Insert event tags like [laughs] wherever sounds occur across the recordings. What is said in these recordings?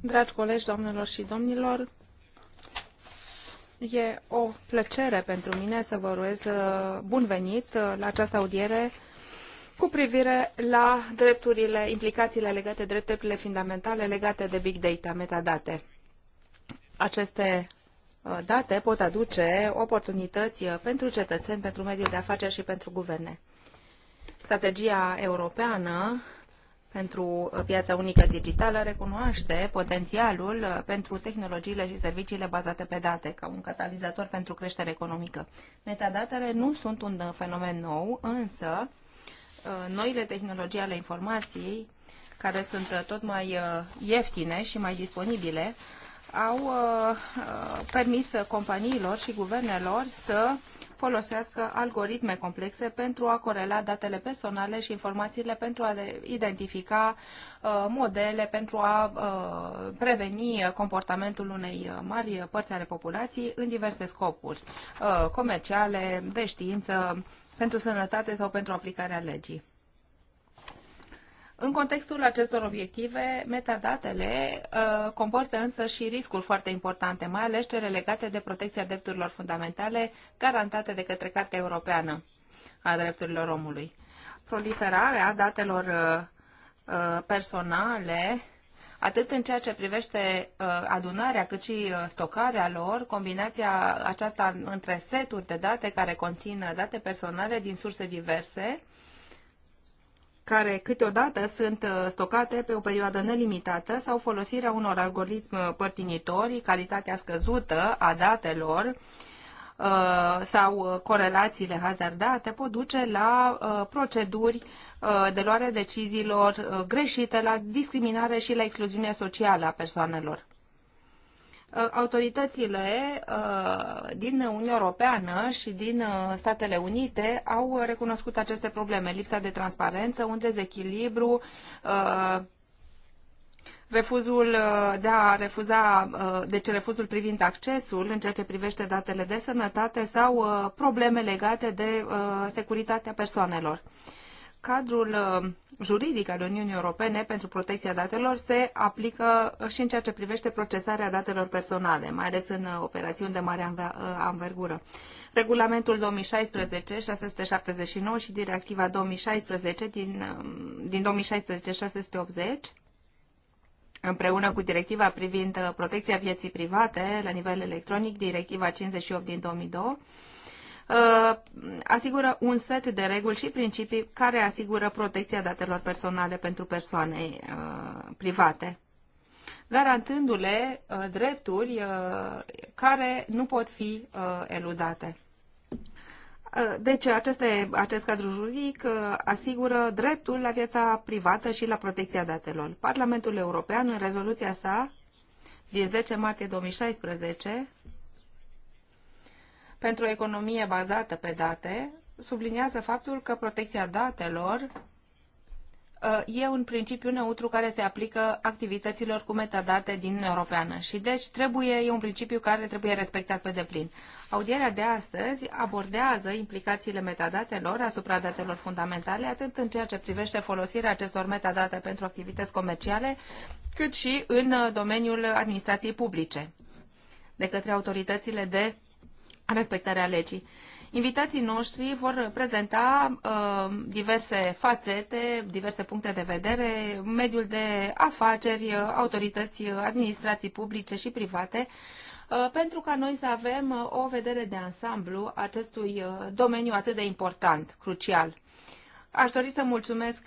Dragi colegi, doamnelor și domnilor, e o plăcere pentru mine să vă urez uh, bun venit uh, la această audiere cu privire la drepturile, implicațiile legate, drepturile fundamentale legate de big data, metadate. Aceste uh, date pot aduce oportunități pentru cetățeni, pentru mediul de afaceri și pentru guverne. Strategia europeană pentru uh, piața unică digitală recunoaște potențialul uh, pentru tehnologiile și serviciile bazate pe date ca un catalizator pentru creștere economică. Metadatele nu sunt un uh, fenomen nou, însă noile tehnologii ale informației, care sunt tot mai ieftine și mai disponibile, au permis companiilor și guvernelor să folosească algoritme complexe pentru a corela datele personale și informațiile pentru a identifica uh, modele, pentru a uh, preveni uh, comportamentul unei mari părți ale populației în diverse scopuri comerciale, de știință, pentru sănătate sau pentru aplicarea legii. În contextul acestor obiective, metadatele uh, comportă însă și riscuri foarte importante, mai ales cele legate de protecția drepturilor fundamentale garantate de către Cartea Europeană a Drepturilor Omului. Proliferarea datelor uh, uh personale atât în ceea ce privește uh, adunarea, cât și uh, stocarea lor, combinația aceasta între seturi de date care conțin date personale din surse diverse, care câteodată sunt uh, stocate pe o perioadă nelimitată sau folosirea unor algoritmi uh, părtinitori, calitatea scăzută a datelor uh, sau corelațiile hazardate pot duce la proceduri de luare deciziilor greșite, la discriminare și la excluziune socială a persoanelor. Uh, autoritățile uh, din Uniunea Europeană și din uh, Statele Unite au recunoscut aceste probleme, lipsa de transparență, un dezechilibru, refuzul de a refuza, deci refuzul privind accesul în ceea ce privește datele de sănătate sau probleme legate de securitatea persoanelor cadrul uh, juridic al Uniunii Europene pentru protecția datelor se aplică și în ceea ce privește procesarea datelor personale, mai ales în uh, operațiuni de mare uh, anvergură. Regulamentul 2016-679 și Directiva 2016 din, din 2016-680 împreună cu directiva privind protecția vieții private la nivel electronic, directiva 58 din 2002, Uh, asigură un set de reguli și principii care asigură protecția datelor personale pentru persoane uh, private garantându-le uh, drepturi care nu pot fi eludate. Deci aceste, acest cadru juridic asigură dreptul la viața privată și la protecția datelor. Parlamentul European, în rezoluția sa din 10 martie 2016, pentru o economie bazată pe date subliniază faptul că protecția datelor uh, e un principiu neutru care se aplică activităților cu metadate din Europeană și deci trebuie, e un principiu care trebuie respectat pe deplin. Audierea de astăzi abordează implicațiile metadatelor asupra datelor fundamentale, atât în ceea ce privește folosirea acestor metadate pentru activități comerciale, cât și în uh, domeniul administrației publice, de către autoritățile de respectarea legii. Invitații noștri vor prezenta uh, diverse fațete, diverse puncte de vedere, mediul de afaceri, uh, autorități, uh, administrații publice și private, uh, pentru ca noi să avem o vedere de ansamblu acestui domeniu atât de important, crucial. Aș dori să mulțumesc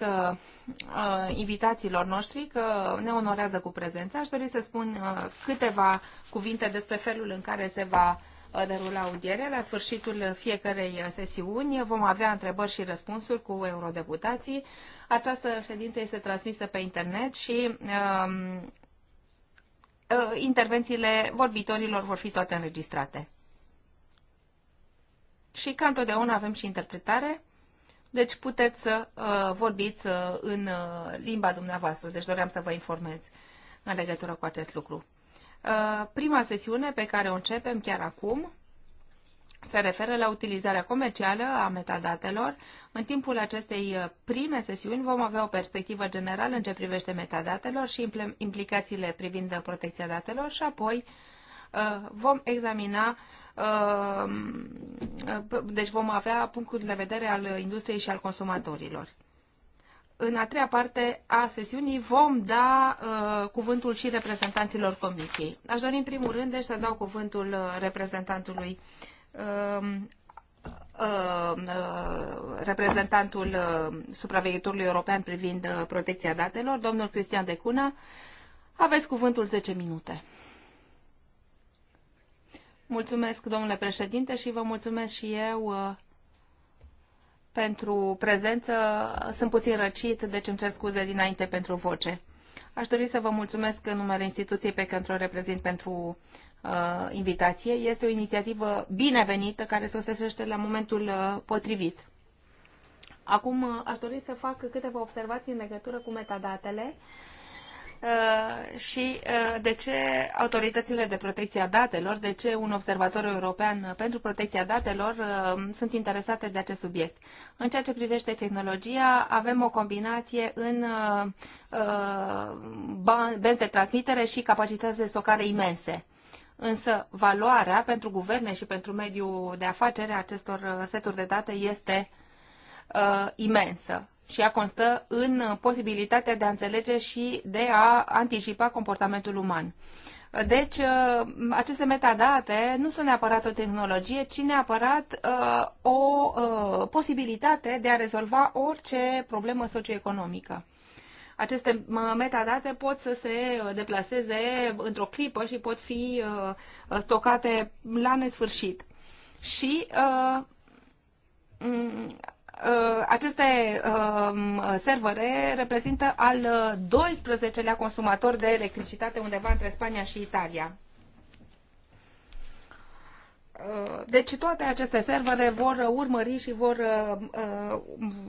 invitațiilor noștri că ne onorează cu prezența. Aș dori să spun câteva cuvinte despre felul în care se va Uh, derula audierea. La sfârșitul fiecarei sesiuni vom avea întrebări și răspunsuri cu eurodeputații. Această ședință este transmisă pe internet și um, uh, intervențiile vorbitorilor vor fi toate înregistrate. Și ca întotdeauna avem și interpretare, deci puteți să uh, vorbiți uh, în uh, limba dumneavoastră. Deci doream să vă informez în legătură cu acest lucru. Uh, prima sesiune pe care o începem chiar acum se referă la utilizarea comercială a metadatelor. În timpul acestei uh, prime sesiuni vom avea o perspectivă generală în ce privește metadatelor și implicațiile privind protecția datelor și apoi uh, vom examina deci vom avea punctul de vedere al industriei și al consumatorilor în a treia parte a sesiunii vom da uh, cuvântul și reprezentanților comisiei. Aș dori în primul rând deci, să dau cuvântul uh, reprezentantului um, uh, uh, reprezentantul uh, supraveghetorului european privind uh, protecția datelor, domnul Cristian Decuna. Aveți cuvântul 10 minute. Mulțumesc, domnule președinte, și vă mulțumesc și eu pentru prezență. Sunt puțin răcit, deci îmi cer scuze dinainte pentru voce. Aș dori să vă mulțumesc în numele instituției pe care o reprezint pentru uh, invitație. Este o inițiativă binevenită care se osesește la momentul uh, potrivit. Acum uh, aș dori să fac câteva observații în legătură cu metadatele. Uh, Uh, și uh, de ce autoritățile de protecție a datelor, de ce un observator european pentru protecția datelor uh, sunt interesate de acest subiect. În ceea ce privește tehnologia, avem o combinație în benzi de transmitere și capacități de stocare imense. Însă valoarea pentru guverne și pentru mediul de afacere a acestor seturi de date este imensă și ea constă în posibilitatea de a înțelege și de a anticipa comportamentul uman. Deci, ă, aceste metadate nu sunt neapărat o tehnologie, ci neapărat uh, o uh, posibilitate de a rezolva orice problemă socioeconomică. Aceste metadate pot să se deplaseze într-o clipă și pot fi uh, stocate la nesfârșit. Și Uh, aceste um, servere reprezintă al 12-lea consumator de electricitate undeva între Spania și Italia. Uh, deci toate aceste servere vor urmări și vor, uh,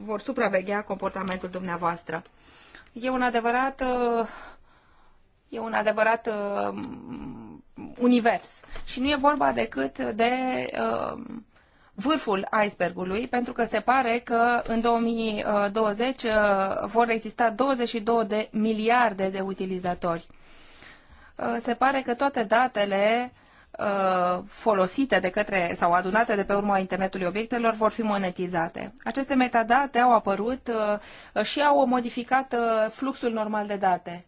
vor supraveghea comportamentul dumneavoastră. E un adevărat, e un adevărat univers și nu e vorba decât de vârful icebergului, pentru că se pare că în 2020 uh, vor exista 22 de miliarde de utilizatori. Uh, se pare că toate datele uh, folosite de către sau adunate de pe urma internetului obiectelor vor fi monetizate. Aceste metadate au apărut și au modificat fluxul normal de date.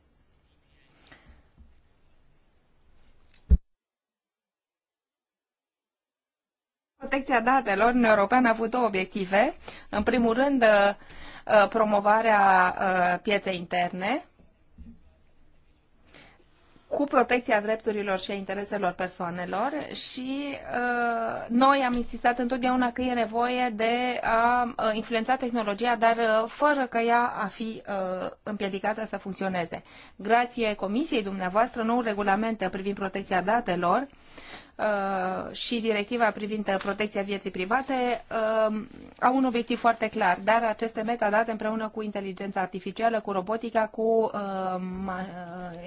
Protecția datelor în Europeană a avut două obiective. În primul rând, uh, uh, promovarea uh, pieței interne cu protecția drepturilor și a intereselor persoanelor și noi am insistat întotdeauna că e nevoie de a influența tehnologia, dar fără ca ea a fi împiedicată să funcționeze. Grație Comisiei dumneavoastră, nou regulament privind protecția datelor Uh, și directiva privind protecția vieții private uh, au un obiectiv foarte clar, dar aceste metadate împreună cu inteligența artificială, cu robotica, cu uh,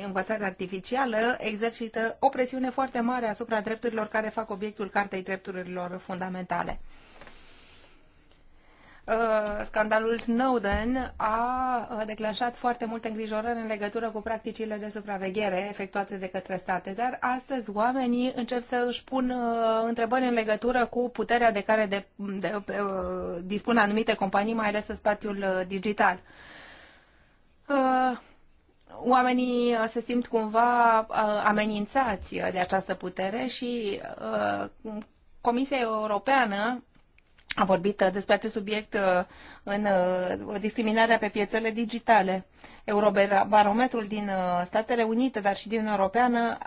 învățarea artificială exercită o presiune foarte mare asupra drepturilor care fac obiectul Cartei Drepturilor Fundamentale. Uh, scandalul Snowden a uh, declanșat foarte multe îngrijorări în legătură cu practicile de supraveghere efectuate de către state, dar astăzi oamenii încep să își pun uh, întrebări în legătură cu puterea de care de, de, de, dispun anumite companii, mai ales în spațiul digital. Oamenii se simt cumva amenințați de această putere și Comisia Europeană a vorbit uh, despre acest subiect uh, în uh, discriminarea pe piețele digitale. Eurobarometrul din Statele Unite, dar și din Europeană,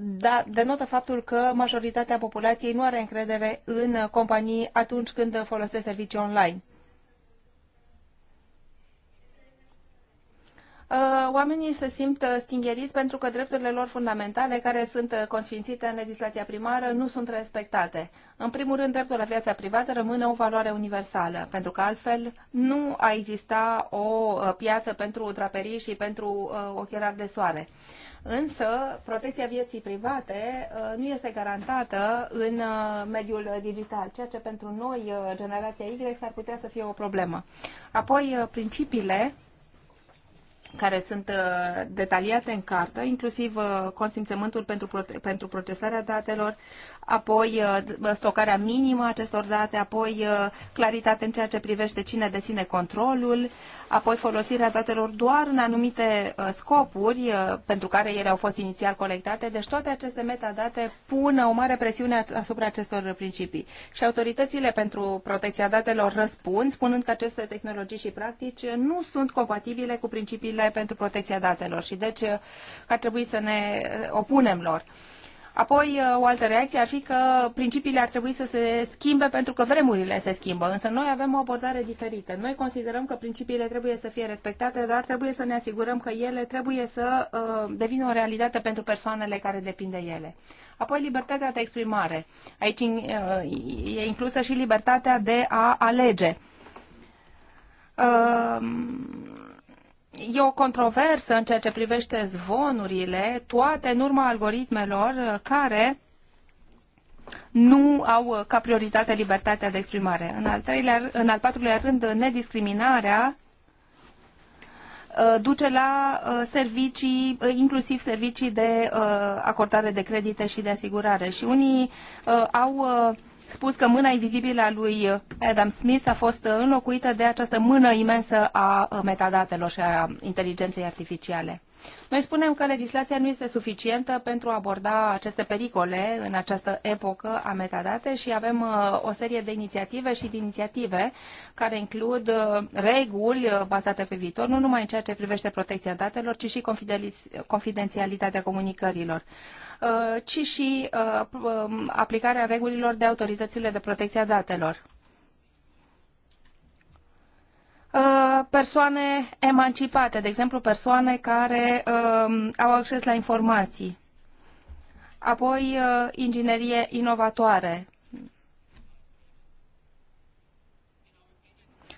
da, denotă faptul că majoritatea populației nu are încredere în companii atunci când folosesc servicii online. Uh, oamenii se simt uh, stingheriți pentru că drepturile lor fundamentale, care sunt uh, consfințite în legislația primară, nu sunt respectate. În primul rând, dreptul la viața privată rămâne o valoare universală, pentru că altfel nu a exista o piață pentru draperii și pentru ochelari de soare. Însă, protecția vieții private nu este garantată în mediul digital, ceea ce pentru noi, generația Y, ar putea să fie o problemă. Apoi, principiile care sunt uh, detaliate în cartă, inclusiv uh, consimțământul pentru, pentru procesarea datelor, apoi uh, stocarea minimă a acestor date, apoi claritate în ceea ce privește cine deține controlul, apoi folosirea datelor doar în anumite scopuri pentru care ele au fost inițial colectate. Deci toate aceste metadate pun o mare presiune asupra acestor principii. Și autoritățile pentru protecția datelor răspund, spunând că aceste tehnologii și practici nu sunt compatibile cu principiile regulile pentru protecția datelor și deci uh, ar trebui să ne uh, opunem lor. Apoi, uh, o altă reacție ar fi că principiile ar trebui să se schimbe pentru că vremurile se schimbă, însă noi avem o abordare diferită. Noi considerăm că principiile trebuie să fie respectate, dar trebuie să ne asigurăm că ele trebuie să uh, devină o realitate pentru persoanele care depind de ele. Apoi, libertatea de exprimare. Aici uh, e inclusă și libertatea de a alege. Uh, E o controversă în ceea ce privește zvonurile, toate în urma algoritmelor uh, care nu au uh, ca prioritate libertatea de exprimare. În al, treilea, în al patrulea rând, nediscriminarea uh, duce la servicii, inclusiv servicii de acordare de credite și de asigurare. Și unii au spus că mâna invizibilă a lui uh, Adam Smith a fost uh, înlocuită de această mână imensă a uh, metadatelor și a inteligenței artificiale. Noi spunem că legislația nu este suficientă pentru a aborda aceste pericole în această epocă a metadate și avem o serie de inițiative și de inițiative care includ reguli bazate pe viitor, nu numai în ceea ce privește protecția datelor, ci și confidențialitatea comunicărilor. Uh, ci și uh, um, aplicarea regulilor de autoritățile de protecție a datelor uh, persoane emancipate, de exemplu persoane care um, au acces la informații. Apoi inginerie inovatoare.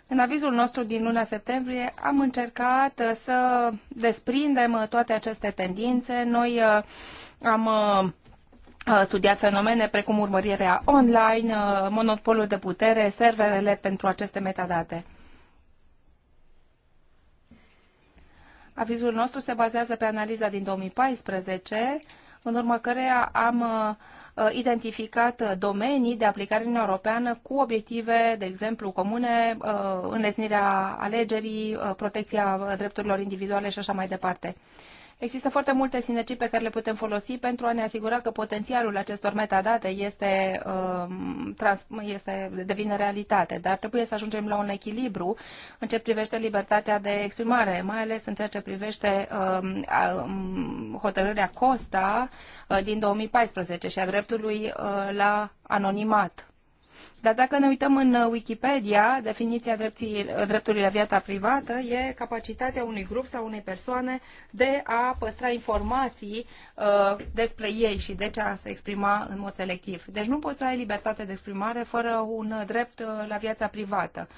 În avizul nostru din luna septembrie am încercat să desprindem toate aceste tendințe. Noi am uh, uh, studiat fenomene precum urmărirea online, uh, monopolul de putere, serverele pentru aceste metadate. Avizul nostru se bazează pe analiza din 2014, în urma căreia am identificat domenii de aplicare în europeană cu obiective, de exemplu, comune, înlesnirea alegerii, protecția drepturilor individuale și așa mai departe. Există foarte multe sinergii pe care le putem folosi pentru a ne asigura că potențialul acestor metadate este, um, trans, este devine realitate, dar trebuie să ajungem la un echilibru în ce privește libertatea de exprimare, mai ales în ceea ce privește um, um, hotărârea Costa uh, din 2014 și a dreptului uh, la anonimat dar dacă ne uităm în uh, Wikipedia, definiția uh, dreptului la viața privată e capacitatea unui grup sau unei persoane de a păstra informații uh, despre ei și de a se exprima în mod selectiv. Deci nu poți să ai libertate de exprimare fără un uh, drept la viața privată.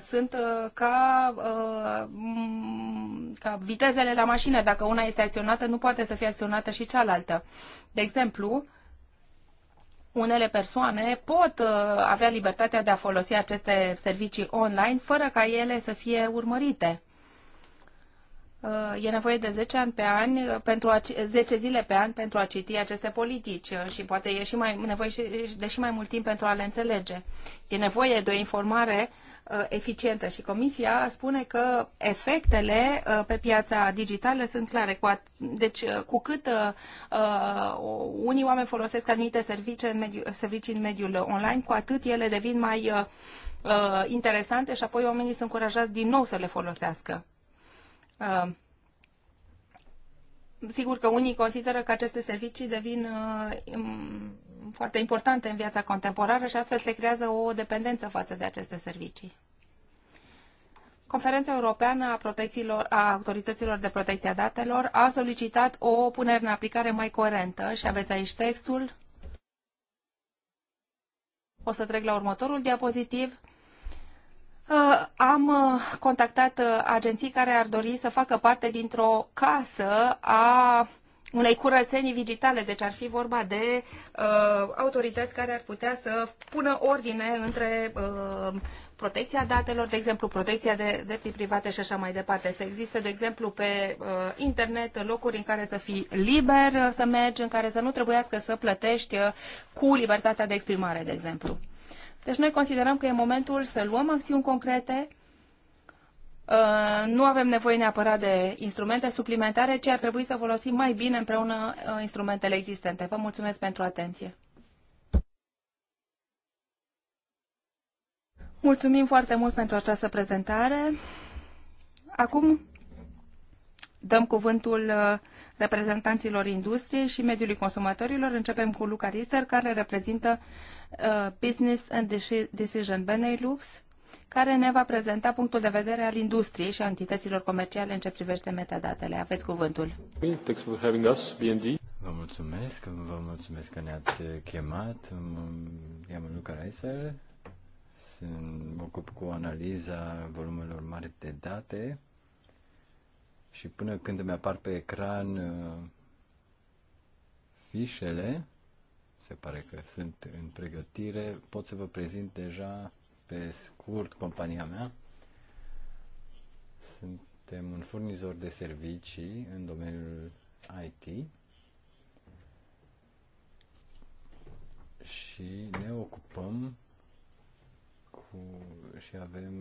sunt ca, ca vitezele la mașină. Dacă una este acționată, nu poate să fie acționată și cealaltă. De exemplu, unele persoane pot uh, avea libertatea de a folosi aceste servicii online fără ca ele să fie urmărite. Uh, e nevoie de 10, ani pe ani uh, pentru a, 10 zile pe an pentru a citi aceste politici și poate e și mai, nevoie de și mai mult timp pentru a le înțelege. E nevoie de o informare uh, Uh, eficientă și Comisia spune că efectele uh, pe piața digitală sunt clare. Deci, uh, cu cât unii oameni folosesc anumite servicii în, mediu, servicii în mediul online, cu atât ele devin mai interesante și apoi oamenii sunt încurajați din nou să le folosească. Sigur că unii consideră că aceste servicii devin foarte importante în viața contemporană și astfel se creează o dependență față de aceste servicii. Conferința Europeană a, a Autorităților de Protecție a Datelor a solicitat o punere în aplicare mai coerentă și aveți aici textul. O să trec la următorul diapozitiv. Uh, am uh, contactat uh, agenții care ar dori să facă parte dintr-o casă a unei curățenii digitale, deci ar fi vorba de uh, autorități care ar putea să pună ordine între uh, protecția datelor, de exemplu, protecția de drepturi private și așa mai departe. Să existe, de exemplu, pe uh, internet locuri în care să fii liber uh, să mergi, în care să nu trebuiască să plătești uh, cu libertatea de exprimare, de exemplu. Deci noi considerăm că e momentul să luăm acțiuni concrete Uh, nu avem nevoie neapărat de instrumente suplimentare, ci ar trebui să folosim mai bine împreună uh, instrumentele existente. Vă mulțumesc pentru atenție. Mulțumim foarte mult pentru această prezentare. Acum dăm cuvântul uh, reprezentanților industriei și mediului consumatorilor. Începem cu Luca Rister, care reprezintă Business and deci- Decision Benelux care ne va prezenta punctul de vedere al industriei și a entităților comerciale în ce privește metadatele. Aveți cuvântul. Thanks for having us, BND. Vă mulțumesc, vă mulțumesc că ne-ați chemat. Mă cheamă Luca Reiser, mă ocup cu analiza volumelor mari de date și până când îmi apar pe ecran uh, fișele, se pare că sunt în pregătire, pot să vă prezint deja pe scurt compania mea. Suntem un furnizor de servicii în domeniul IT și ne ocupăm cu, și avem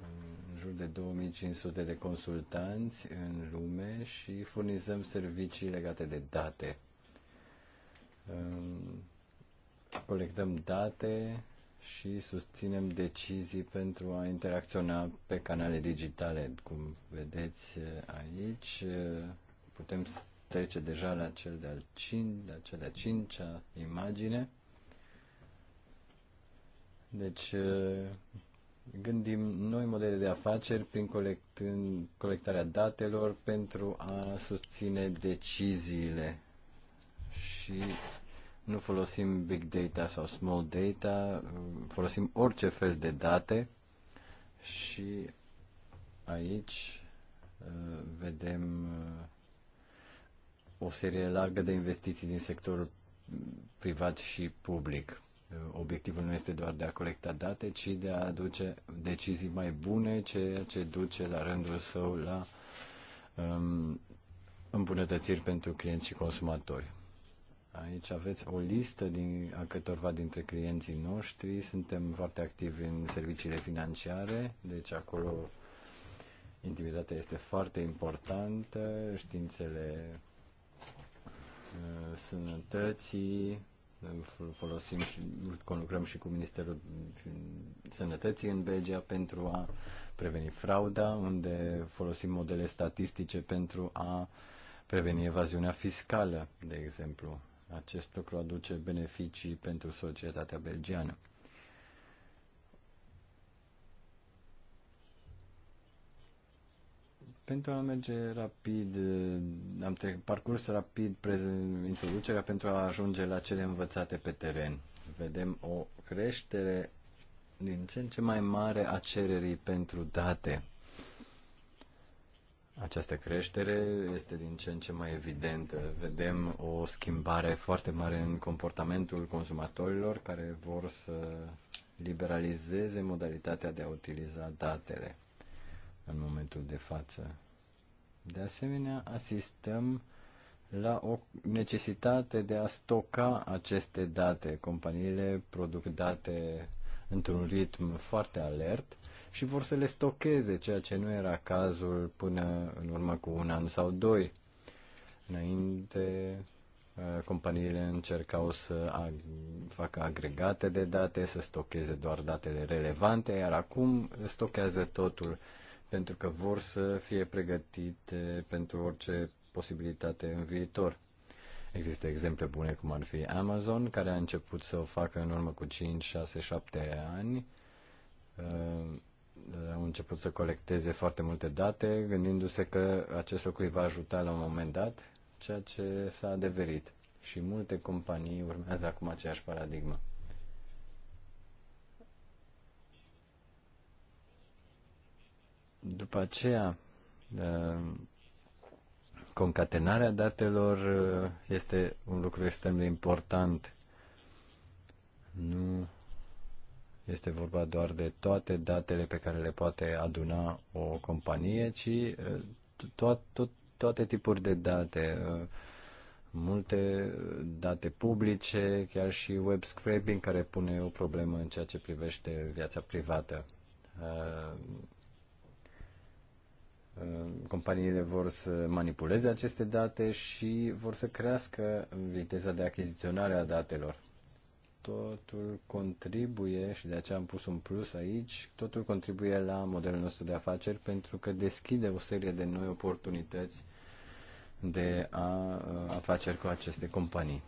în jur de 2500 de consultanți în lume și furnizăm servicii legate de date. Colectăm date și susținem decizii pentru a interacționa pe canale digitale. Cum vedeți eh, aici, eh, putem trece deja la cel de-al cin, la cel de-a cincea imagine. Deci eh, gândim noi modele de afaceri prin colectând, colectarea datelor pentru a susține deciziile și nu folosim big data sau small data, folosim orice fel de date și aici uh, vedem uh, o serie largă de investiții din sectorul privat și public. Uh, obiectivul nu este doar de a colecta date, ci de a aduce decizii mai bune, ceea ce duce la rândul său la um, îmbunătățiri pentru clienți și consumatori. Aici aveți o listă din, a câtorva dintre clienții noștri. Suntem foarte activi în serviciile financiare, deci acolo intimitatea este foarte importantă, științele uh, sănătății, folosim și conlucrăm și cu Ministerul Sănătății în Belgia pentru a preveni frauda, unde folosim modele statistice pentru a preveni evaziunea fiscală, de exemplu. Acest lucru aduce beneficii pentru societatea belgiană. pentru a merge rapid, am parcurs rapid introducerea pentru a ajunge la cele învățate pe teren. Vedem o creștere din ce în ce mai mare a cererii pentru date. Această creștere este din ce în ce mai evidentă. Vedem o schimbare foarte mare în comportamentul consumatorilor care vor să liberalizeze modalitatea de a utiliza datele în momentul de față. De asemenea, asistăm la o necesitate de a stoca aceste date. Companiile produc date într-un ritm foarte alert și vor să le stocheze, ceea ce nu era cazul până în urmă cu un an sau doi. Înainte, uh, companiile încercau să facă agregate de date, să stocheze doar datele relevante, iar acum stochează totul pentru că vor să fie pregătite pentru orice posibilitate în viitor. Există exemple bune cum ar fi Amazon, care a început să o facă în urmă cu 5, 6, 7 ani uh, Uh, au început să colecteze foarte multe date, gândindu-se că acest lucru îi va ajuta la un moment dat, ceea ce s-a adeverit. Și multe companii urmează acum aceeași paradigmă. După aceea, uh, concatenarea datelor uh, este un lucru extrem de important. Nu este vorba doar de toate datele pe care le poate aduna o companie, ci to- to- toate tipuri de date, multe date publice, chiar și web scraping care pune o problemă în ceea ce privește viața privată. Companiile vor să manipuleze aceste date și vor să crească viteza de achiziționare a datelor totul contribuie, și de aceea am pus un plus aici, totul contribuie la modelul nostru de afaceri pentru că deschide o serie de noi oportunități de a, uh, afaceri cu aceste companii.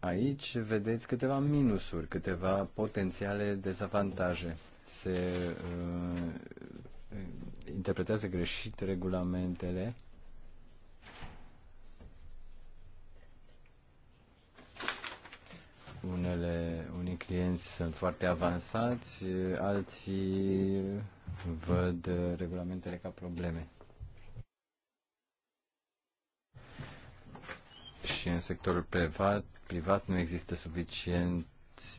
Aici vedeți câteva minusuri, câteva potențiale dezavantaje. Se uh, interpretează greșit regulamentele Unele, unii clienți sunt foarte avansați, alții văd regulamentele ca probleme. Și în sectorul privat, privat nu există suficient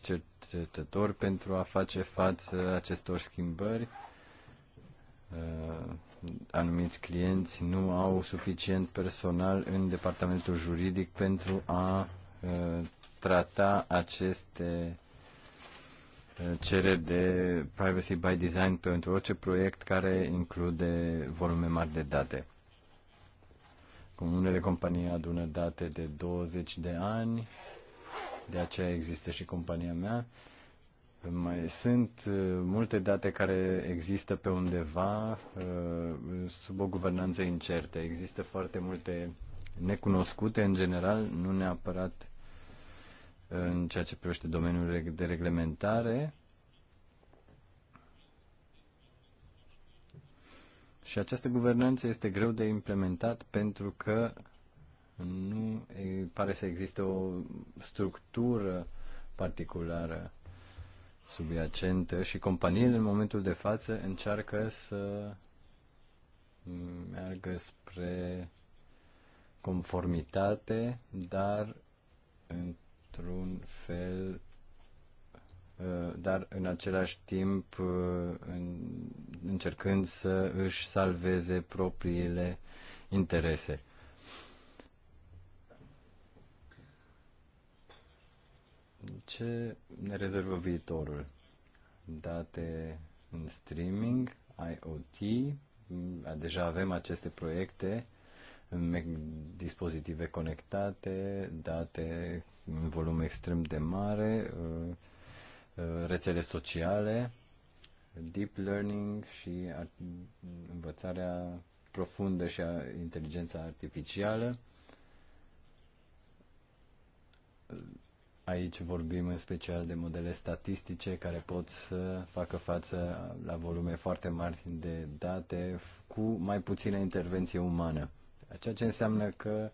cercetători pentru a face față acestor schimbări. Uh, anumiți clienți nu au suficient personal în departamentul juridic pentru a uh, trata aceste uh, cereri de privacy by design pentru orice proiect care include volume mari de date. Cum unele companii adună date de 20 de ani, de aceea există și compania mea. Mai sunt uh, multe date care există pe undeva uh, sub o guvernanță incertă. Există foarte multe necunoscute în general, nu neapărat în ceea ce privește domeniul de reglementare. Și această guvernanță este greu de implementat pentru că nu pare să existe o structură particulară subiacentă și companiile în momentul de față încearcă să meargă spre conformitate, dar într-un fel, uh, dar în același timp uh, încercând să își salveze propriile interese. Ce ne rezervă viitorul? Date în streaming, IoT, mm, deja avem aceste proiecte, dispozitive conectate, date un volum extrem de mare, uh, uh, rețele sociale, deep learning și învățarea profundă și a inteligența artificială. Aici vorbim în special de modele statistice care pot să facă față la volume foarte mari de date cu mai puțină intervenție umană. Ceea ce înseamnă că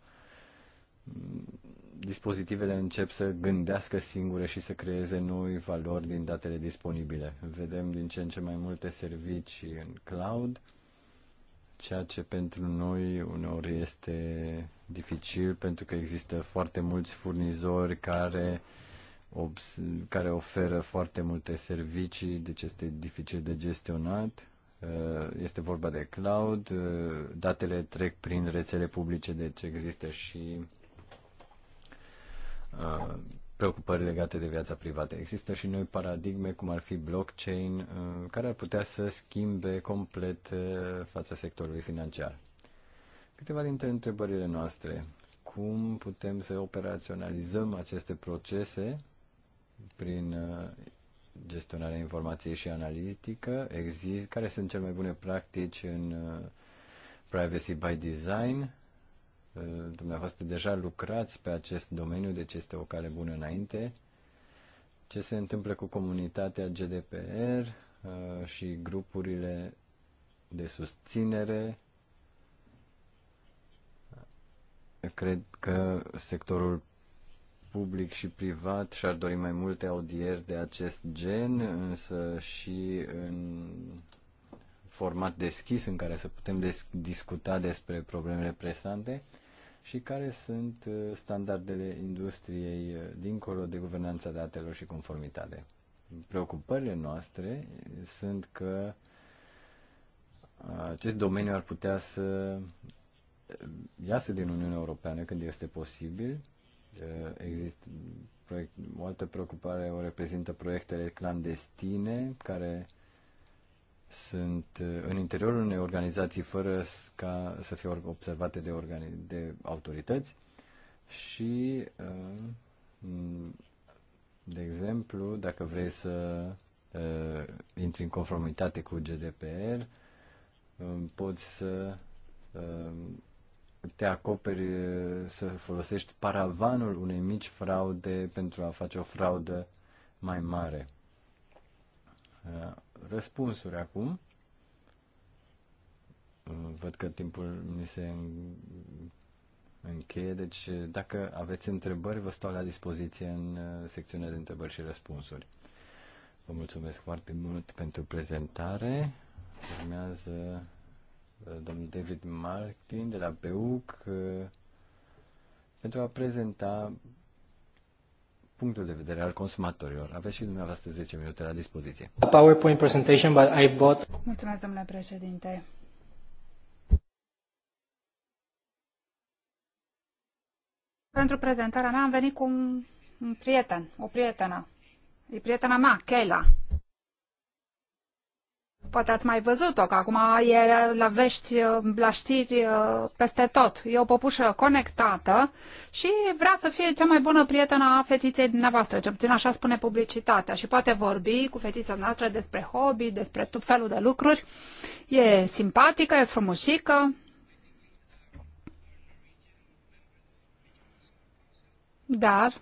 dispozitivele încep să gândească singure și să creeze noi valori din datele disponibile. Vedem din ce în ce mai multe servicii în cloud, ceea ce pentru noi uneori este dificil pentru că există foarte mulți furnizori care care oferă foarte multe servicii, deci este dificil de gestionat. Uh, este vorba de cloud, uh, datele trec prin rețele publice, deci există și Uh, preocupări legate de viața privată. Există și noi paradigme, cum ar fi blockchain, uh, care ar putea să schimbe complet uh, fața sectorului financiar. Câteva dintre întrebările noastre. Cum putem să operaționalizăm aceste procese prin gestionarea informației și analitică? Exist, care sunt cele mai bune practici în privacy by design? Ă, dumneavoastră deja lucrați pe acest domeniu, deci este o cale bună înainte. Ce se întâmplă cu comunitatea GDPR ă, și grupurile de susținere? Cred că sectorul public și privat și-ar dori mai multe audieri de acest gen, însă și în format deschis în care să putem discuta despre problemele presante și care sunt uh, standardele industriei uh, dincolo de guvernanța datelor și conformitate. Preocupările noastre uh, sunt că acest domeniu ar putea să iasă din Uniunea Europeană când este posibil. Există proiect, o altă preocupare o reprezintă proiectele clandestine care sunt în interiorul unei organizații fără ca să fie observate de, organi- de autorități și, uh, de exemplu, dacă vrei să uh, intri în conformitate cu GDPR, uh, poți să te acoperi, să folosești paravanul unei mici fraude pentru a face o fraudă mai mare răspunsuri acum. Mm, văd că timpul mi se încheie, deci eh, dacă aveți întrebări, vă stau la dispoziție în eh, secțiunea de întrebări și răspunsuri. Vă mulțumesc foarte mult pentru prezentare. Urmează eh, domnul David Martin de la PEUC pentru a prezenta punctul de vedere al consumatorilor. Aveți și dumneavoastră 10 minute la dispoziție. A PowerPoint presentation, but I bought... Mulțumesc, domnule președinte. Pentru prezentarea mea am venit cu un prieten, o prietenă. E prietena mea, Kela. Poate ați mai văzut-o, că acum e la vești, la știri peste tot. E o păpușă conectată și vrea să fie cea mai bună prietenă a fetiței dumneavoastră, ce puțin așa spune publicitatea. Și poate vorbi cu fetița noastră despre hobby, despre tot felul de lucruri. E simpatică, e frumușică. Dar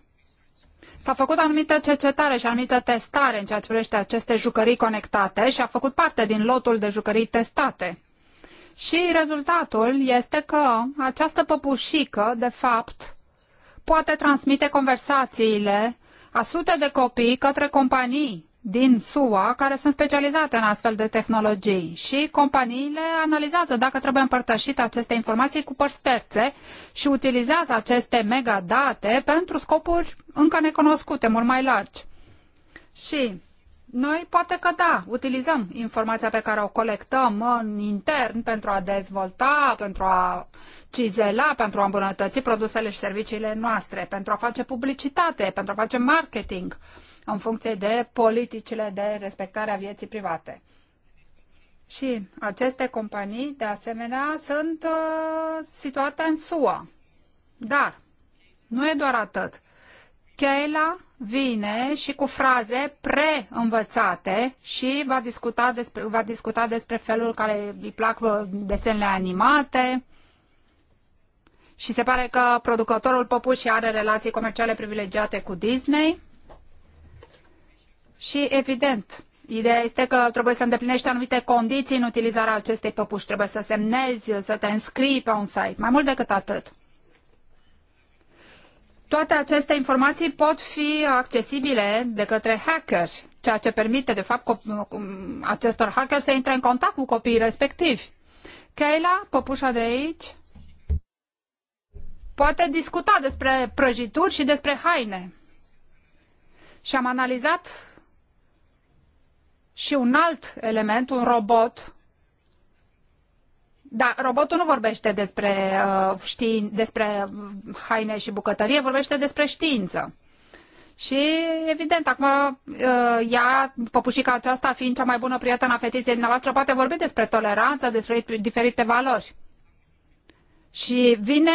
S-a făcut anumită cercetare și anumită testare în ceea ce privește aceste jucării conectate și a făcut parte din lotul de jucării testate. Și rezultatul este că această păpușică, de fapt, poate transmite conversațiile a sute de copii către companii din SUA care sunt specializate în astfel de tehnologii și companiile analizează dacă trebuie împărtășite aceste informații cu părți terțe și utilizează aceste megadate pentru scopuri încă necunoscute, mult mai largi. Și noi poate că da, utilizăm informația pe care o colectăm în intern pentru a dezvolta, pentru a cizela, pentru a îmbunătăți produsele și serviciile noastre, pentru a face publicitate, pentru a face marketing. Uh, în funcție de politicile de respectare a vieții private. Și aceste companii, de asemenea, sunt uh, situate în SUA. Dar nu e doar atât. Keila vine și cu fraze pre-învățate și va discuta despre, va discuta despre felul care îi plac uh, desenele animate. Și se pare că producătorul Păpuși are relații comerciale privilegiate cu Disney. Și, evident, Ideea este că trebuie să îndeplinești anumite condiții în utilizarea acestei păpuși. Trebuie să semnezi, să te înscrii pe un site. Mai mult decât atât. Toate aceste informații pot fi accesibile de către hacker, ceea ce permite, de fapt, um, acestor hacker să intre în contact cu copiii respectivi. Keila, păpușa de aici, poate discuta despre prăjituri și despre haine. Și am analizat și un alt element, un robot. Da, robotul nu vorbește despre, uh, știin, despre haine și bucătărie, vorbește despre știință. Și, evident, acum uh, ea, păpușica aceasta, fiind cea mai bună prietenă a fetiței dumneavoastră, poate vorbi despre toleranță, despre diferite valori. Și vine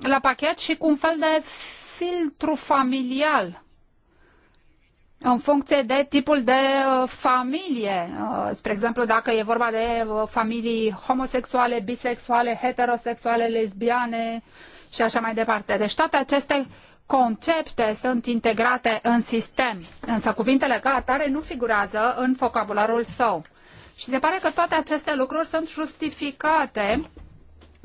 la pachet și cu un fel de filtru familial în funcție de tipul de uh, familie. Uh, spre exemplu, dacă e vorba de uh, familii homosexuale, bisexuale, heterosexuale, lesbiane și așa mai departe. Deci toate aceste concepte sunt integrate în sistem, însă cuvintele ca atare nu figurează în vocabularul său. Și se pare că toate aceste lucruri sunt justificate uh,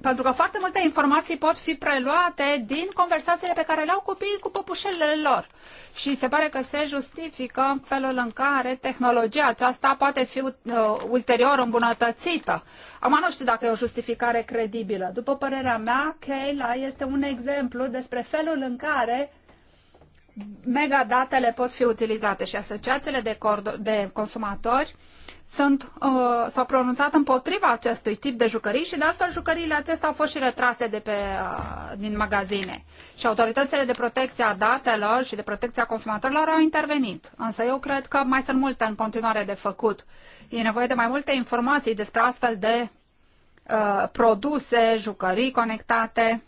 pentru că foarte multe informații pot fi preluate din conversațiile pe care le au copiii cu păpușelele lor. Și se pare că se justifică felul în care tehnologia aceasta poate fi uh, ulterior îmbunătățită. Am nu știu dacă e o justificare credibilă. După părerea mea, Keila este un exemplu despre felul în care megadatele pot fi utilizate și asociațiile de, de consumatori sunt, uh, s-au pronunțat împotriva acestui tip de jucării și de altfel jucăriile acestea au fost și retrase de pe, uh, din magazine. Și autoritățile de protecție a datelor și de protecție a consumatorilor au intervenit. Însă eu cred că mai sunt multe în continuare de făcut. E nevoie de mai multe informații despre astfel de uh, produse, jucării conectate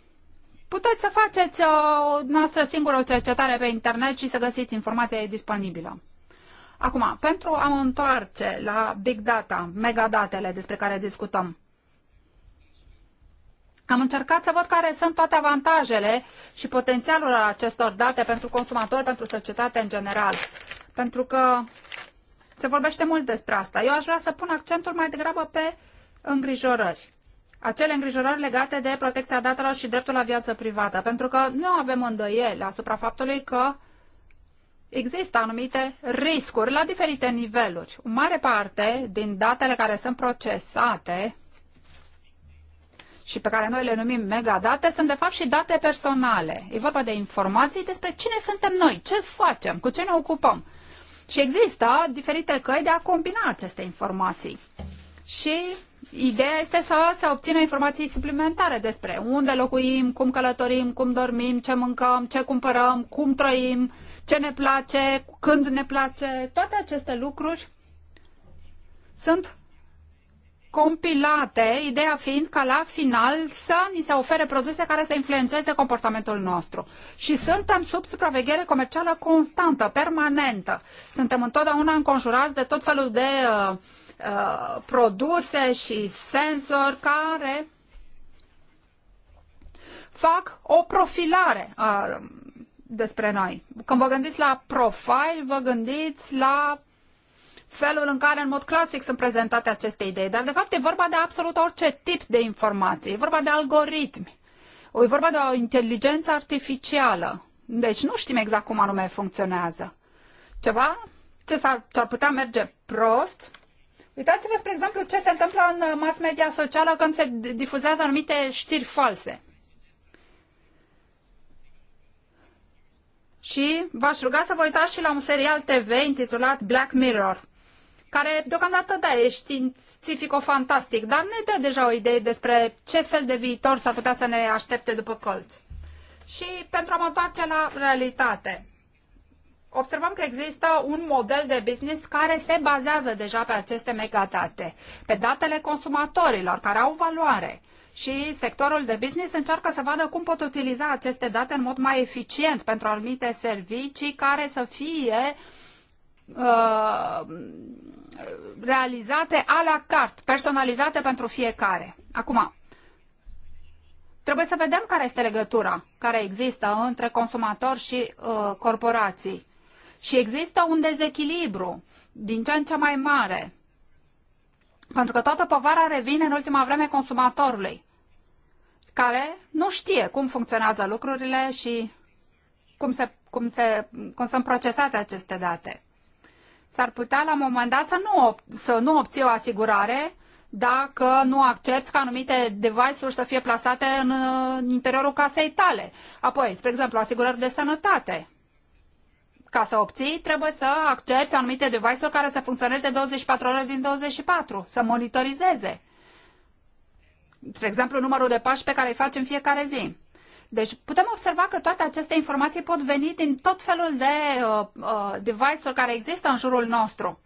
puteți să faceți uh, o noastră singură cercetare pe internet și să găsiți informația disponibilă. Acum, pentru a mă întoarce la big data, megadatele despre care discutăm, am încercat să văd care sunt toate avantajele și potențialul acestor date pentru consumatori, pentru societate în general. Pentru că se vorbește mult despre asta. Eu aș vrea să pun accentul mai degrabă pe îngrijorări acele îngrijorări legate de protecția datelor și dreptul la viață privată, pentru că nu avem îndoieli asupra faptului că există anumite riscuri la diferite niveluri. O mare parte din datele care sunt procesate și pe care noi le numim megadate, sunt de fapt și date personale. E vorba de informații despre cine suntem noi, ce facem, cu ce ne ocupăm. Și există diferite căi de a combina aceste informații. Și Ideea este să se obțină informații suplimentare despre unde locuim, cum călătorim, cum dormim, ce mâncăm, ce cumpărăm, cum trăim, ce ne place, când ne place. Toate aceste lucruri sunt compilate, ideea fiind ca la final să ni se ofere produse care să influențeze comportamentul nostru. Și suntem sub supraveghere comercială constantă, permanentă. Suntem întotdeauna înconjurați de tot felul de uh, Uh, produse și senzori care fac o profilare a, uh, despre noi. Când vă gândiți la profile, vă gândiți la felul în care, în mod clasic, sunt prezentate aceste idei. Dar, de fapt, e vorba de absolut orice tip de informație. E vorba de algoritmi. E vorba de o inteligență artificială. Deci nu știm exact cum anume funcționează. Ceva ce, s-ar, ce ar putea merge prost Uitați-vă, spre exemplu, ce se întâmplă în uh, mass media socială când se difuzează anumite știri false. Și v-aș ruga să vă uitați și la un serial TV intitulat Black Mirror, care deocamdată, da, e științifico-fantastic, dar ne dă deja o idee despre ce fel de viitor s-ar putea să ne aștepte după colț. Și pentru a mă întoarce la realitate, observăm că există un model de business care se bazează deja pe aceste megadate, pe datele consumatorilor care au valoare. Și sectorul de business încearcă să vadă cum pot utiliza aceste date în mod mai eficient pentru anumite servicii care să fie uh, realizate a la carte, personalizate pentru fiecare. Acum, Trebuie să vedem care este legătura care există între consumatori și uh, corporații. Și există un dezechilibru din ce în ce mai mare. Pentru că toată povara revine în ultima vreme consumatorului, care nu știe cum funcționează lucrurile și cum, se, cum, se, cum sunt procesate aceste date. S-ar putea la un moment dat să nu, să nu obții o asigurare dacă nu accepti ca anumite device-uri să fie plasate în, în interiorul casei tale. Apoi, spre exemplu, asigurări de sănătate ca să obții, trebuie să accepti anumite device-uri care să funcționeze 24 ore din 24, să monitorizeze. De exemplu, numărul de pași pe care îi faci în fiecare zi. Deci putem observa că toate aceste informații pot veni din tot felul de uh, uh, device-uri care există în jurul nostru.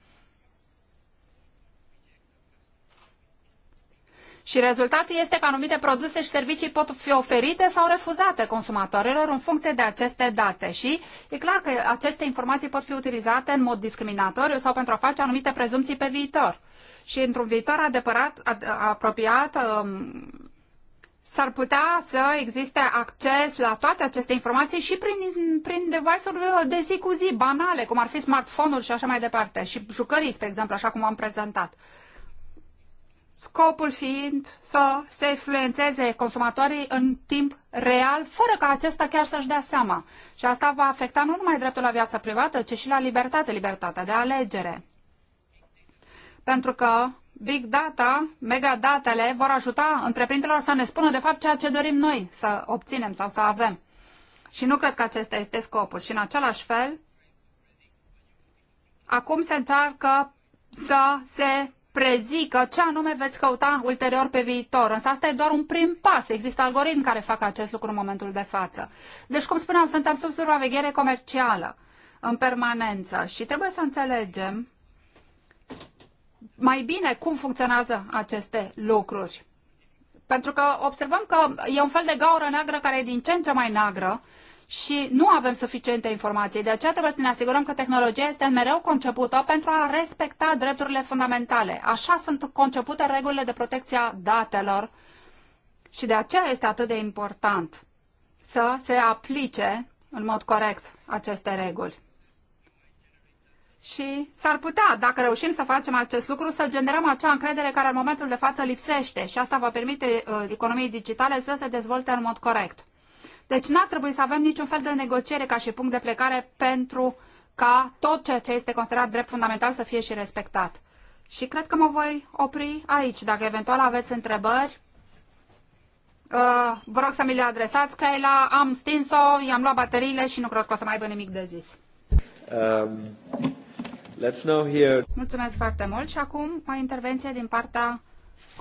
Și rezultatul este că anumite produse și servicii pot fi oferite sau refuzate consumatorilor în funcție de aceste date. Și e clar că aceste informații pot fi utilizate în mod discriminatoriu sau pentru a face anumite prezumții pe viitor. Și într-un viitor adepărat, ad, apropiat, um, s-ar putea să existe acces la toate aceste informații și prin, prin device-uri de zi cu zi, banale, cum ar fi smartphone-uri și așa mai departe, și jucării, spre exemplu, așa cum am prezentat scopul fiind să se influențeze consumatorii în timp real, fără ca acesta chiar să-și dea seama. Și asta va afecta nu numai dreptul la viața privată, ci și la libertate, libertatea de alegere. Pentru că big data, mega datele vor ajuta întreprinderilor să ne spună de fapt ceea ce dorim noi să obținem sau să avem. Și nu cred că acesta este scopul. Și în același fel, acum se încearcă să se prezică ce anume veți căuta ulterior pe viitor. Însă asta e doar un prim pas. Există algoritmi care fac acest lucru în momentul de față. Deci, cum spuneam, suntem sub supraveghere comercială în permanență și trebuie să înțelegem mai bine cum funcționează aceste lucruri. Pentru că observăm că e un fel de gaură neagră care e din ce în ce mai neagră și nu avem suficiente informații. De aceea trebuie să ne asigurăm că tehnologia este mereu concepută pentru a respecta drepturile fundamentale. Așa sunt concepute regulile de protecție a datelor și de aceea este atât de important să se aplice în mod corect aceste reguli. Și s-ar putea, dacă reușim să facem acest lucru, să generăm acea încredere care în momentul de față lipsește și asta va permite uh, economiei digitale să se dezvolte în mod corect. Deci n-ar trebui să avem niciun fel de negociere ca și punct de plecare pentru ca tot ceea ce este considerat drept fundamental să fie și respectat. Și cred că mă voi opri aici. Dacă eventual aveți întrebări, uh, vă rog să mi le adresați, că la am stins-o, i-am luat bateriile și nu cred că o să mai aibă nimic de zis. Um, let's know here. Mulțumesc foarte mult și acum o intervenție din partea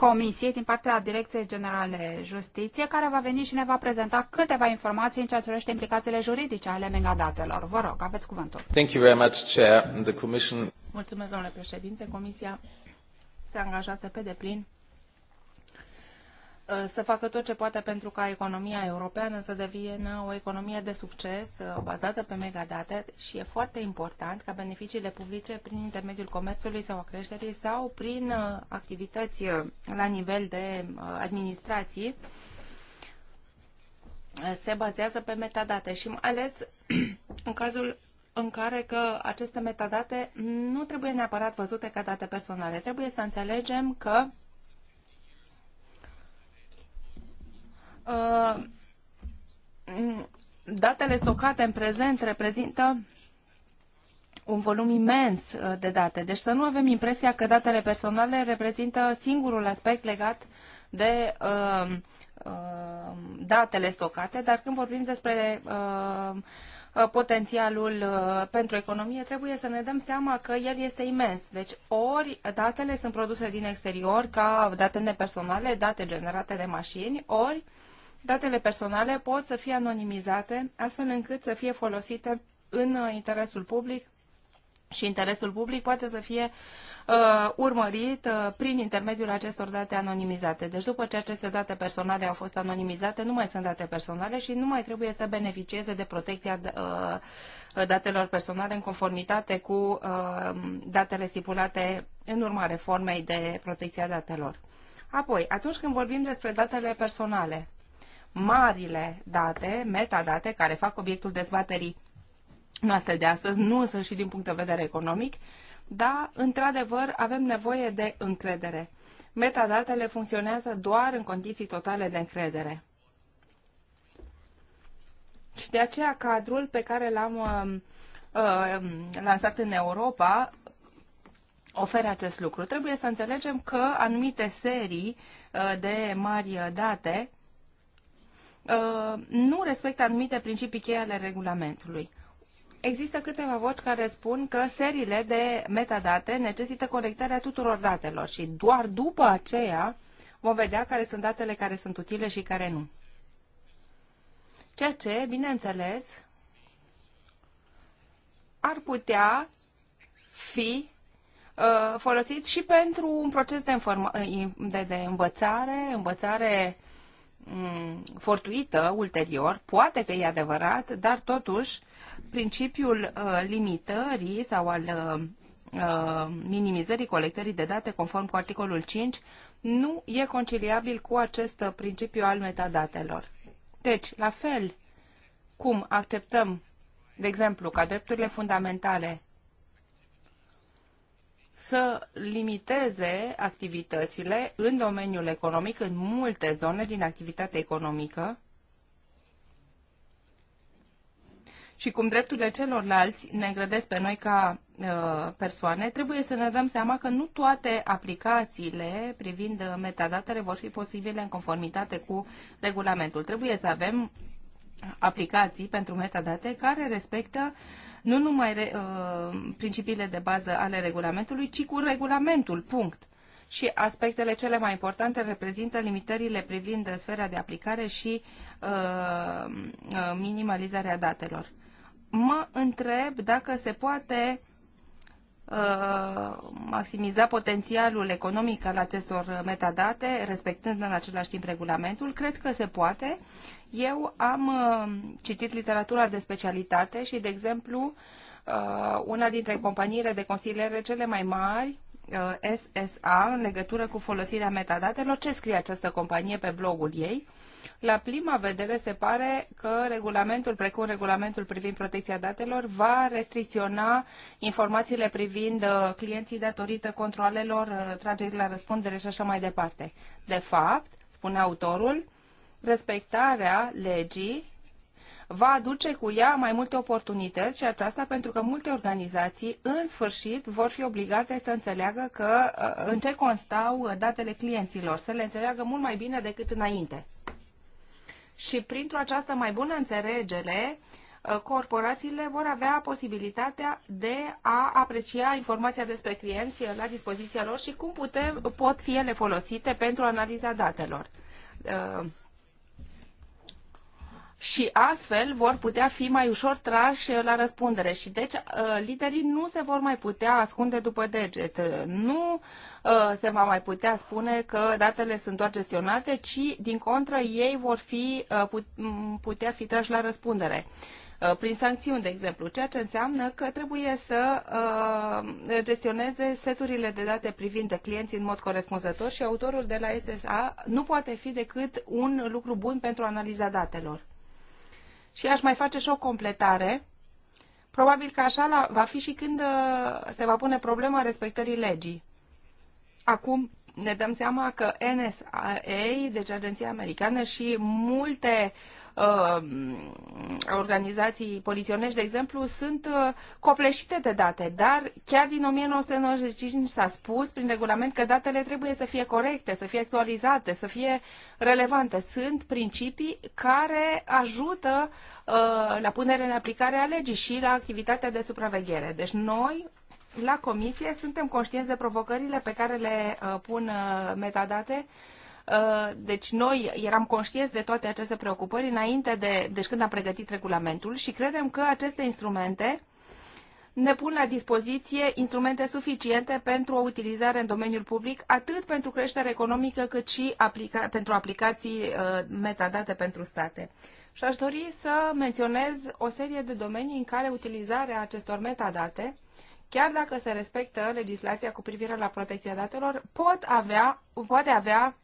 Comisiei din partea Direcției Generale Justiție, care va veni și ne va prezenta câteva informații în ceea ce privește implicațiile juridice ale megadatelor. Vă rog, aveți cuvântul. Thank you very much, Chair. The Commission... Mulțumesc, domnule președinte. Comisia se angajează pe deplin Uh, să facă tot ce poate pentru ca economia europeană să devină o economie de succes uh, bazată pe megadate și e foarte important ca beneficiile publice prin intermediul comerțului sau a creșterii sau prin uh, activități la nivel de administrații se bazează pe metadate și mai ales [clears throat] în cazul în care că aceste metadate nu trebuie neapărat văzute ca date personale. Trebuie să înțelegem că Uh, datele stocate în prezent reprezintă un volum imens uh, de date. Deci să nu avem impresia că datele personale reprezintă singurul aspect legat de uh, uh, datele stocate, dar când vorbim despre uh, uh potențialul pentru economie, trebuie să ne dăm seama că el este imens. Deci ori datele sunt produse din exterior ca date nepersonale, date generate de mașini, ori uh, datele personale pot să fie anonimizate, astfel încât să fie folosite în uh, interesul public și interesul public poate să fie uh, urmărit uh, prin intermediul acestor date anonimizate. Deci după ce aceste date personale au fost anonimizate, nu mai sunt date personale și nu mai trebuie să beneficieze de protecția uh, datelor personale în conformitate cu uh, datele stipulate în urma reformei de protecția datelor. Apoi, atunci când vorbim despre datele personale, marile date, metadate, care fac obiectul dezbaterii noastre de astăzi, nu însă și din punct de vedere economic, dar, într-adevăr, avem nevoie de încredere. Metadatele funcționează doar în condiții totale de încredere. Și de aceea cadrul pe care l-am uh, uh lansat în Europa oferă acest lucru. Trebuie să înțelegem că anumite serii uh, de mari date Uh, nu respectă anumite principii cheie ale regulamentului. Există câteva voci care spun că seriile de metadate necesită colectarea tuturor datelor și doar după aceea vom vedea care sunt datele care sunt utile și care nu. Ceea ce, bineînțeles, ar putea fi uh, folosit și pentru un proces de, de, de învățare, învățare Mm, fortuită ulterior, poate că e adevărat, dar totuși principiul uh, limitării sau al uh, uh, minimizării colectării de date conform cu articolul 5 nu e conciliabil cu acest principiu al metadatelor. Deci, la fel cum acceptăm, de exemplu, ca drepturile fundamentale să limiteze activitățile în domeniul economic, în multe zone din activitatea economică, și cum drepturile celorlalți ne îngrădesc pe noi ca uh, persoane, trebuie să ne dăm seama că nu toate aplicațiile privind metadatele vor fi posibile în conformitate cu regulamentul. Trebuie să avem aplicații pentru metadate care respectă uh, nu numai uh, principiile de bază ale regulamentului, ci cu regulamentul, punct. Și aspectele cele mai importante reprezintă limitările privind sfera de aplicare și uh, uh minimalizarea datelor. Mă întreb dacă se poate Uh, maximiza potențialul economic al acestor metadate, respectând în același timp regulamentul. Cred că se poate. Eu am uh, citit literatura de specialitate și, de exemplu, uh, una dintre companiile de consiliere cele mai mari, SSA, în legătură cu folosirea metadatelor, ce scrie această companie pe blogul ei? La prima vedere se pare că regulamentul, precum regulamentul privind protecția datelor, va restricționa informațiile privind uh, clienții datorită controlelor, uh, trageri la răspundere și așa mai departe. De fapt, spune autorul, respectarea legii va aduce cu ea mai multe oportunități și aceasta pentru că multe organizații în sfârșit vor fi obligate să înțeleagă că, uh, în ce constau datele clienților, să le înțeleagă mult mai bine decât înainte și printr-o această mai bună înțelegere, uh, corporațiile vor avea posibilitatea de a aprecia informația despre clienți la dispoziția lor și cum putem, pot fi ele folosite pentru analiza datelor. Uh, și astfel vor putea fi mai ușor trași la răspundere și deci uh, liderii nu se vor mai putea ascunde după deget. Nu uh, se va mai putea spune că datele sunt doar gestionate, ci din contră ei vor fi, uh, putea fi trași la răspundere prin sancțiuni, de exemplu, ceea ce înseamnă că trebuie să gestioneze seturile de date privind clienții în mod corespunzător și autorul de la SSA nu poate fi decât un lucru bun pentru analiza datelor. Și aș mai face și o completare. Probabil că așa la, va fi și când uh, se va pune problema respectării legii. Acum ne dăm seama că NSA, deci Agenția Americană și multe uh, uh, organizații poliționești, de exemplu, sunt uh, copleșite de date, dar chiar din 1995 s-a spus prin regulament că datele trebuie să fie corecte, să fie actualizate, să fie relevante. Sunt principii care ajută uh, la punerea în aplicare a legii și la activitatea de supraveghere. Deci noi, la comisie suntem conștienți de provocările pe care le uh, pun uh, metadate Uh, deci noi eram conștienți de toate aceste preocupări înainte de, deci când am pregătit regulamentul și credem că aceste instrumente ne pun la dispoziție instrumente suficiente pentru o utilizare în domeniul public, atât pentru creștere economică, cât și aplica- pentru aplicații uh, metadate pentru state. Și aș dori să menționez o serie de domenii în care utilizarea acestor metadate, chiar dacă se respectă legislația cu privire la protecția datelor, pot avea, poate avea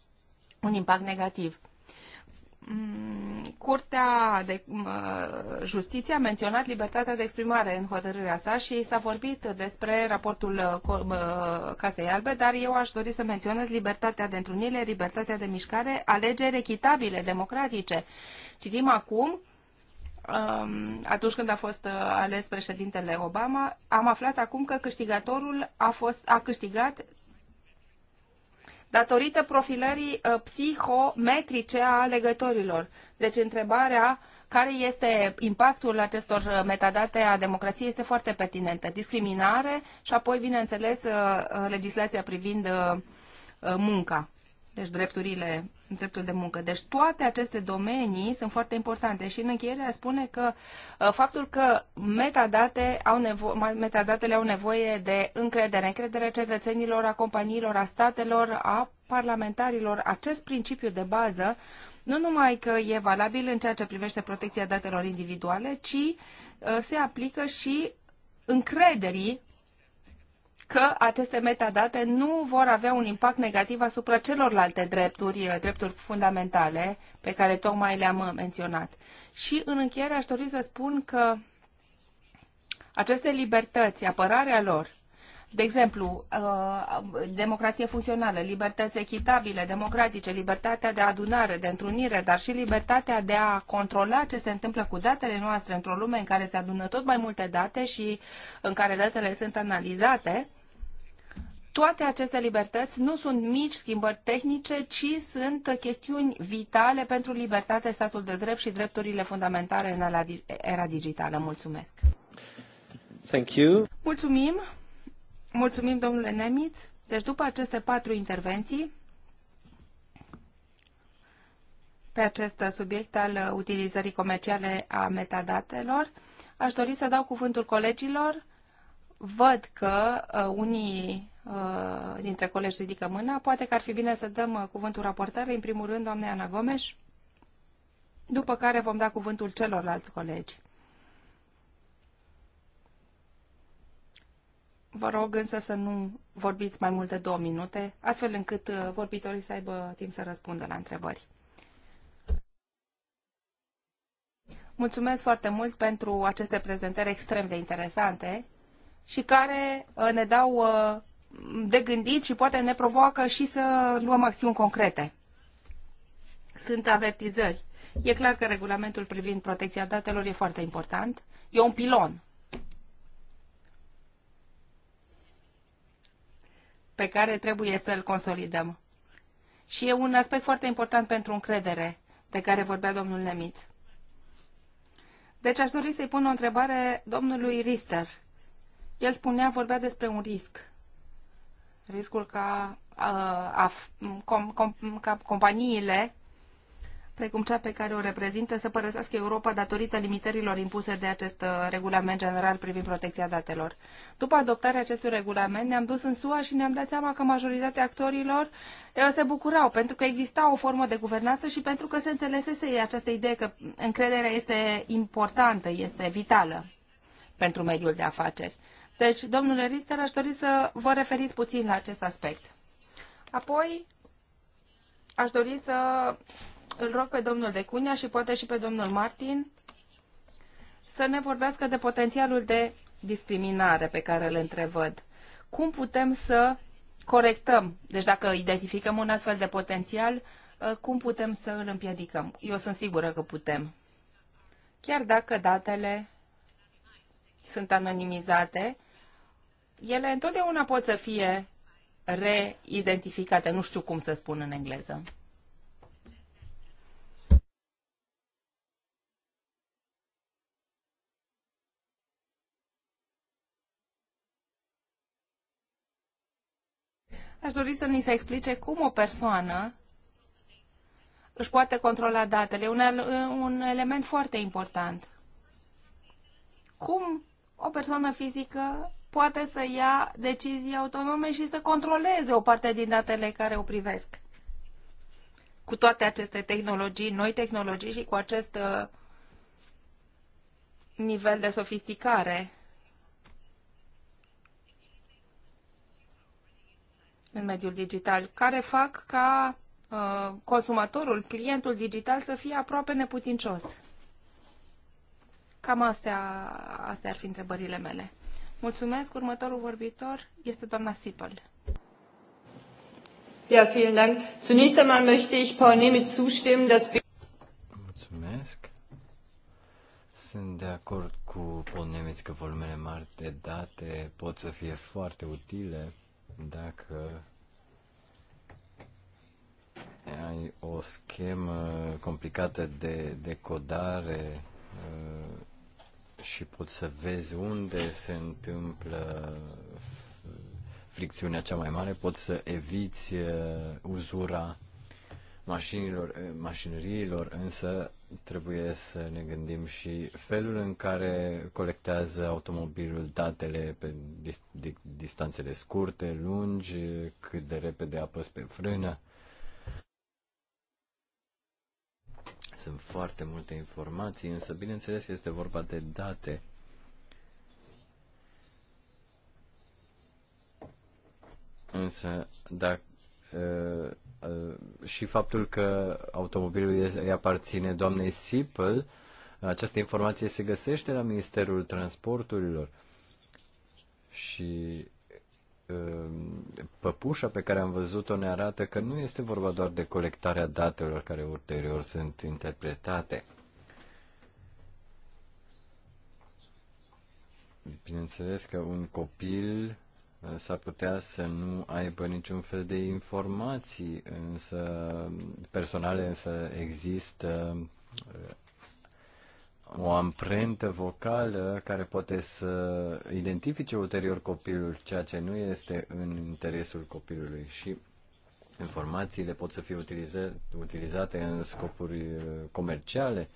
un impact negativ. Mm, Curtea de mm, uh, Justiție a menționat libertatea de exprimare în hotărârea sa și s-a vorbit despre raportul uh, uh, Casei Albe, dar eu aș dori să menționez libertatea de întrunire, libertatea de mișcare, alegeri echitabile, democratice. Citim acum, um, atunci când a fost ales președintele Obama, am aflat acum că câștigatorul a, fost, a câștigat datorită profilării uh, psihometrice a alegătorilor. Deci întrebarea care este impactul acestor uh, metadate a democrației este foarte pertinentă. Discriminare și apoi, bineînțeles, uh, legislația privind munca, deci drepturile în dreptul de muncă. Deci toate aceste domenii sunt foarte importante și în încheiere spune că uh, faptul că metadate au nevo- metadatele au nevoie de încredere, încredere cetățenilor, a companiilor, a statelor, a parlamentarilor, acest principiu de bază nu numai că e valabil în ceea ce privește protecția datelor individuale, ci uh, se aplică și încrederii că aceste metadate nu vor avea un impact negativ asupra celorlalte drepturi, eh, drepturi fundamentale pe care tocmai le-am eh, menționat. Și în încheiere aș dori să spun că aceste libertăți, apărarea lor, de exemplu, uh, democrație funcțională, libertăți echitabile, democratice, libertatea de adunare, de întrunire, dar și libertatea de a controla ce se întâmplă cu datele noastre într-o lume în care se adună tot mai multe date și în care datele sunt analizate. Toate aceste libertăți nu sunt mici schimbări tehnice, ci sunt chestiuni vitale pentru libertate, statul de drept și drepturile fundamentale în era digitală. Mulțumesc! Thank you. Mulțumim! Mulțumim, domnule Nemitz. Deci, după aceste patru intervenții, pe acest subiect al utilizării comerciale a metadatelor, aș dori să dau cuvântul colegilor. Văd că uh, unii uh, dintre colegi ridică mâna. Poate că ar fi bine să dăm uh, cuvântul raportării, în primul rând, doamnei Ana Gomes, după care vom da cuvântul celorlalți colegi. Vă rog însă să nu vorbiți mai mult de două minute, astfel încât uh, vorbitorii să aibă timp să răspundă la întrebări. Mulțumesc foarte mult pentru aceste prezentări extrem de interesante și care uh, ne dau uh, de gândit și poate ne provoacă și să luăm acțiuni concrete. Sunt avertizări. E clar că regulamentul privind protecția datelor e foarte important. E un pilon pe care trebuie să-l consolidăm. Și e un aspect foarte important pentru încredere, de care vorbea domnul Nemitz. Deci aș dori să-i pun o întrebare domnului Rister. El spunea, vorbea despre un risc. Riscul ca, uh, a, a, com, com, ca companiile precum cea pe care o reprezintă, să părăsească Europa datorită limitărilor impuse de acest uh, regulament general privind protecția datelor. După adoptarea acestui regulament, ne-am dus în SUA și ne-am dat seama că majoritatea actorilor uh, se bucurau pentru că exista o formă de guvernanță și pentru că se înțelesese această idee că încrederea este importantă, este vitală pentru mediul de afaceri. Deci, domnule Rister, aș dori să vă referiți puțin la acest aspect. Apoi, aș dori să îl rog pe domnul de Decunia și poate și pe domnul Martin să ne vorbească de potențialul de discriminare pe care îl întrevăd. Cum putem să corectăm? Deci dacă identificăm un astfel de potențial, ă, cum putem să îl împiedicăm? Eu sunt sigură că putem. Chiar dacă datele sunt anonimizate, ele întotdeauna pot să fie reidentificate. Nu știu cum să spun în engleză. Aș dori să ni se explice cum o persoană își poate controla datele. E un, un element foarte important. Cum o persoană fizică poate să ia decizii autonome și să controleze o parte din datele care o privesc. Cu toate aceste tehnologii, noi tehnologii și cu acest uh, nivel de sofisticare în mediul digital, care fac ca uh, consumatorul, clientul digital să fie aproape neputincios. Cam astea, astea ar fi întrebările mele. Mulțumesc. Următorul vorbitor este doamna Sipăl. Ja, vielen Dank. Zunächst einmal möchte ich Paul Nemitz zustimmen, dass Mulțumesc. Sunt de acord cu Paul Nemitz că volumele mari de date pot să fie foarte utile dacă ai o schemă complicată de decodare uh, și poți să vezi unde se întâmplă fricțiunea cea mai mare, poți să eviți uh, uzura mașinilor, uh, mașinăriilor, însă trebuie să ne gândim și felul în care colectează automobilul datele pe distanțele scurte, lungi, cât de repede apăs pe frână. Sunt foarte multe informații, însă bineînțeles este vorba de date. Însă, dacă Uh, uh, și faptul că automobilul îi aparține doamnei Sipel, această informație se găsește la Ministerul Transporturilor. Și uh, păpușa pe care am văzut-o ne arată că nu este vorba doar de colectarea datelor care ulterior sunt interpretate. Bineînțeles că un copil s-ar putea să nu aibă niciun fel de informații însă, personale, însă există uh, o amprentă vocală care poate să identifice ulterior copilul, ceea ce nu este în interesul copilului și informațiile pot să fie utilizate în scopuri uh, comerciale.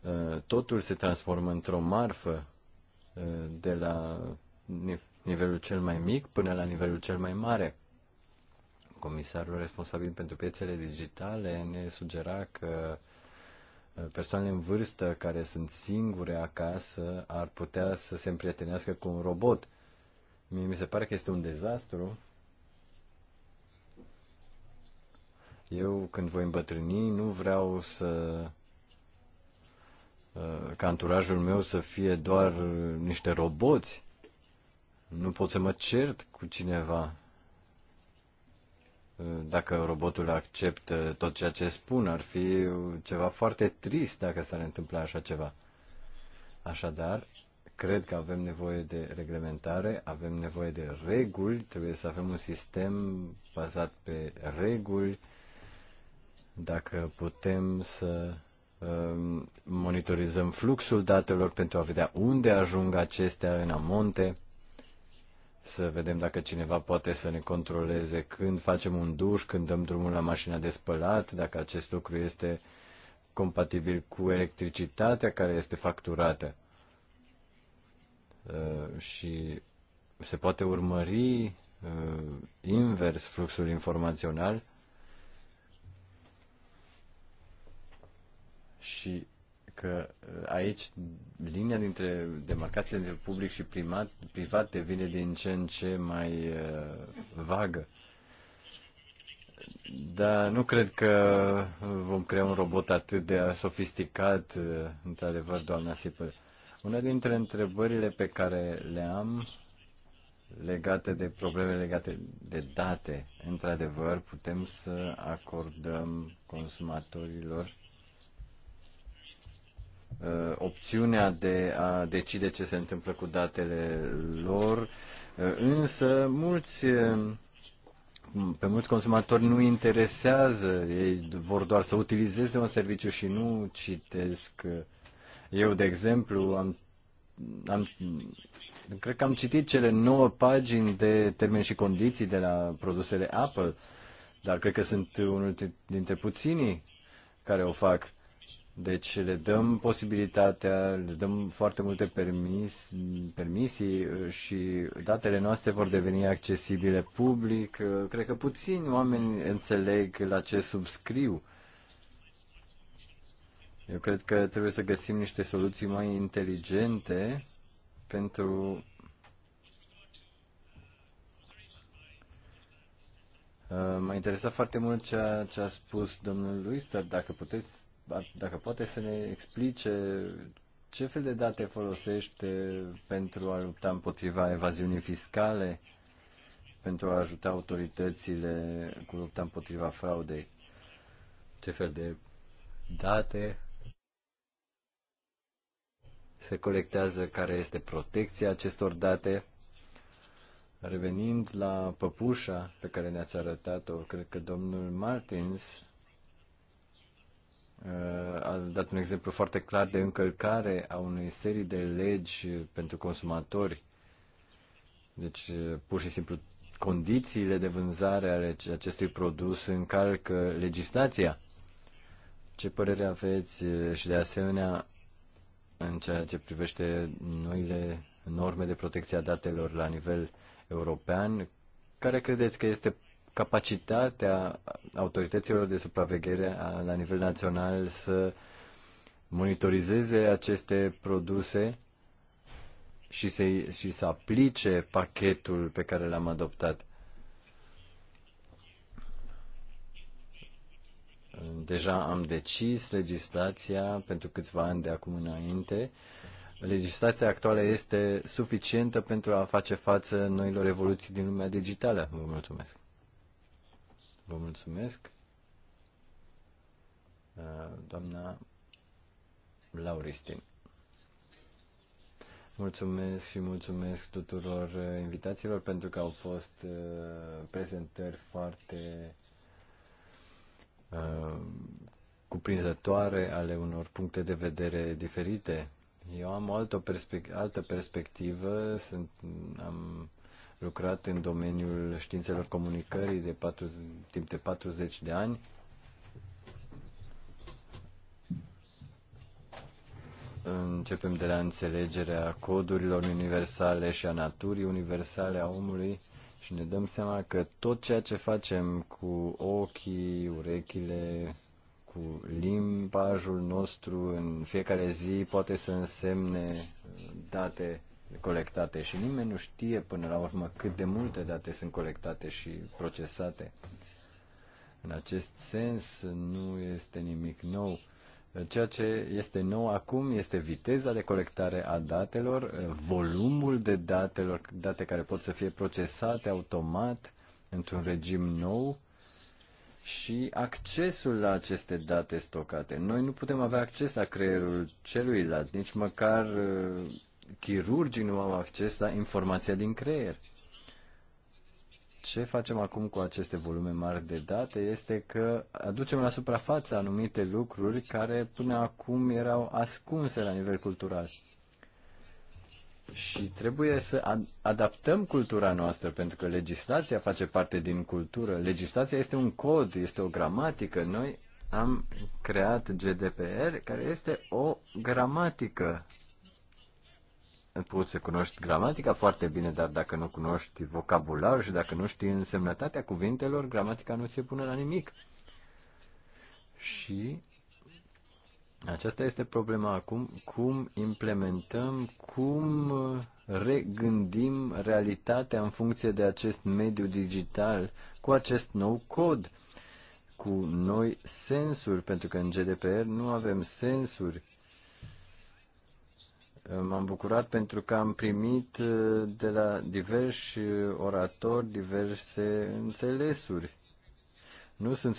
Uh, totul se transformă într-o marfă de la nivelul cel mai mic până la nivelul cel mai mare. Comisarul responsabil pentru piețele digitale ne sugera că uh, persoanele în vârstă care sunt singure acasă ar putea să se împrietenească cu un robot. Mie mi se pare că este un dezastru. Eu, când voi îmbătrâni, nu vreau să uh, ca anturajul meu să fie doar uh, niște roboți. Nu pot să mă cert cu cineva dacă robotul acceptă tot ceea ce spun, ar fi ceva foarte trist dacă s-ar întâmpla așa ceva. Așadar, cred că avem nevoie de reglementare, avem nevoie de reguli, trebuie să avem un sistem bazat pe reguli, dacă putem să um, monitorizăm fluxul datelor pentru a vedea unde ajung acestea în amonte, să vedem dacă cineva poate să ne controleze când facem un duș, când dăm drumul la mașina de spălat, dacă acest lucru este compatibil cu electricitatea care este facturată. Uh, și se poate urmări uh, invers fluxul informațional și că uh, aici linia dintre demarcațiile dintre public și primat, privat devine din ce în ce mai uh, vagă. Dar nu cred că vom crea un robot atât de sofisticat, uh, într-adevăr, doamna Sipăr. Una dintre întrebările pe care le am legate de probleme legate de date, într-adevăr, putem să acordăm consumatorilor Uh, opțiunea de a decide ce se întâmplă cu datele lor, uh, însă mulți uh, pe mulți consumatori nu interesează, ei vor doar să utilizeze un serviciu și nu citesc. Eu, de exemplu, am, am cred că am citit cele 9 pagini de termeni și condiții de la produsele Apple, dar cred că sunt unul dintre puținii care o fac. Deci le dăm posibilitatea, le dăm foarte multe permis, permisii uh, și datele noastre vor deveni accesibile public. Uh, cred că puțini oameni înțeleg la ce subscriu. Eu cred că trebuie să găsim niște soluții mai inteligente pentru uh, M-a interesat foarte mult a, ce a spus domnul Luister dacă puteți dacă poate să ne explice ce fel de date folosește pentru a lupta împotriva evaziunii fiscale, pentru a ajuta autoritățile cu lupta împotriva fraudei? Ce fel de date se colectează, care este protecția acestor date? Revenind la păpușa pe care ne-ați arătat-o, cred că domnul Martins Uh, a dat un exemplu foarte clar de încălcare a unei serii de legi pentru consumatori. Deci, uh, pur și simplu, condițiile de vânzare ale acestui produs încalcă legislația. Ce părere aveți uh, și de asemenea în ceea ce privește noile norme de protecție a datelor la nivel european? Care credeți că este capacitatea autorităților de supraveghere la nivel național să monitorizeze aceste produse și să, și să aplice pachetul pe care l-am adoptat. Deja am decis legislația pentru câțiva ani de acum înainte. Legislația actuală este suficientă pentru a face față noilor evoluții din lumea digitală. Vă mulțumesc. Vă mulțumesc. Uh, doamna Lauristin. Mulțumesc și mulțumesc tuturor uh, invitațiilor pentru că au fost uh, prezentări foarte cuprinzătoare ale unor puncte de vedere diferite. Eu am o altă, perspec- altă perspectivă, sunt, am lucrat în domeniul științelor comunicării de 40, timp de 40 de ani. Începem de la înțelegerea codurilor universale și a naturii universale a omului și ne dăm seama că tot ceea ce facem cu ochii, urechile, cu limbajul nostru în fiecare zi poate să însemne date colectate și nimeni nu știe până la urmă cât de multe date sunt colectate și procesate. În acest sens nu este nimic nou. Ceea ce este nou acum este viteza de colectare a datelor, volumul de datelor, date care pot să fie procesate automat într-un regim nou și accesul la aceste date stocate. Noi nu putem avea acces la creierul celuilalt, nici măcar chirurgii nu au acces la informația din creier. Ce facem acum cu aceste volume mari de date este că aducem la suprafață anumite lucruri care până acum erau ascunse la nivel cultural. Și trebuie să adaptăm cultura noastră, pentru că legislația face parte din cultură. Legislația este un cod, este o gramatică. Noi am creat GDPR, care este o gramatică poți să cunoști gramatica foarte bine, dar dacă nu cunoști vocabularul și dacă nu știi însemnătatea cuvintelor, gramatica nu se pune la nimic. Și aceasta este problema acum, cum implementăm, cum regândim realitatea în funcție de acest mediu digital cu acest nou cod, cu noi sensuri, pentru că în GDPR nu avem sensuri M-am bucurat pentru că am primit uh, de la diversi oratori diverse înțelesuri. Nu sunt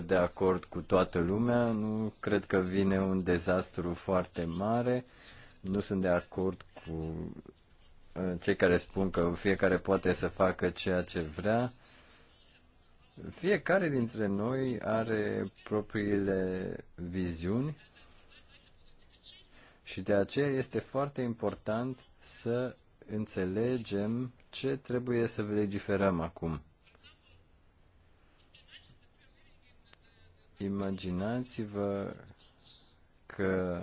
100% de acord cu toată lumea, nu cred că vine un dezastru foarte mare, nu sunt de acord cu uh, cei care spun că fiecare poate să facă ceea ce vrea. Fiecare dintre noi are propriile viziuni și de aceea este foarte important să înțelegem ce trebuie să legiferăm acum. Imaginați-vă că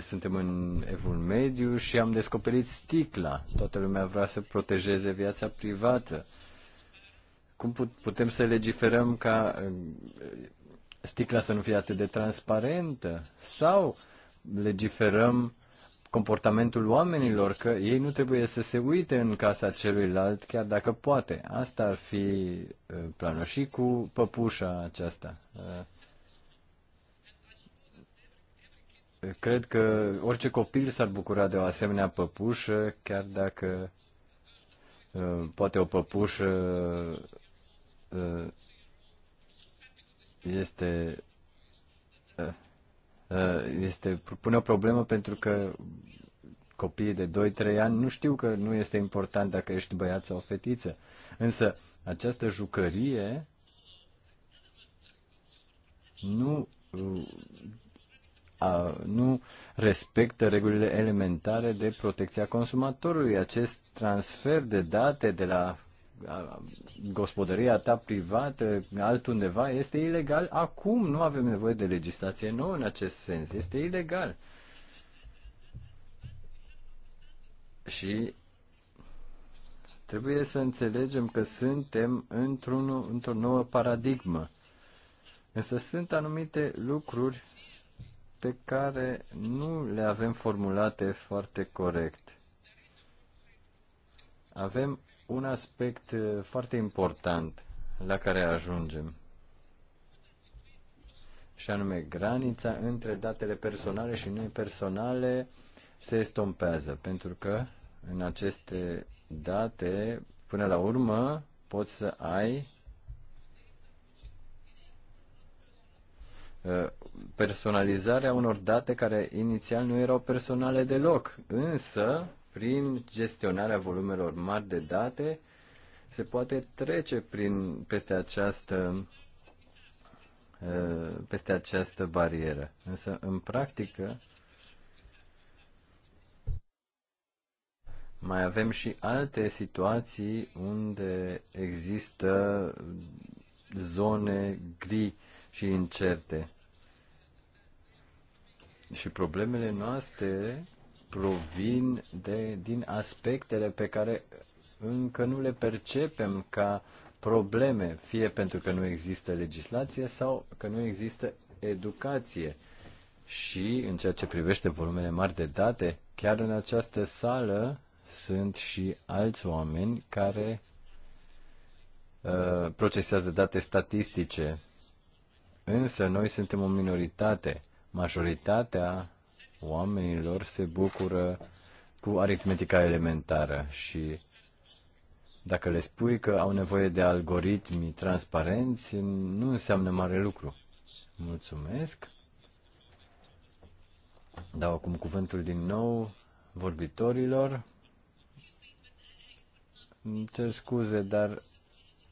suntem în evul mediu și am descoperit sticla. Toată lumea vrea să protejeze viața privată. Cum putem să legiferăm ca uh, sticla să nu fie atât de transparentă? Sau uh, legiferăm comportamentul oamenilor, că ei nu trebuie să se uite în casa celuilalt, chiar dacă poate. Asta ar fi uh, planul. Și cu păpușa aceasta. Uh, cred că orice copil s-ar bucura de o asemenea păpușă, chiar dacă uh, poate o păpușă este Uh, este, pune o problemă pentru că copiii de 2-3 ani nu știu că nu este important dacă ești băiat sau fetiță. Însă această jucărie nu, uh, a, nu respectă regulile elementare de protecția consumatorului. Acest transfer de date de la gospodăria ta privată altundeva este ilegal acum. Nu avem nevoie de legislație nouă în acest sens. Este ilegal. Și trebuie să înțelegem că suntem într o într-o nouă paradigmă. Însă sunt anumite lucruri pe care nu le avem formulate foarte corect. Avem un aspect uh, foarte important la care ajungem, și anume granița între datele personale și nepersonale se estompează, pentru că în aceste date, până la urmă, poți să ai uh, personalizarea unor date care inițial nu erau personale deloc, însă prin gestionarea volumelor mari de date, se poate trece prin, peste, această, uh, peste această barieră. Însă, în practică, mai avem și alte situații unde există zone gri și incerte. Și problemele noastre provin de, din aspectele pe care încă nu le percepem ca probleme, fie pentru că nu există legislație sau că nu există educație. Și în ceea ce privește volumele mari de date, chiar în această sală sunt și alți oameni care uh, procesează date statistice. Însă noi suntem o minoritate. Majoritatea oamenilor se bucură cu aritmetica elementară și dacă le spui că au nevoie de algoritmi transparenți, nu înseamnă mare lucru. Mulțumesc. Dau acum cuvântul din nou vorbitorilor. Îmi cer scuze, dar,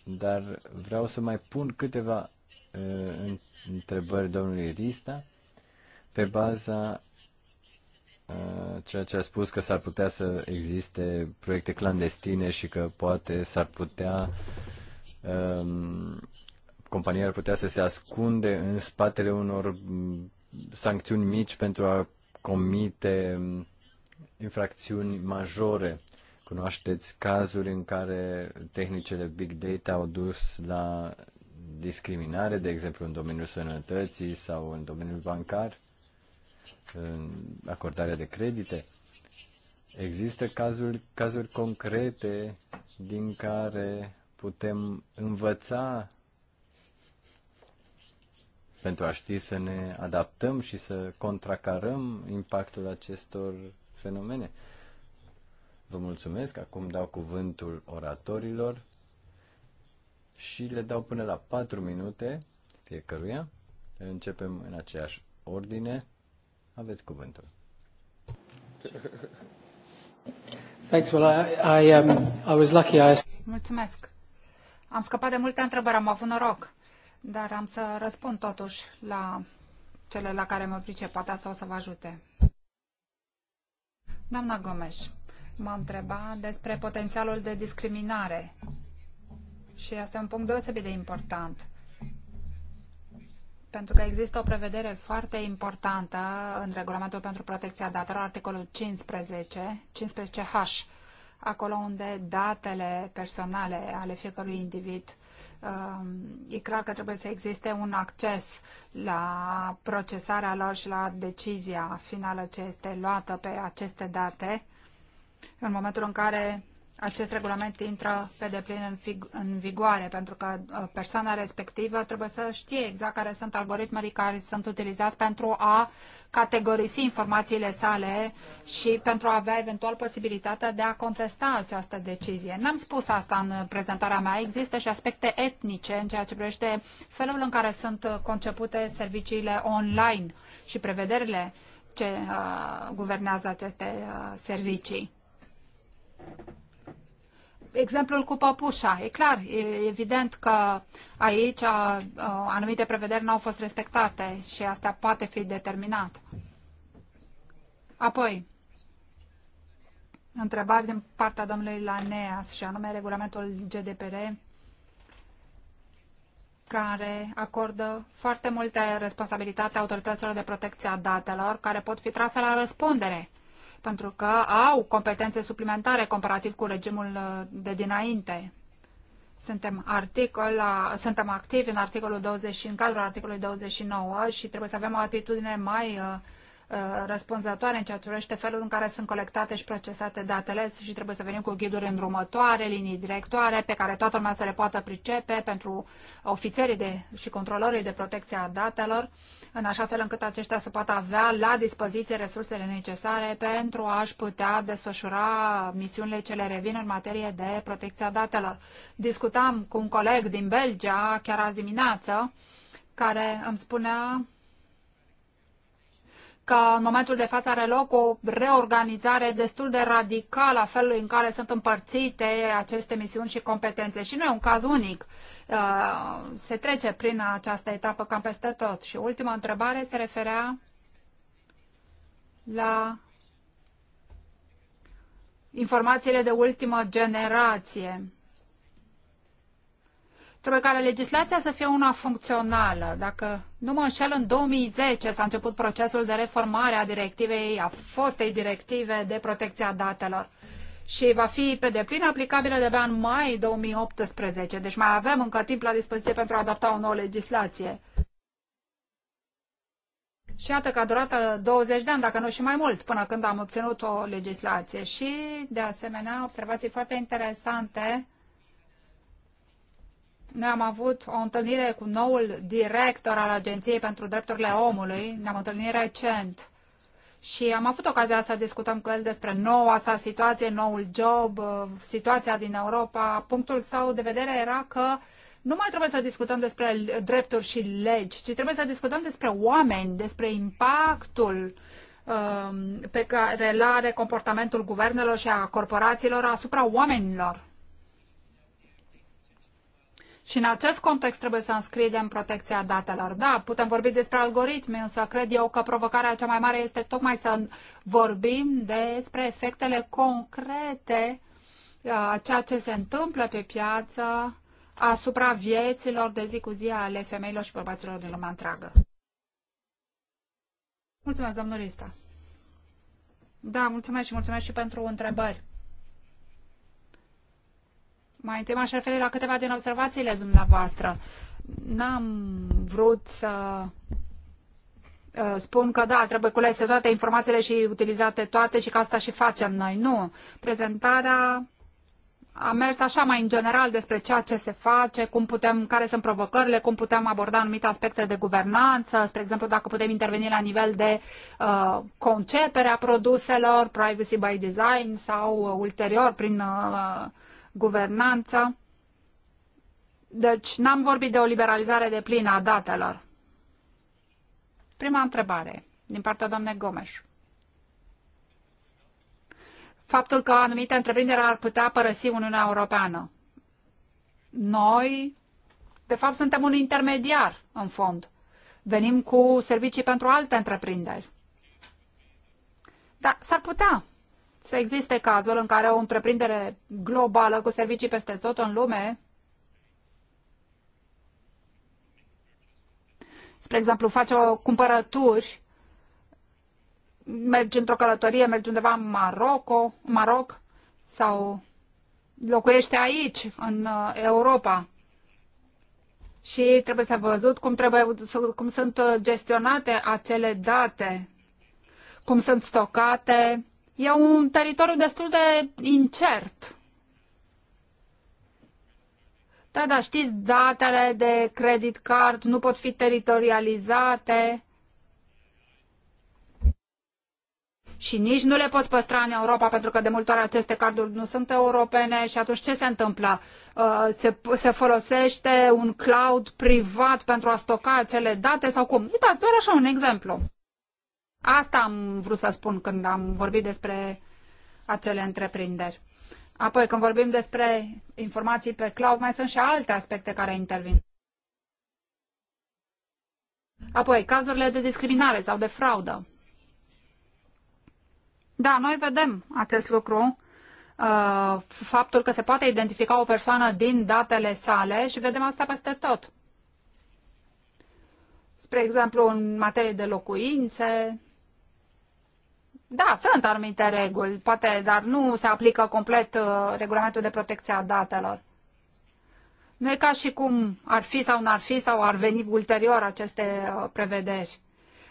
dar vreau să mai pun câteva uh, întrebări domnului Rista pe baza Uh, ceea ce a spus că s-ar putea să existe proiecte clandestine și că poate s-ar putea um, compania ar putea să se ascunde în spatele unor mm, sancțiuni mici pentru a comite mm, infracțiuni majore. Cunoașteți cazuri în care tehnicele big data au dus la discriminare, de exemplu în domeniul sănătății sau în domeniul bancar? acordarea de credite. Există cazuri, cazuri concrete din care putem învăța pentru a ști să ne adaptăm și să contracarăm impactul acestor fenomene. Vă mulțumesc, acum dau cuvântul oratorilor și le dau până la 4 minute fiecăruia. Începem în aceeași ordine. Aveți cuvântul. Thanks, well, I, I, um, I was lucky. I... Mulțumesc. Am scăpat de multe întrebări, am avut noroc, dar am să răspund totuși la cele la care mă pricep. Poate asta o să vă ajute. Doamna Gomes, m-a întrebat despre potențialul de discriminare și asta e un punct deosebit de important pentru că există o prevedere foarte importantă în regulamentul pentru protecția datelor, articolul 15, 15H, acolo unde datele personale ale fiecărui individ um, e clar că trebuie să existe un acces la procesarea lor și la decizia finală ce este luată pe aceste date în momentul în care acest regulament intră pe deplin în, în vigoare, pentru că uh, persoana respectivă trebuie să știe exact care sunt algoritmii care sunt utilizați pentru a categorisi informațiile sale și pentru a avea eventual posibilitatea de a contesta această decizie. N-am spus asta în prezentarea mea. Există și aspecte etnice în ceea ce privește felul în care sunt concepute serviciile online și prevederile ce uh, guvernează aceste uh, servicii exemplul cu păpușa. E clar, e evident că aici uh, anumite prevederi n-au fost respectate și asta poate fi determinat. Apoi, întrebări din partea domnului Laneas și anume regulamentul GDPR care acordă foarte multe responsabilitate autorităților de protecție a datelor care pot fi trase la răspundere pentru că au competențe suplimentare comparativ cu regimul uh, de dinainte. Suntem, articol, uh, suntem activi în articolul 20 în cadrul articolului 29 și trebuie să avem o atitudine mai uh, Uh, răspunzătoare în ceea ce privește felul în care sunt colectate și procesate datele și trebuie să venim cu ghiduri îndrumătoare, linii directoare pe care toată lumea să le poată pricepe pentru ofițerii de, și controlorii de protecție a datelor, în așa fel încât aceștia să poată avea la dispoziție resursele necesare pentru a-și putea desfășura misiunile ce le revin în materie de protecția datelor. Discutam cu un coleg din Belgia chiar azi dimineață care îmi spunea că în momentul de față are loc o reorganizare destul de radicală a felului în care sunt împărțite aceste misiuni și competențe. Și nu e un caz unic. Uh, se trece prin această etapă cam peste tot. Și ultima întrebare se referea la informațiile de ultimă generație. Trebuie ca legislația să fie una funcțională. Dacă nu mă înșel, în 2010 s-a început procesul de reformare a directivei, a fostei directive de protecție a datelor și va fi pe deplin aplicabilă de-abia în mai 2018. Deci mai avem încă timp la dispoziție pentru a adapta o nouă legislație. Și iată că a durat 20 uh, de ani, dacă nu și mai mult, până când am obținut o legislație. Și, de asemenea, observații foarte interesante noi am avut o întâlnire cu noul director al Agenției pentru Drepturile Omului, ne-am întâlnit recent și am avut ocazia să discutăm cu el despre noua sa situație, noul job, uh, situația din Europa. Punctul său de vedere era că nu mai trebuie să discutăm despre drepturi și legi, ci trebuie să discutăm despre oameni, despre impactul um, pe care îl are comportamentul guvernelor și a corporațiilor asupra oamenilor. Și în acest context trebuie să înscriem protecția datelor. Da, putem vorbi despre algoritmi, însă cred eu că provocarea cea mai mare este tocmai să vorbim despre efectele concrete a uh, ceea ce se întâmplă pe piață asupra vieților de zi cu zi ale femeilor și bărbaților din lumea întreagă. Mulțumesc, domnul Rista. Da, mulțumesc și mulțumesc și pentru întrebări. Mai întâi m-aș referi la câteva din observațiile dumneavoastră. N-am vrut să uh, spun că da, trebuie culese toate informațiile și utilizate toate și că asta și facem noi. Nu. Prezentarea a mers așa mai în general despre ceea ce se face, cum putem, care sunt provocările, cum putem aborda anumite aspecte de guvernanță, spre exemplu dacă putem interveni la nivel de uh, concepere a produselor, privacy by design sau uh, ulterior prin uh, guvernanță. Deci n-am vorbit de o liberalizare de plină a datelor. Prima întrebare din partea doamnei Gomes. Faptul că anumită întreprindere ar putea părăsi Uniunea Europeană. Noi, de fapt, suntem un intermediar, în fond. Venim cu servicii pentru alte întreprinderi. Dar s-ar putea să existe cazul în care o întreprindere globală cu servicii peste tot în lume, spre exemplu, face o cumpărături, mergi într-o călătorie, mergi undeva în Marocco, Maroc sau locuiește aici, în uh, Europa, și trebuie să văzut cum, trebuie, cum sunt gestionate acele date, cum sunt stocate, e un teritoriu destul de incert. Da, da, știți, datele de credit card nu pot fi teritorializate și nici nu le poți păstra în Europa pentru că de multe ori aceste carduri nu sunt europene și atunci ce se întâmplă? Uh, se, se folosește un cloud privat pentru a stoca acele date sau cum? Uitați, doar așa un exemplu. Asta am vrut să spun când am vorbit despre acele întreprinderi. Apoi, când vorbim despre informații pe cloud, mai sunt și alte aspecte care intervin. Apoi, cazurile de discriminare sau de fraudă. Da, noi vedem acest lucru, uh, faptul că se poate identifica o persoană din datele sale și vedem asta peste tot. Spre exemplu, în materie de locuințe, da, sunt anumite reguli, poate, dar nu se aplică complet uh, regulamentul de protecție a datelor. Nu e ca și cum ar fi sau n-ar fi sau ar veni ulterior aceste uh, prevederi.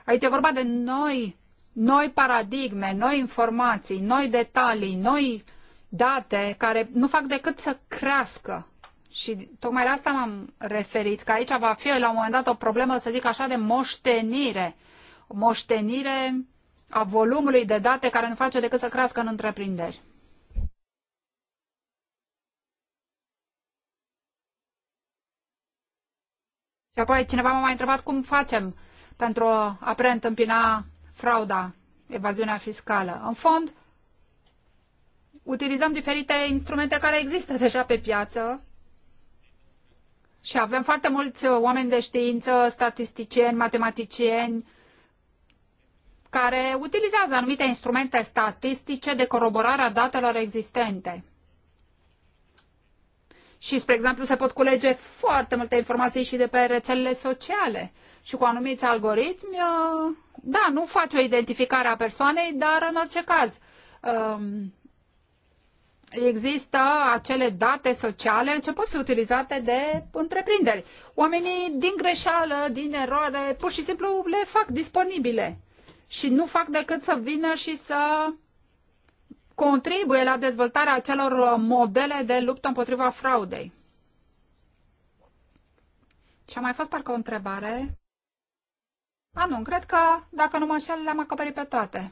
Aici e vorba de noi, noi paradigme, noi informații, noi detalii, noi date care nu fac decât să crească. Și tocmai la asta m-am referit, că aici va fi la un moment dat o problemă, să zic așa, de moștenire. moștenire a volumului de date care nu face decât să crească în întreprinderi. Și apoi cineva m-a mai întrebat cum facem pentru a preîntâmpina frauda, evaziunea fiscală. În fond, utilizăm diferite instrumente care există deja pe piață și avem foarte mulți oameni de știință, statisticieni, matematicieni, care utilizează anumite instrumente statistice de coroborare a datelor existente. Și, spre exemplu, se pot culege foarte multe informații și de pe rețelele sociale. Și cu anumiți algoritmi, uh, da, nu face o identificare a persoanei, dar în orice caz um, există acele date sociale ce pot fi utilizate de întreprinderi. Oamenii din greșeală, din eroare, pur și simplu le fac disponibile și nu fac decât să vină și să contribuie la dezvoltarea acelor modele de luptă împotriva fraudei. Și a mai fost parcă o întrebare. A, nu, cred că, dacă nu mă așa, le-am acoperit pe toate.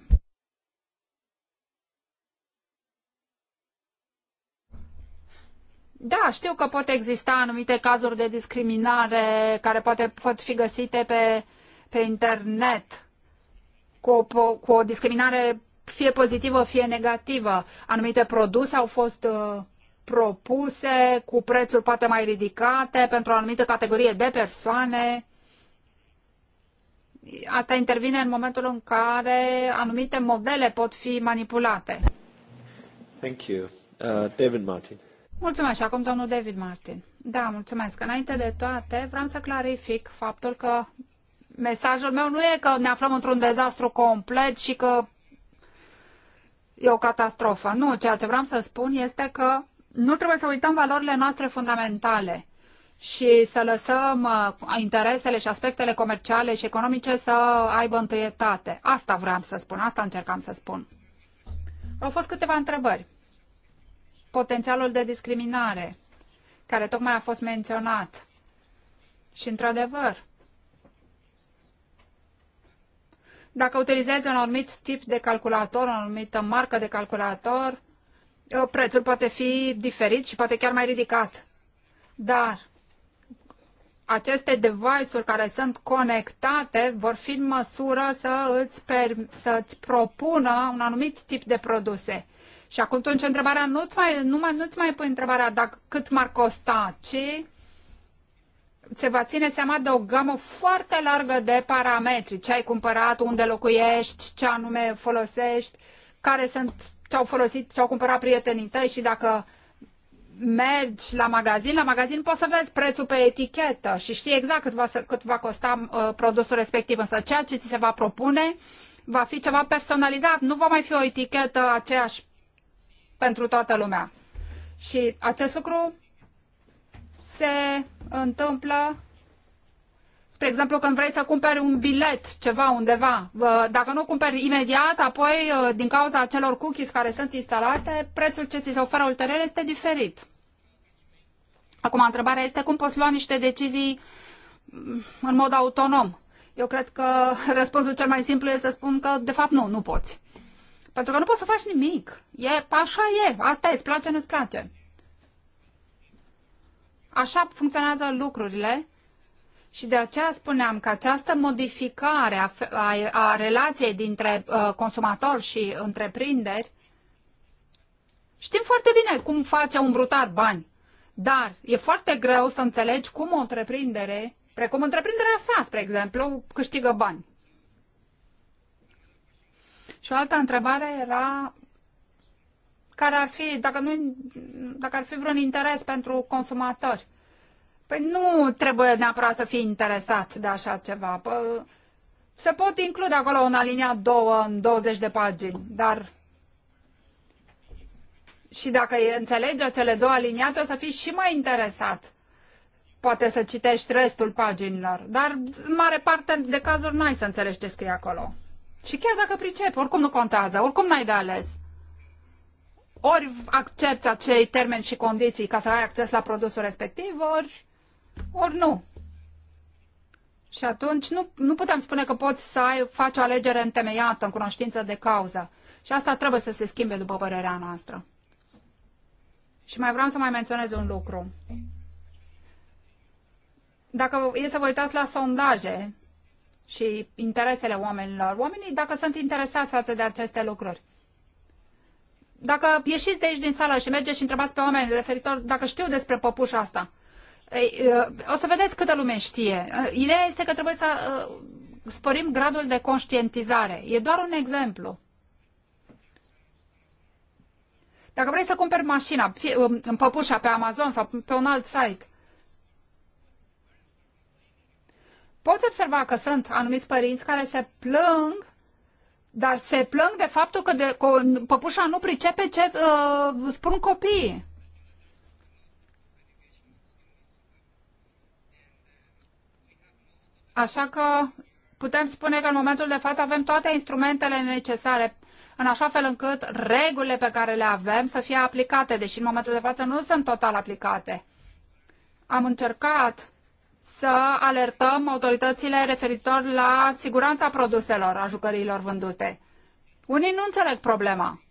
Da, știu că pot exista anumite cazuri de discriminare care poate pot fi găsite pe, pe internet, cu o, cu o discriminare fie pozitivă, fie negativă. Anumite produse au fost uh, propuse cu prețuri poate mai ridicate pentru o anumită categorie de persoane. Asta intervine în momentul în care anumite modele pot fi manipulate. Thank you. Uh, David Martin. Mulțumesc și acum domnul David Martin. Da, mulțumesc. Înainte de toate, vreau să clarific faptul că mesajul meu nu e că ne aflăm într-un dezastru complet și că e o catastrofă. Nu, ceea ce vreau să spun este că nu trebuie să uităm valorile noastre fundamentale și să lăsăm uh, interesele și aspectele comerciale și economice să aibă întâietate. Asta vreau să spun, asta încercam să spun. Au fost câteva întrebări. Potențialul de discriminare, care tocmai a fost menționat. Și, într-adevăr, Dacă utilizezi un anumit tip de calculator, o anumită marcă de calculator, uh, prețul poate fi diferit și poate chiar mai ridicat. Dar aceste device-uri care sunt conectate vor fi în măsură să îți, per, să îți propună un anumit tip de produse. Și acum atunci întrebarea nu-ți mai, nu mai, nu-ți mai pui întrebarea dacă, cât m-ar costa, ci se va ține seama de o gamă foarte largă de parametri. Ce ai cumpărat, unde locuiești, ce anume folosești, care sunt, ce au folosit, ce au cumpărat prietenii tăi și dacă mergi la magazin, la magazin poți să vezi prețul pe etichetă și știi exact cât va, cât va costa uh, produsul respectiv. Însă ceea ce ți se va propune va fi ceva personalizat, nu va mai fi o etichetă aceeași pentru toată lumea. Și acest lucru se întâmplă Spre exemplu, când vrei să cumperi un bilet ceva undeva, dacă nu cumperi imediat, apoi, uh, din cauza acelor cookies care sunt instalate, prețul ce ți se oferă ulterior este diferit. Acum, întrebarea este cum poți lua niște decizii mm, în mod autonom. Eu cred că [laughs] răspunsul cel mai simplu este să spun că, de fapt, nu, nu poți. Pentru că nu poți să faci nimic. E, așa e, asta e, îți place, nu-ți place. Așa funcționează lucrurile și de aceea spuneam că această modificare a, a, a relației dintre uh, consumator și întreprinderi, știm foarte bine cum face un brutar bani, dar e foarte greu să înțelegi cum o întreprindere, precum întreprinderea sa, spre exemplu, câștigă bani. Și o altă întrebare era care ar fi, dacă, nu, dacă ar fi vreun interes pentru consumatori. Păi nu trebuie neapărat să fii interesat de așa ceva. Pă, se pot include acolo un aliniat două în 20 de pagini, dar și dacă înțelegi acele două aliniate, o să fii și mai interesat. Poate să citești restul paginilor, dar în mare parte de cazuri n-ai să înțelegi ce scrie acolo. Și chiar dacă pricepi, oricum nu contează, oricum n-ai de ales ori accepti acei termeni și condiții ca să ai acces la produsul respectiv, ori, ori nu. Și atunci nu, nu putem spune că poți să ai, faci o alegere întemeiată, în cunoștință de cauză. Și asta trebuie să se schimbe, după părerea noastră. Și mai vreau să mai menționez un lucru. Dacă e să vă uitați la sondaje și interesele oamenilor, oamenii, dacă sunt interesați față de aceste lucruri, dacă ieșiți de aici din sală și mergeți și întrebați pe oameni referitor dacă știu despre păpușa asta, uh, o să vedeți câtă lume știe. Uh, ideea este că trebuie să uh, sporim gradul de conștientizare. E doar un exemplu. Dacă vrei să cumperi mașina, fie, în păpușa pe Amazon sau pe un alt site, poți observa că sunt anumiți părinți care se plâng dar se plâng de faptul că, de, cu, păpușa nu pricepe ce uh, spun copiii. Așa că putem spune că în momentul de față avem toate instrumentele necesare în așa fel încât regulile pe care le avem să fie aplicate, deși în momentul de față nu sunt total aplicate. Am încercat să alertăm autoritățile referitor la siguranța produselor, a jucăriilor vândute. Unii nu înțeleg problema,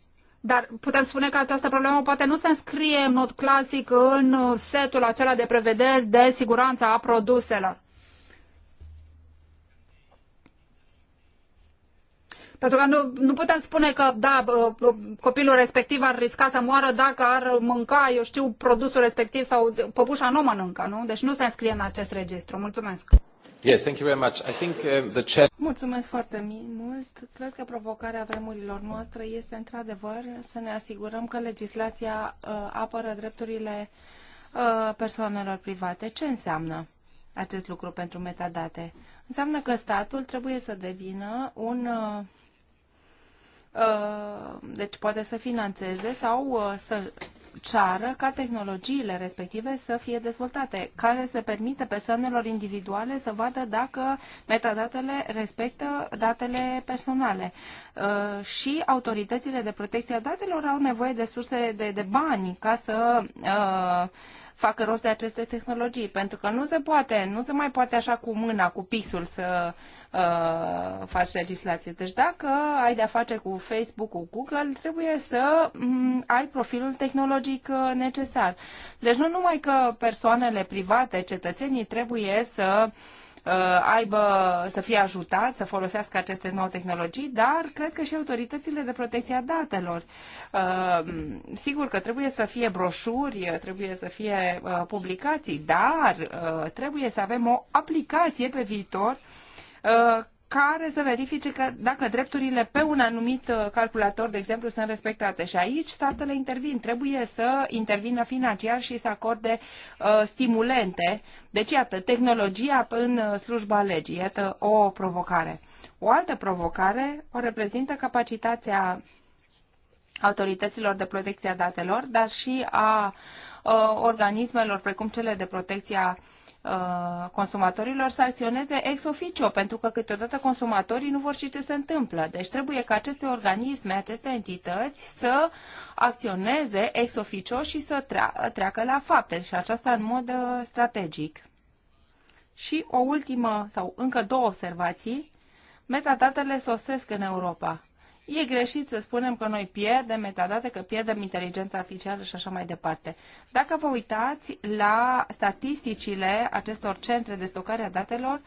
dar putem spune că această problemă poate nu se înscrie în mod clasic în setul acela de prevederi de siguranță a produselor. Pentru că nu, nu putem spune că, da, copilul respectiv ar risca să moară dacă ar mânca, eu știu, produsul respectiv sau păpușa nu mănâncă, nu? Deci nu se înscrie în acest registru. Mulțumesc. Yes, thank you very much. I think uh, the chair... Mulțumesc foarte mult. Cred că provocarea vremurilor noastre este într-adevăr să ne asigurăm că legislația uh, apără drepturile uh, persoanelor private. Ce înseamnă acest lucru pentru metadate? Înseamnă că statul trebuie să devină un uh, Uh, deci poate să finanțeze sau uh, să ceară ca tehnologiile respective să fie dezvoltate, care să permite persoanelor individuale să vadă dacă metadatele respectă datele personale. Uh, și autoritățile de protecție a datelor au nevoie de surse de, de bani ca să uh, facă rost de aceste tehnologii, pentru că nu se poate, nu se mai poate așa cu mâna, cu pixul să uh, faci legislație. Deci dacă ai de-a face cu Facebook, cu Google, trebuie să um, ai profilul tehnologic uh, necesar. Deci nu numai că persoanele private, cetățenii trebuie să uh, Uh, aibă, să fie ajutat să folosească aceste noi tehnologii, dar cred că și autoritățile de protecție a datelor. Uh, sigur că trebuie să fie broșuri, trebuie să fie uh, publicații, dar trebuie să avem o aplicație pe viitor care să verifice că dacă drepturile pe un anumit uh, calculator, de exemplu, sunt respectate. Și aici statele intervin. Trebuie să intervină financiar și să acorde uh, stimulente. Deci, iată, tehnologia în uh, slujba legii. Iată o provocare. O altă provocare o reprezintă capacitatea autorităților de protecție a datelor, dar și a uh, organismelor precum cele de protecție a Uh, consumatorilor să acționeze ex officio, pentru că câteodată consumatorii nu vor ști ce se întâmplă. Deci trebuie ca aceste organisme, aceste entități să acționeze ex officio și să treacă la fapte și aceasta în mod uh, strategic. Și o ultimă sau încă două observații. Metadatele sosesc în Europa. E greșit să spunem că noi pierdem metadate, că pierdem inteligența artificială și așa mai departe. Dacă vă uitați la statisticile acestor centre de stocare a datelor,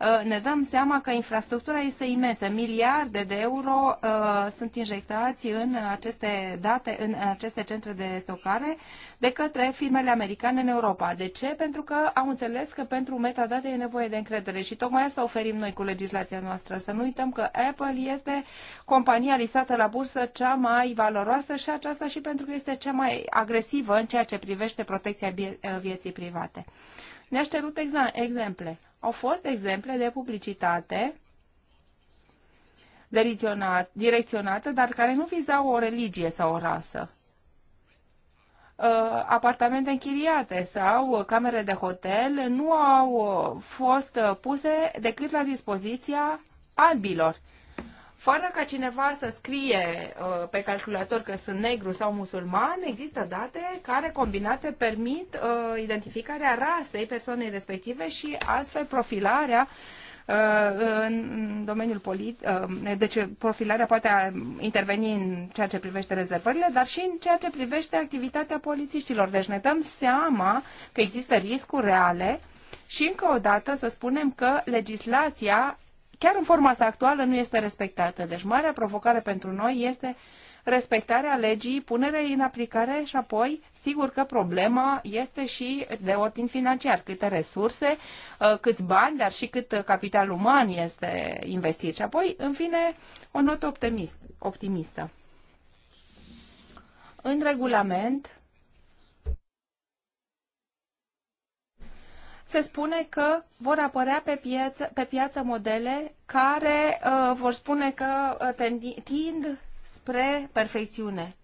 Uh, ne dăm seama că infrastructura este imensă. Miliarde de euro uh, sunt injectați în aceste date, în aceste centre de stocare de către firmele americane în Europa. De ce? Pentru că au înțeles că pentru metadate e nevoie de încredere și tocmai asta oferim noi cu legislația noastră. Să nu uităm că Apple este compania lisată la bursă cea mai valoroasă și aceasta și pentru că este cea mai agresivă în ceea ce privește protecția vieții private. ne aș exemple au fost exemple de publicitate direcționată, dar care nu vizau o religie sau o rasă. Uh, apartamente închiriate sau camere de hotel nu au uh, fost puse decât la dispoziția albilor fără ca cineva să scrie uh, pe calculator că sunt negru sau musulman, există date care combinate permit uh, identificarea rasei persoanei respective și astfel profilarea uh, în domeniul politic, uh, deci profilarea poate interveni în ceea ce privește rezervările, dar și în ceea ce privește activitatea polițiștilor. Deci ne dăm seama că există riscuri reale și încă o dată să spunem că legislația chiar în forma sa actuală, nu este respectată. Deci, marea provocare pentru noi este respectarea legii, punerea în aplicare și apoi, sigur că problema este și de ordin financiar, câte resurse, uh, câți bani, dar și cât capital uman este investit. Și apoi, în fine, o notă optimist, optimistă. În regulament, se spune că vor apărea pe piață, pe piață modele care uh, vor spune că uh, tind spre perfecțiune.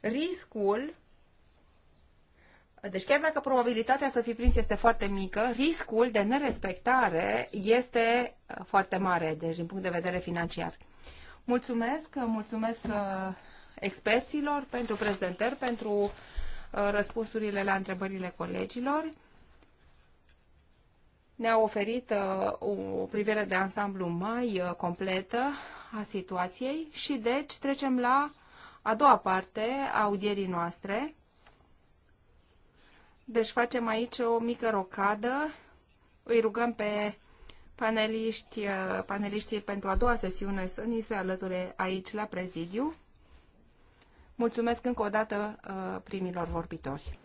Riscul deci chiar dacă probabilitatea să fi prins este foarte mică, riscul de nerespectare este uh, foarte mare, deci din punct de vedere financiar. Mulțumesc, mulțumesc uh, experților pentru prezentări, pentru Uh, răspunsurile la întrebările colegilor. Ne-a oferit uh, o privire de ansamblu mai uh, completă a situației și deci trecem la a doua parte a audierii noastre. Deci facem aici o mică rocadă. Îi rugăm pe paneliști, paneliștii pentru a doua sesiune să ni se alăture aici la prezidiu. Mulțumesc încă o dată uh, primilor vorbitori.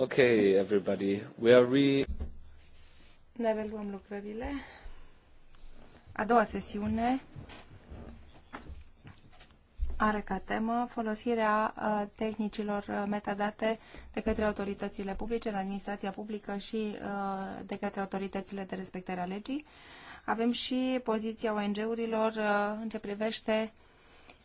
Okay, everybody. We are re... Ne reluăm lucrările. A doua sesiune are ca temă folosirea uh, tehnicilor uh, metadate de către autoritățile publice în administrația publică și uh, de către autoritățile de respectare a legii. Avem și poziția ONG-urilor în ce privește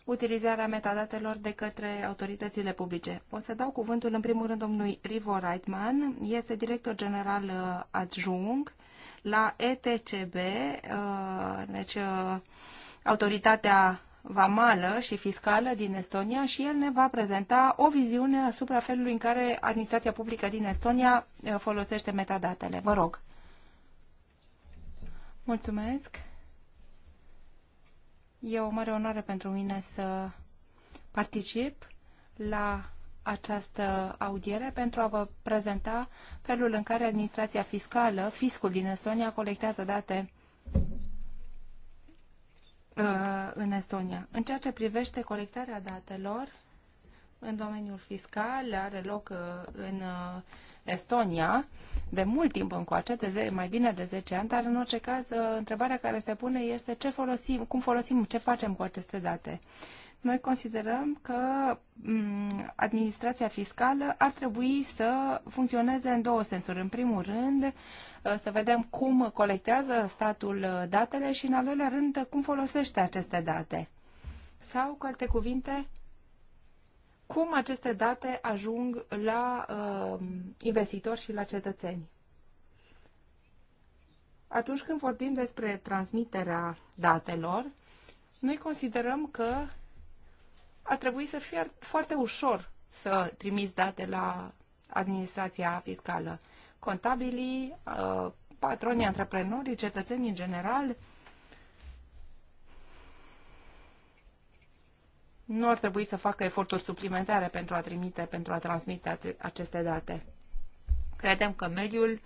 utilizarea metadatelor de către autoritățile publice. O să dau cuvântul în primul rând domnului Rivo Reitman, este director general uh, adjunct la ETCB, uh, deci uh, Autoritatea Vamală și Fiscală din Estonia și el ne va prezenta o viziune asupra felului în care administrația publică din Estonia folosește metadatele. Vă rog. Mulțumesc. E o mare onoare pentru mine să particip la această audiere pentru a vă prezenta felul în care administrația fiscală, fiscul din Estonia, colectează date uh, în Estonia. În ceea ce privește colectarea datelor în domeniul fiscal, are loc uh, în uh, Estonia de mult timp încoace, de ze- mai bine de 10 ani, dar în orice caz uh, întrebarea care se pune este ce folosim, cum folosim, ce facem cu aceste date. Noi considerăm că mm, administrația fiscală ar trebui să funcționeze în două sensuri. În primul rând, uh, să vedem cum colectează statul uh, datele și, în al doilea rând, cum folosește aceste date. Sau, cu alte cuvinte, cum aceste date ajung la uh, investitori și la cetățeni. Atunci când vorbim despre transmiterea datelor, noi considerăm că ar trebui să fie foarte ușor să trimiți date la administrația fiscală. Contabilii, uh, patronii, antreprenorii, cetățenii în general, nu ar trebui să facă eforturi suplimentare pentru a trimite, pentru a transmite aceste date. Credem că mediul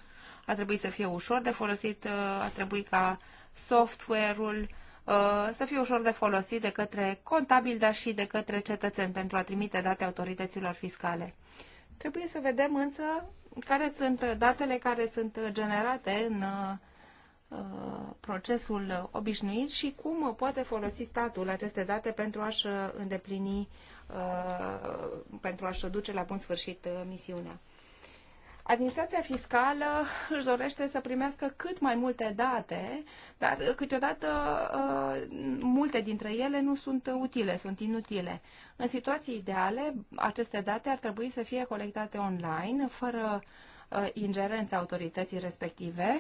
ar trebui să fie ușor de folosit, uh, ar trebui ca software-ul uh, să fie ușor de folosit de către contabil, dar și de către cetățeni pentru a trimite date autorităților fiscale. Trebuie să vedem însă care sunt datele care sunt generate în uh, Uh, procesul obișnuit și cum poate folosi statul aceste date pentru a-și uh, îndeplini, uh, pentru a-și duce la bun sfârșit misiunea. Administrația fiscală își dorește să primească cât mai multe date, dar câteodată multe dintre ele nu sunt utile, sunt inutile. În situații ideale, aceste date ar trebui să fie colectate online, fără ingerența autorității respective,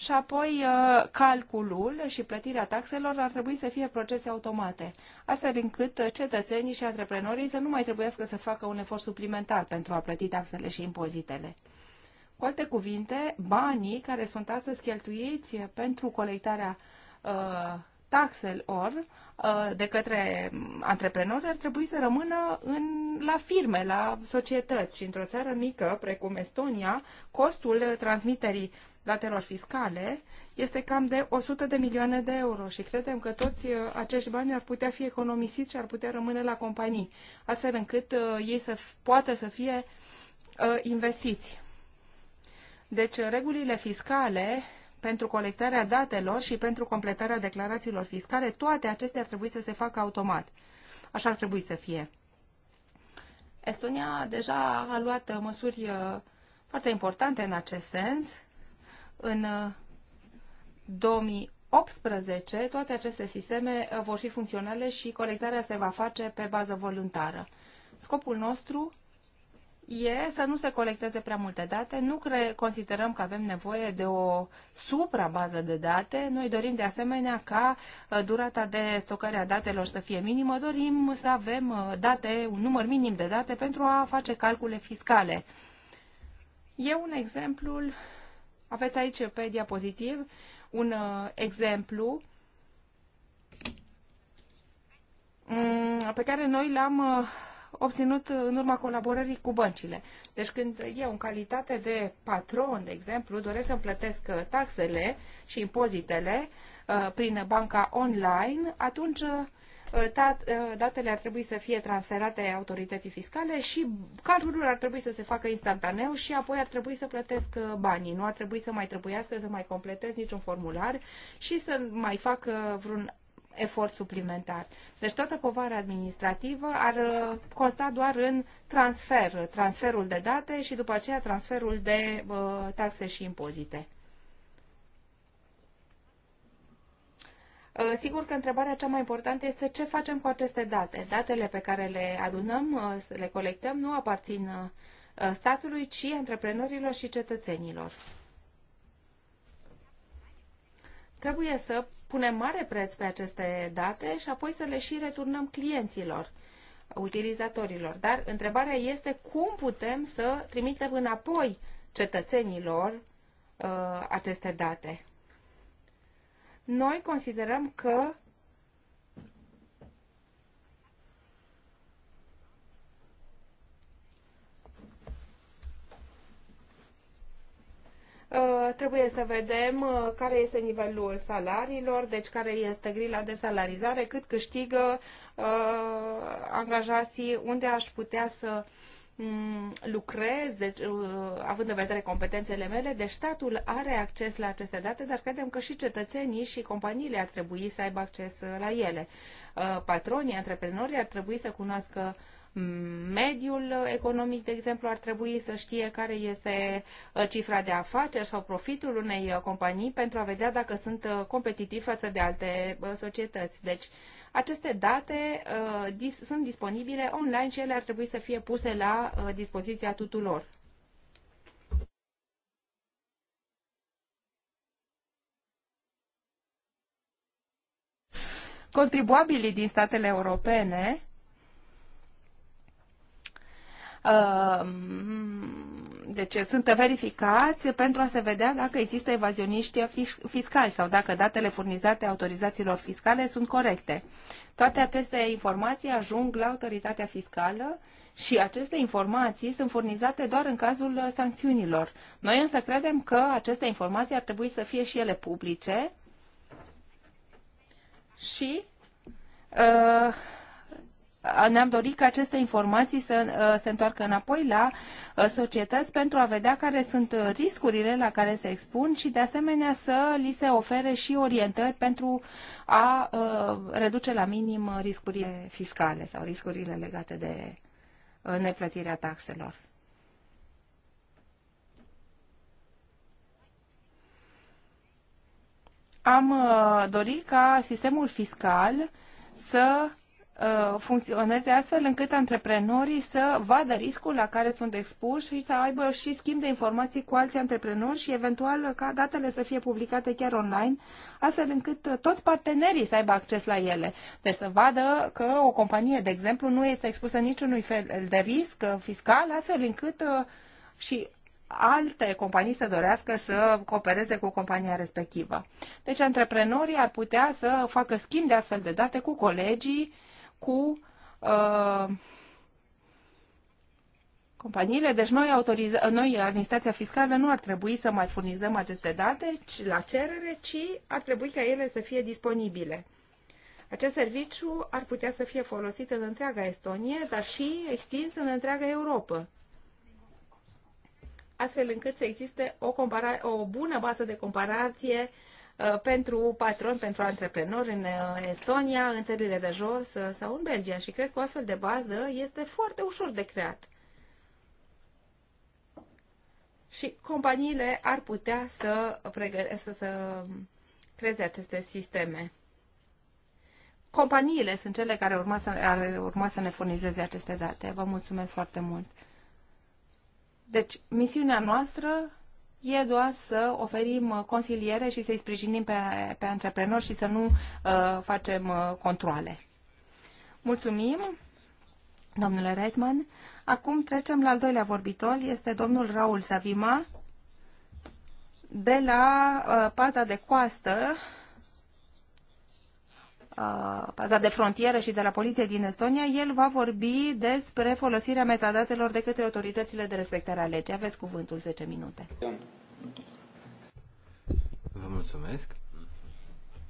și apoi uh, calculul și plătirea taxelor ar trebui să fie procese automate, astfel încât uh, cetățenii și antreprenorii să nu mai trebuiască să facă un efort suplimentar pentru a plăti taxele și impozitele. Cu alte cuvinte, banii care sunt astăzi cheltuiți pentru colectarea uh, taxelor Uh, de către antreprenori ar trebui să rămână în, la firme, la societăți și într-o țară mică, precum Estonia, costul transmiterii datelor fiscale este cam de 100 de milioane de euro și credem că toți uh, acești bani ar putea fi economisiți și ar putea rămâne la companii, astfel încât uh, ei să poată să fie investiți. Deci, regulile fiscale pentru colectarea datelor și pentru completarea declarațiilor fiscale, toate acestea ar trebui să se facă automat. Așa ar trebui să fie. Estonia deja a luat uh, măsuri uh, foarte importante în acest sens. În 2018 uh, toate aceste sisteme vor fi funcționale și colectarea se va face pe bază voluntară. Scopul nostru e să nu se colecteze prea multe date. Nu considerăm că avem nevoie de o suprabază de date. Noi dorim de asemenea ca uh, durata de stocare a datelor să fie minimă. Dorim să avem uh, date, un număr minim de date pentru a face calcule fiscale. E un exemplu, aveți aici pe diapozitiv un uh, exemplu mm, pe care noi l-am obținut în urma colaborării cu băncile. Deci când eu, în calitate de patron, de exemplu, doresc să-mi plătesc uh, taxele și impozitele uh, prin banca online, atunci uh, datele ar trebui să fie transferate autorității fiscale și calculul ar trebui să se facă instantaneu și apoi ar trebui să plătesc banii. Nu ar trebui să mai trebuiască să mai completez niciun formular și să mai fac vreun efort suplimentar. Deci toată povara administrativă ar uh, consta doar în transfer, transferul de date și după aceea transferul de uh, taxe și impozite. Uh, sigur că întrebarea cea mai importantă este ce facem cu aceste date. Datele pe care le adunăm, uh, le colectăm, nu aparțin statului, ci antreprenorilor și cetățenilor. Trebuie să punem mare preț pe aceste date și apoi să le și returnăm clienților, utilizatorilor. Dar întrebarea este cum putem să trimitem înapoi cetățenilor uh, aceste date. Noi considerăm că Uh, trebuie să vedem uh, care este nivelul salariilor, deci care este grila de salarizare, cât câștigă uh, angajații, unde aș putea să mm, lucrez, deci, având în vedere competențele mele, deci statul are acces la aceste date, dar credem că și cetățenii și companiile ar trebui să aibă acces la ele. Patronii, antreprenorii ar trebui să cunoască uh, mediul economic, de exemplu, ar trebui să știe care este uh, cifra de afaceri sau profitul unei uh, companii pentru a vedea dacă sunt uh, competitivi față de alte societăți. Deci, aceste date uh, dis sunt disponibile online și ele ar trebui să fie puse la uh, dispoziția tuturor. Contribuabilii din statele europene Ehm, deci sunt verificați pentru a se vedea dacă există evazioniști fiscali sau dacă datele furnizate autorizațiilor fiscale sunt corecte. Toate aceste informații ajung la autoritatea fiscală și aceste informații sunt furnizate doar în cazul sancțiunilor. Noi însă credem că aceste informații ar trebui să fie și ele publice și uh, ne-am dorit ca aceste informații să uh, se întoarcă înapoi la uh, societăți pentru a vedea care sunt uh, riscurile la care se expun și de asemenea să li se ofere și orientări pentru a reduce la minim riscurile fiscale sau riscurile legate de neplătirea taxelor. Am dorit ca sistemul fiscal să Uh, funcționeze astfel încât antreprenorii să vadă riscul la care sunt expuși și să aibă și schimb de informații cu alți antreprenori și eventual ca datele să fie publicate chiar online, astfel încât uh, toți partenerii să aibă acces la ele. Deci să vadă că o companie, de exemplu, nu este expusă niciunui fel de risc uh, fiscal, astfel încât și alte companii să dorească să coopereze cu compania respectivă. Deci antreprenorii ar putea să facă schimb de astfel de date cu colegii cu uh, companiile. Deci noi, autoriza- noi, administrația fiscală, nu ar trebui să mai furnizăm aceste date ci la cerere, ci ar trebui ca ele să fie disponibile. Acest serviciu ar putea să fie folosit în întreaga Estonie, dar și extins în întreaga Europa astfel încât să existe o, o bună bază de comparație Uh, pentru patron, pentru antreprenori în uh, Estonia, în țările de jos uh, sau în Belgia și cred că o astfel de bază este foarte ușor de creat. Și companiile ar putea să, să, să creeze aceste sisteme. Companiile sunt cele care urma să, ar urma să ne furnizeze aceste date. Vă mulțumesc foarte mult! Deci, misiunea noastră e doar să oferim uh, consiliere și să-i sprijinim pe, pe antreprenori și să nu uh, facem uh, controle. Mulțumim, domnule Reitman. Acum trecem la al doilea vorbitor, este domnul Raul Savima de la uh, Paza de Coastă Uh, paza de frontieră și de la poliție din Estonia, el va vorbi despre folosirea metadatelor de către autoritățile de respectare a legii. Aveți cuvântul 10 minute. Vă mulțumesc.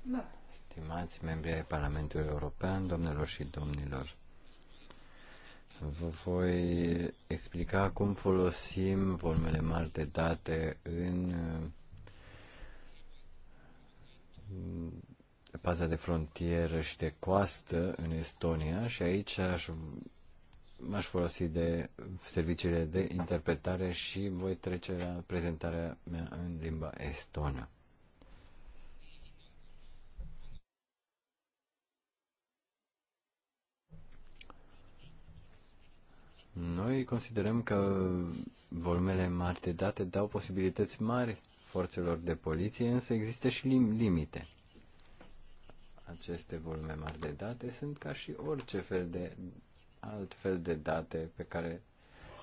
Da. Stimați membri ai Parlamentului European, domnilor și domnilor, vă voi explica cum folosim volumele mari de date în paza de frontieră și de coastă în Estonia și aici aș, m-aș folosi de serviciile de interpretare și voi trece la prezentarea mea în limba estonă. Noi considerăm că volumele mari de date dau posibilități mari forțelor de poliție, însă există și lim- limite. Aceste volume mari de date sunt ca și orice fel de alt fel de date pe care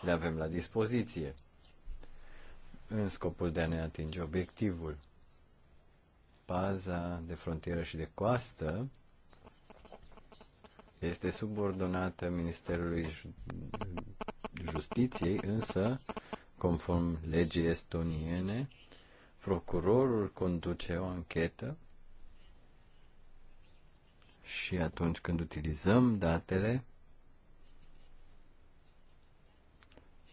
le avem la dispoziție în scopul de a ne atinge obiectivul. Paza de frontieră și de coastă este subordonată Ministerului Justiției, însă, conform legii estoniene, procurorul conduce o anchetă și atunci când utilizăm datele,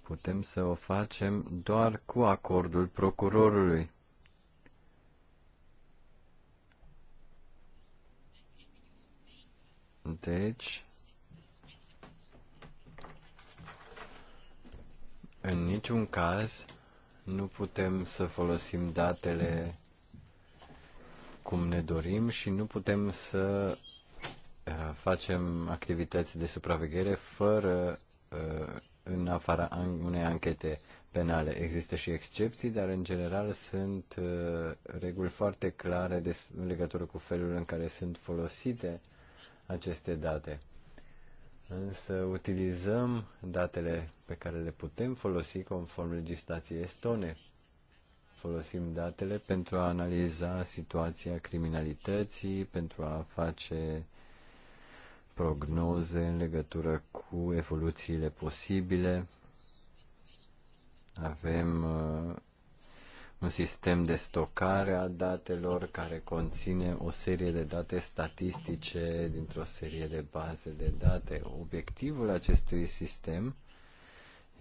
putem să o facem doar cu acordul procurorului. Deci, în niciun caz nu putem să folosim datele cum ne dorim și nu putem să Eh, facem activități de supraveghere fără eh, în afara unei anchete penale. Există și excepții, dar în general sunt eh, reguli foarte clare de, în legătură cu felul în care sunt folosite aceste date. Însă utilizăm datele pe care le putem folosi conform legislației estone. Folosim datele pentru a analiza situația criminalității, pentru a face prognoze în legătură cu evoluțiile posibile. Avem uh, un sistem de stocare a datelor care conține o serie de date statistice dintr-o serie de baze de date. Obiectivul acestui sistem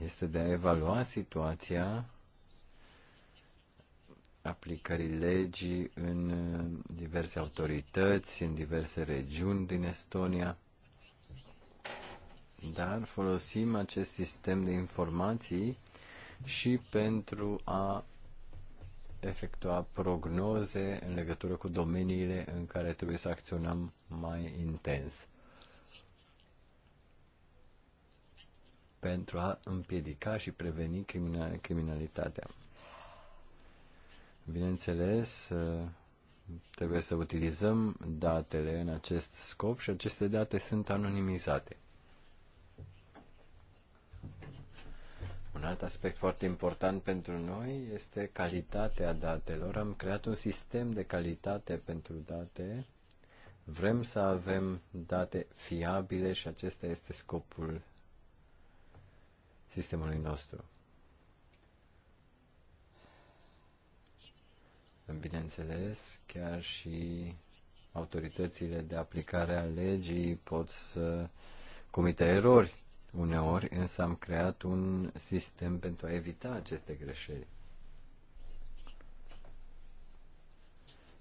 este de a evalua situația aplicării legii în uh, diverse autorități, în diverse regiuni din Estonia. Dar folosim acest sistem de informații și pentru a efectua prognoze în legătură cu domeniile în care trebuie să acționăm mai intens. pentru a împiedica și preveni criminalitatea. Bineînțeles, Trebuie să utilizăm datele în acest scop și aceste date sunt anonimizate. Un alt aspect foarte important pentru noi este calitatea datelor. Am creat un sistem de calitate pentru date. Vrem să avem date fiabile și acesta este scopul sistemului nostru. Bineînțeles, chiar și autoritățile de aplicare a legii pot să comită erori uneori, însă am creat un sistem pentru a evita aceste greșeli.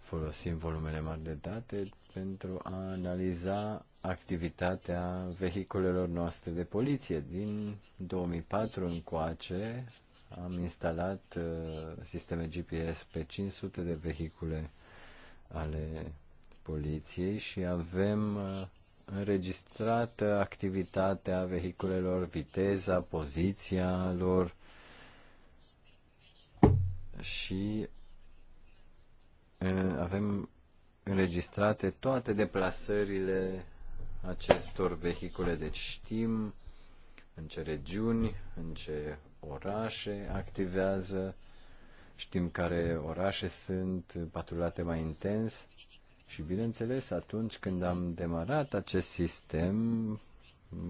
Folosim volumele mari de date pentru a analiza activitatea vehiculelor noastre de poliție. Din 2004 încoace am instalat uh, sisteme GPS pe 500 de vehicule ale poliției și avem uh, înregistrată activitatea vehiculelor, viteza, poziția lor și uh, avem înregistrate toate deplasările acestor vehicule, deci știm în ce regiuni, în ce orașe activează, știm care orașe sunt patrulate mai intens și, bineînțeles, atunci când am demarat acest sistem,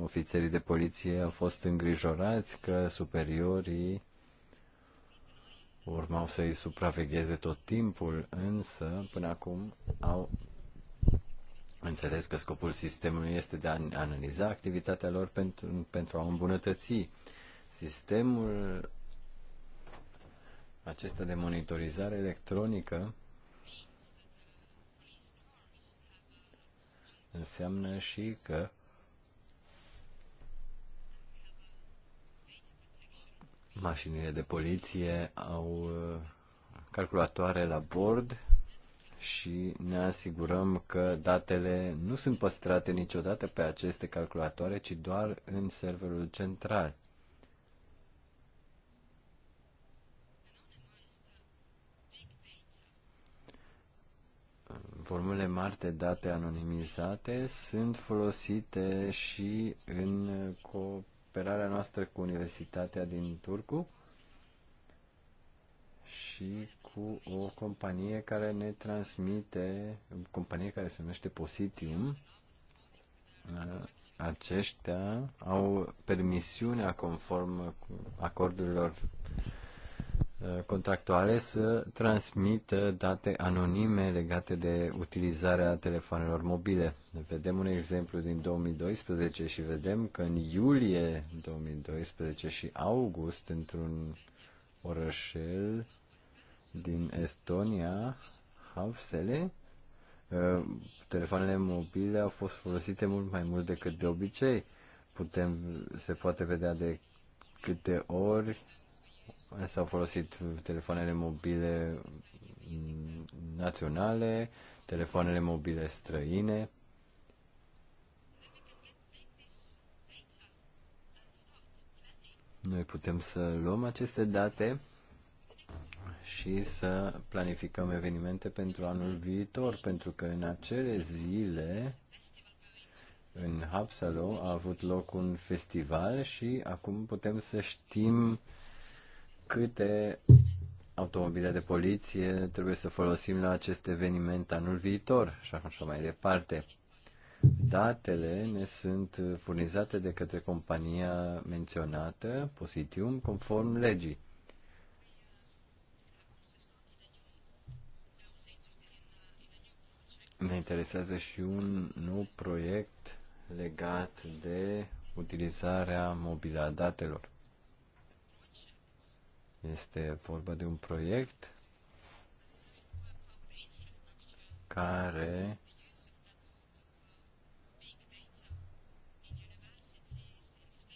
ofițerii de poliție au fost îngrijorați că superiorii urmau să îi supravegheze tot timpul, însă până acum au înțeles că scopul sistemului este de a analiza activitatea lor pentru, pentru a îmbunătăți Sistemul acesta de monitorizare electronică înseamnă și că mașinile de poliție au calculatoare la bord și ne asigurăm că datele nu sunt păstrate niciodată pe aceste calculatoare, ci doar în serverul central. formule mari de date anonimizate sunt folosite și în cooperarea noastră cu Universitatea din Turcu și cu o companie care ne transmite, o companie care se numește Positium. Aceștia au permisiunea conform acordurilor Uh, contractuale să transmită date anonime legate de utilizarea telefonelor mobile. Vedem un exemplu din 2012 și vedem că în iulie 2012 și august, într-un orășel din Estonia, Havsele, uh, telefoanele mobile au fost folosite mult mai mult decât de obicei. Putem, se poate vedea de câte ori s-au folosit telefoanele mobile naționale, telefoanele mobile străine. Noi putem să luăm aceste date și să planificăm evenimente pentru anul viitor, pentru că în acele zile în Hapsalo a avut loc un festival și acum putem să știm câte automobile de poliție trebuie să folosim la acest eveniment anul viitor și așa mai departe. Datele ne sunt furnizate de către compania menționată, Positium, conform legii. Ne interesează și un nou proiect legat de utilizarea mobilă a datelor. Este vorba de un proiect care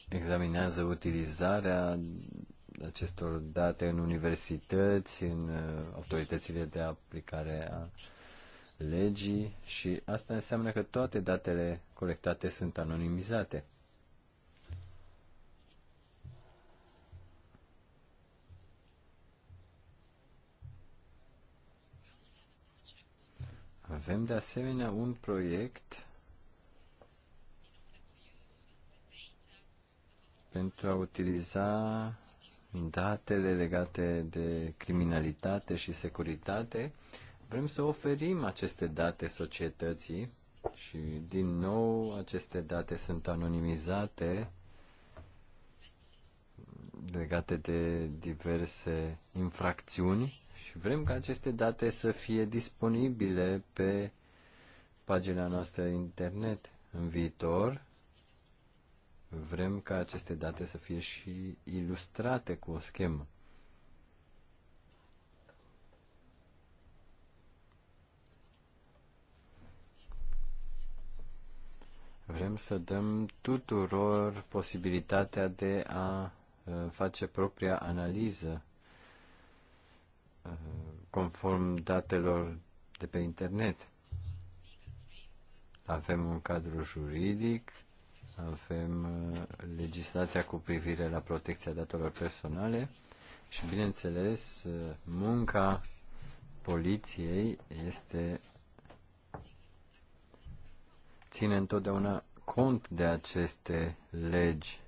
examinează utilizarea acestor date în universități, în uh, autoritățile de aplicare a legii și asta înseamnă că toate datele colectate sunt anonimizate. Avem de asemenea un proiect pentru a utiliza datele legate de criminalitate și securitate. Vrem să oferim aceste date societății și, din nou, aceste date sunt anonimizate legate de diverse infracțiuni și vrem ca aceste date să fie disponibile pe pagina noastră internet în viitor. Vrem ca aceste date să fie și ilustrate cu o schemă. Vrem să dăm tuturor posibilitatea de a uh, face propria analiză Uh, conform datelor de pe internet. Avem un cadru juridic, avem uh, legislația cu privire la protecția datelor personale și, bineînțeles, uh, munca poliției este ține întotdeauna cont de aceste legi.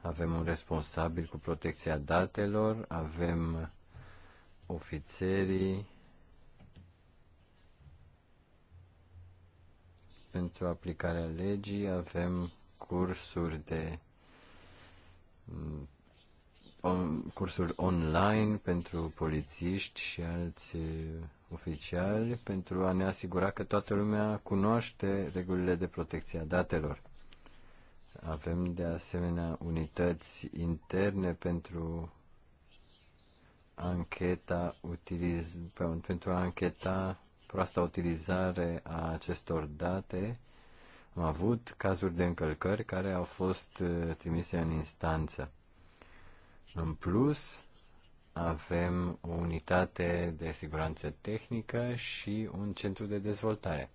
Avem un responsabil cu protecția datelor, avem ofițerii pentru aplicarea legii, avem cursuri de on, cursuri online pentru polițiști și alți uh, oficiali pentru a ne asigura că toată lumea cunoaște regulile de protecție a datelor. Avem de asemenea unități interne pentru ancheta utiliz, pentru a ancheta proasta utilizare a acestor date. Am avut cazuri de încălcări care au fost uh, trimise în instanță. În plus, avem o unitate de siguranță tehnică și un centru de dezvoltare.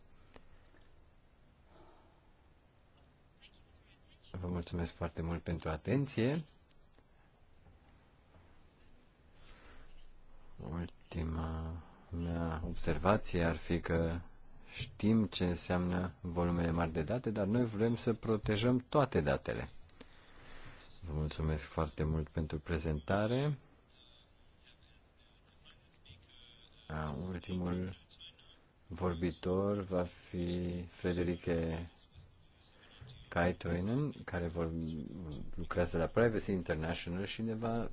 Vă mulțumesc foarte mult pentru atenție Ultima mea observație ar fi că știm ce înseamnă volumele mari de date, dar noi vrem să protejăm toate datele. Vă mulțumesc foarte mult pentru prezentare. Ultimul vorbitor va fi Frederike Toinen, care vor, lucrează la Privacy International și ne va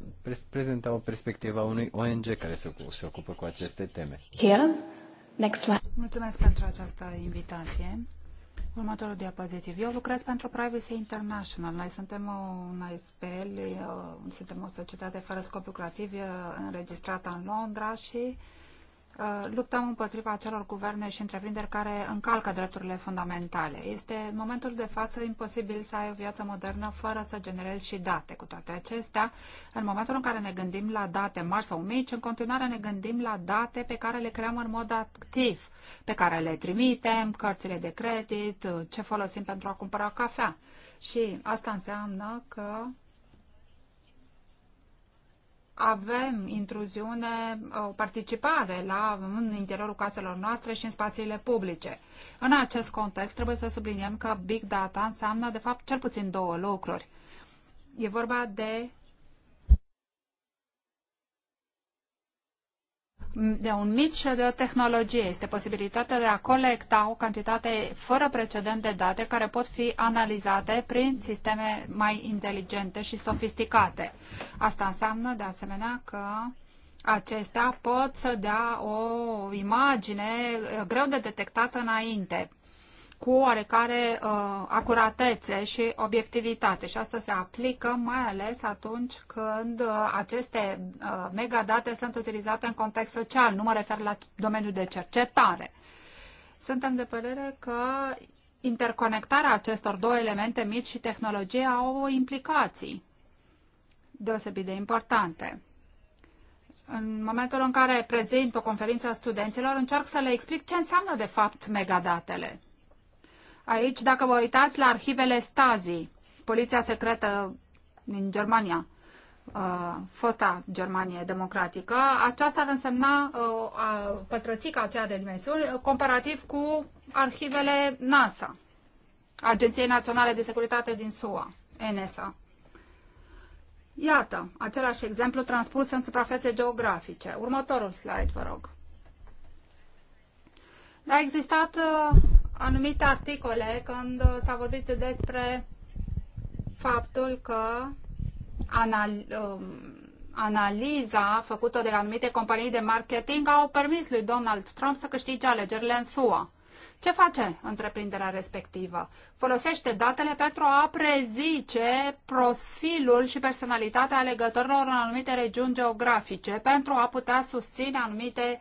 prezenta o perspectivă a unui ONG care se, se ocupă cu aceste teme. Here, next slide. Mulțumesc pentru această invitație. Următorul diapozitiv. Eu lucrez pentru Privacy International. Noi suntem un ISPL, uh, suntem o societate fără scop lucrativ înregistrată în Londra și uh, Uh, luptăm împotriva celor guverne și întreprinderi care încalcă drepturile fundamentale. Este în momentul de față imposibil să ai o viață modernă fără să generezi și date. Cu toate acestea, în momentul în care ne gândim la date mari sau mici, în continuare ne gândim la date pe care le creăm în mod activ, pe care le trimitem, cărțile de credit, ce folosim pentru a cumpăra cafea. Și asta înseamnă că avem intruziune, o participare la, în interiorul caselor noastre și în spațiile publice. În acest context trebuie să subliniem că Big Data înseamnă, de fapt, cel puțin două lucruri. E vorba de de un mit și de o tehnologie. Este posibilitatea de a colecta o cantitate fără precedent de date care pot fi analizate prin sisteme mai inteligente și sofisticate. Asta înseamnă, de asemenea, că acestea pot să dea o imagine greu de detectată înainte cu oarecare uh, acuratețe și obiectivitate. Și asta se aplică mai ales atunci când uh, aceste uh, megadate sunt utilizate în context social. Nu mă refer la domeniul de cercetare. Suntem de părere că interconectarea acestor două elemente, mit și tehnologie, au implicații deosebit de importante. În momentul în care prezint o conferință a studenților, încerc să le explic ce înseamnă de fapt megadatele. Aici, dacă vă uitați la arhivele Stasi, Poliția Secretă din Germania, uh, fosta Germanie democratică, aceasta ar însemna uh, pătrățica aceea de dimensiuni uh, comparativ cu arhivele NASA, Agenției Naționale de Securitate din SUA, NSA. Iată, același exemplu transpus în suprafețe geografice. Următorul slide, vă rog. A existat uh, anumite articole când s-a vorbit despre faptul că anal, um, analiza făcută de anumite companii de marketing au permis lui Donald Trump să câștige alegerile în SUA. Ce face întreprinderea respectivă? Folosește datele pentru a prezice profilul și personalitatea alegătorilor în anumite regiuni geografice pentru a putea susține anumite uh,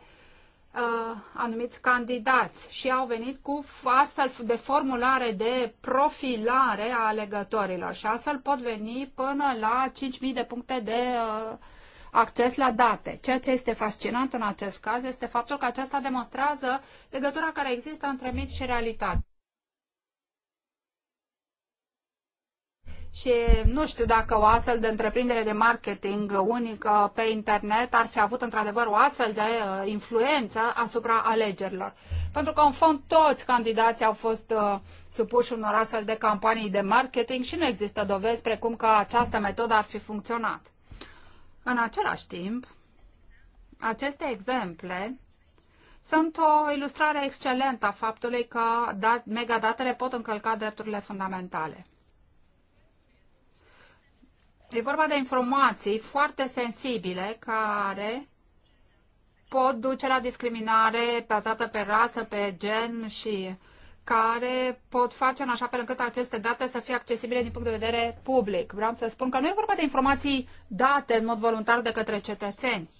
uh, anumiți candidați și au venit cu astfel de formulare de profilare a alegătorilor și astfel pot veni până la 5.000 de puncte de uh, acces la date. Ceea ce este fascinant în acest caz este faptul că aceasta demonstrează legătura care există între mit și realitate. și nu știu dacă o astfel de întreprindere de marketing unică pe internet ar fi avut într-adevăr o astfel de uh, influență asupra alegerilor. Pentru că, în fond, toți candidații au fost uh, supuși unor astfel de campanii de marketing și nu există dovezi precum că această metodă ar fi funcționat. În același timp, aceste exemple sunt o ilustrare excelentă a faptului că megadatele pot încălca drepturile fundamentale. E vorba de informații foarte sensibile care pot duce la discriminare bazată pe rasă, pe gen și care pot face în așa fel încât aceste date să fie accesibile din punct de vedere public. Vreau să spun că nu e vorba de informații date în mod voluntar de către cetățeni,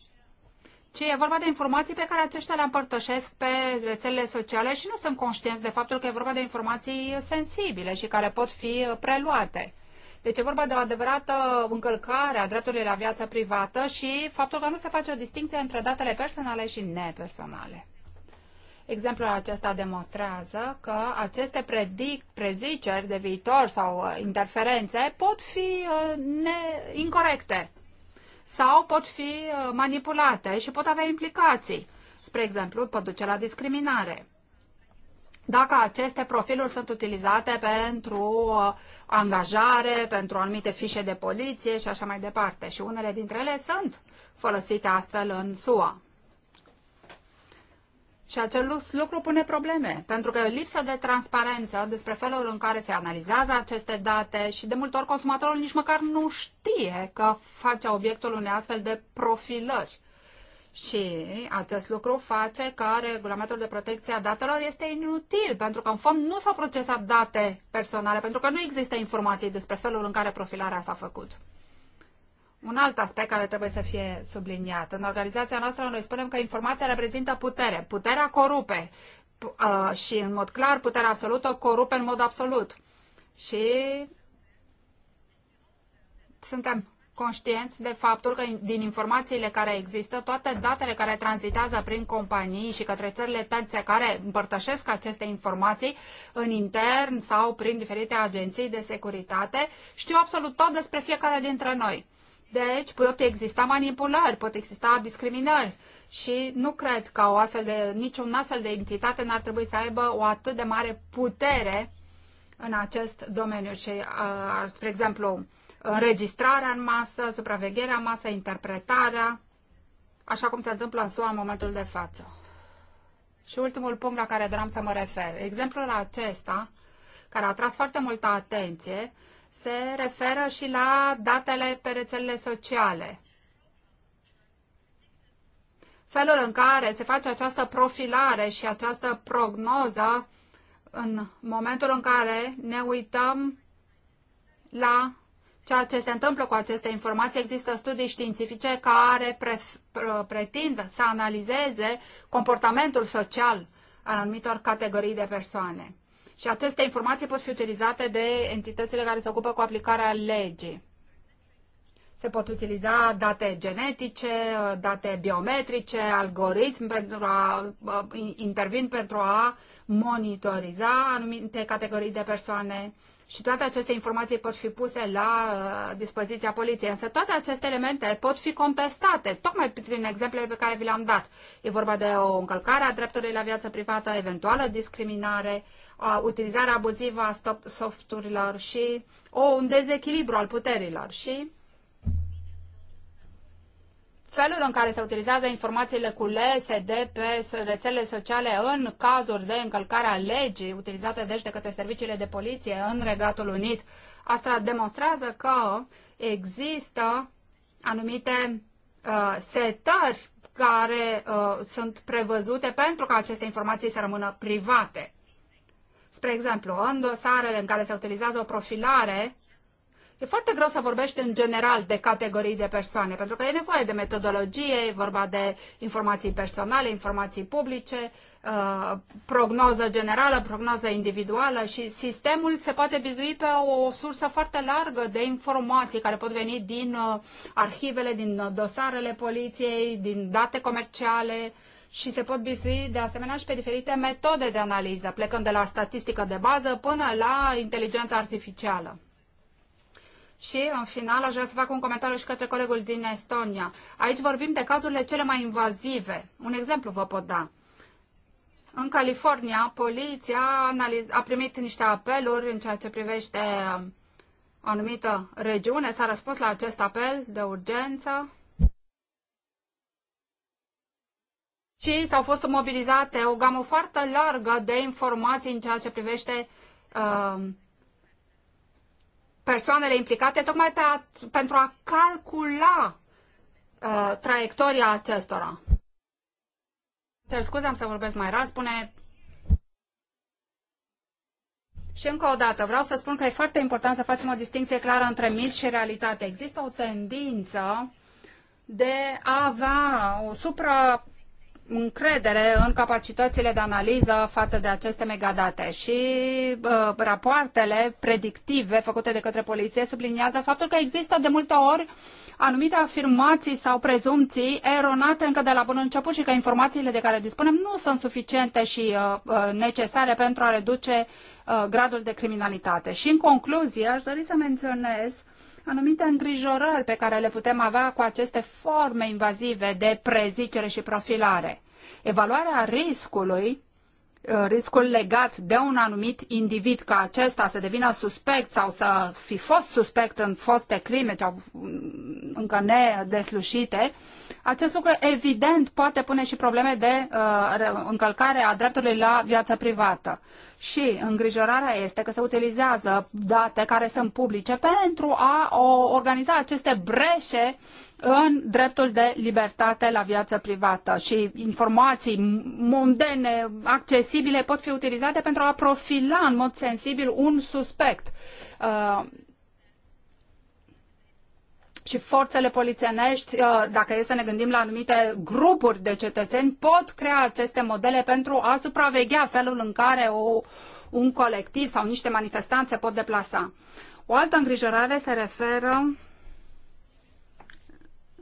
ci e vorba de informații pe care aceștia le împărtășesc pe rețelele sociale și nu sunt conștienți de faptul că e vorba de informații sensibile și care pot fi preluate. Deci e vorba de o adevărată încălcare a dreptului la viața privată și faptul că nu se face o distinție între datele personale și nepersonale. Exemplul acesta demonstrează că aceste predic, preziceri de viitor sau uh, interferențe pot fi uh, ne, incorrecte sau pot fi uh, manipulate și pot avea implicații, spre exemplu, pot duce la discriminare dacă aceste profiluri sunt utilizate pentru uh, angajare, pentru anumite fișe de poliție și așa mai departe. Și unele dintre ele sunt folosite astfel în SUA. Și acel lucru pune probleme, pentru că lipsa de transparență despre felul în care se analizează aceste date și de multe ori consumatorul nici măcar nu știe că face obiectul unei astfel de profilări. Și acest lucru face că regulamentul de protecție a datelor este inutil, pentru că în fond nu s-au procesat date personale, pentru că nu există informații despre felul în care profilarea s-a făcut. Un alt aspect care trebuie să fie subliniat. În organizația noastră noi spunem că informația reprezintă putere. Puterea corupe uh, și, în mod clar, puterea absolută corupe în mod absolut. Și suntem conștienți de faptul că din informațiile care există, toate datele care tranzitează prin companii și către țările terțe care împărtășesc aceste informații în intern sau prin diferite agenții de securitate, știu absolut tot despre fiecare dintre noi. Deci pot exista manipulări, pot exista discriminări și nu cred că o astfel de, niciun astfel de entitate n-ar trebui să aibă o atât de mare putere în acest domeniu și, uh, spre exemplu, înregistrarea în masă, supravegherea în masă, interpretarea, așa cum se întâmplă în SUA în momentul de față. Și ultimul punct la care doream să mă refer. Exemplul acesta, care a atras foarte multă atenție, se referă și la datele pe rețelele sociale. Felul în care se face această profilare și această prognoză în momentul în care ne uităm la ceea ce se întâmplă cu aceste informații. Există studii științifice care pre, pre, pretind să analizeze comportamentul social al anumitor categorii de persoane. Și aceste informații pot fi utilizate de entitățile care se ocupă cu aplicarea legii. Se pot utiliza date genetice, date biometrice, algoritmi pentru a intervin pentru a monitoriza anumite categorii de persoane și toate aceste informații pot fi puse la uh, dispoziția poliției. Însă toate aceste elemente pot fi contestate, tocmai prin exemplele pe care vi le-am dat. E vorba de o încălcare a dreptului la viață privată, eventuală discriminare, uh, utilizarea abuzivă a softurilor și o, un dezechilibru al puterilor. Și felul în care se utilizează informațiile culese de pe rețelele sociale în cazuri de încălcare a legii utilizate deci de către serviciile de poliție în Regatul Unit, asta demonstrează că există anumite uh, setări care uh, sunt prevăzute pentru ca aceste informații să rămână private. Spre exemplu, în dosarele în care se utilizează o profilare, E foarte greu să vorbești în general de categorii de persoane, pentru că e nevoie de metodologie, e vorba de informații personale, informații publice, uh, prognoză generală, prognoză individuală și sistemul se poate bizui pe o sursă foarte largă de informații care pot veni din uh, arhivele, din uh, dosarele poliției, din date comerciale, și se pot bisui de asemenea și pe diferite metode de analiză, plecând de la statistică de bază până la inteligența artificială. Și, în final, aș vrea să fac un comentariu și către colegul din Estonia. Aici vorbim de cazurile cele mai invazive. Un exemplu vă pot da. În California, poliția a primit niște apeluri în ceea ce privește o um, anumită regiune. S-a răspuns la acest apel de urgență și s-au fost mobilizate o gamă foarte largă de informații în ceea ce privește uh, persoanele implicate tocmai pe a, pentru a calcula uh, traiectoria acestora. Cer scuze, am să vorbesc mai rar, spune și încă o dată, vreau să spun că e foarte important să facem o distinție clară între mit și realitate. Există o tendință de a avea o supra încredere în capacitățile de analiză față de aceste megadate și uh, rapoartele predictive făcute de către poliție subliniază faptul că există de multe ori anumite afirmații sau prezumții eronate încă de la bun început și că informațiile de care dispunem nu sunt suficiente și uh, uh necesare pentru a reduce uh, gradul de criminalitate. Și în concluzie aș dori să menționez anumite îngrijorări pe care le putem avea cu aceste forme invazive de prezicere și profilare. Evaluarea riscului Uh, riscul legat de un anumit individ, ca acesta să devină suspect sau să fi fost suspect în foste crime sau mm, încă nedeslușite, acest lucru evident poate pune și probleme de uh, încălcare a dreptului la viața privată. Și îngrijorarea este că se utilizează date care sunt publice pentru a organiza aceste breșe în dreptul de libertate la viață privată și informații mondene, accesibile, sensibile pot fi utilizate pentru a profila în mod sensibil un suspect. Uh, și forțele polițienești, uh, dacă e să ne gândim la anumite grupuri de cetățeni, pot crea aceste modele pentru a supraveghea felul în care o, un colectiv sau niște manifestanți se pot deplasa. O altă îngrijorare se referă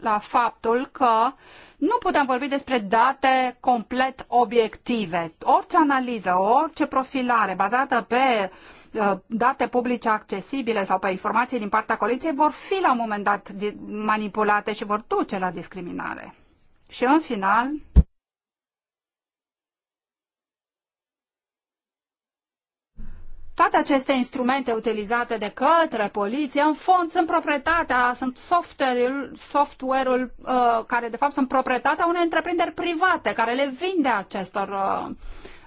la faptul că nu putem vorbi despre date complet obiective. Orice analiză, orice profilare bazată pe uh, date publice accesibile sau pe informații din partea colecției vor fi la un moment dat manipulate și vor duce la discriminare. Și în final, Toate aceste instrumente utilizate de către poliție, în fond, sunt proprietatea, sunt software-ul, software-ul uh, care, de fapt, sunt proprietatea unei întreprinderi private care le vinde acestor uh,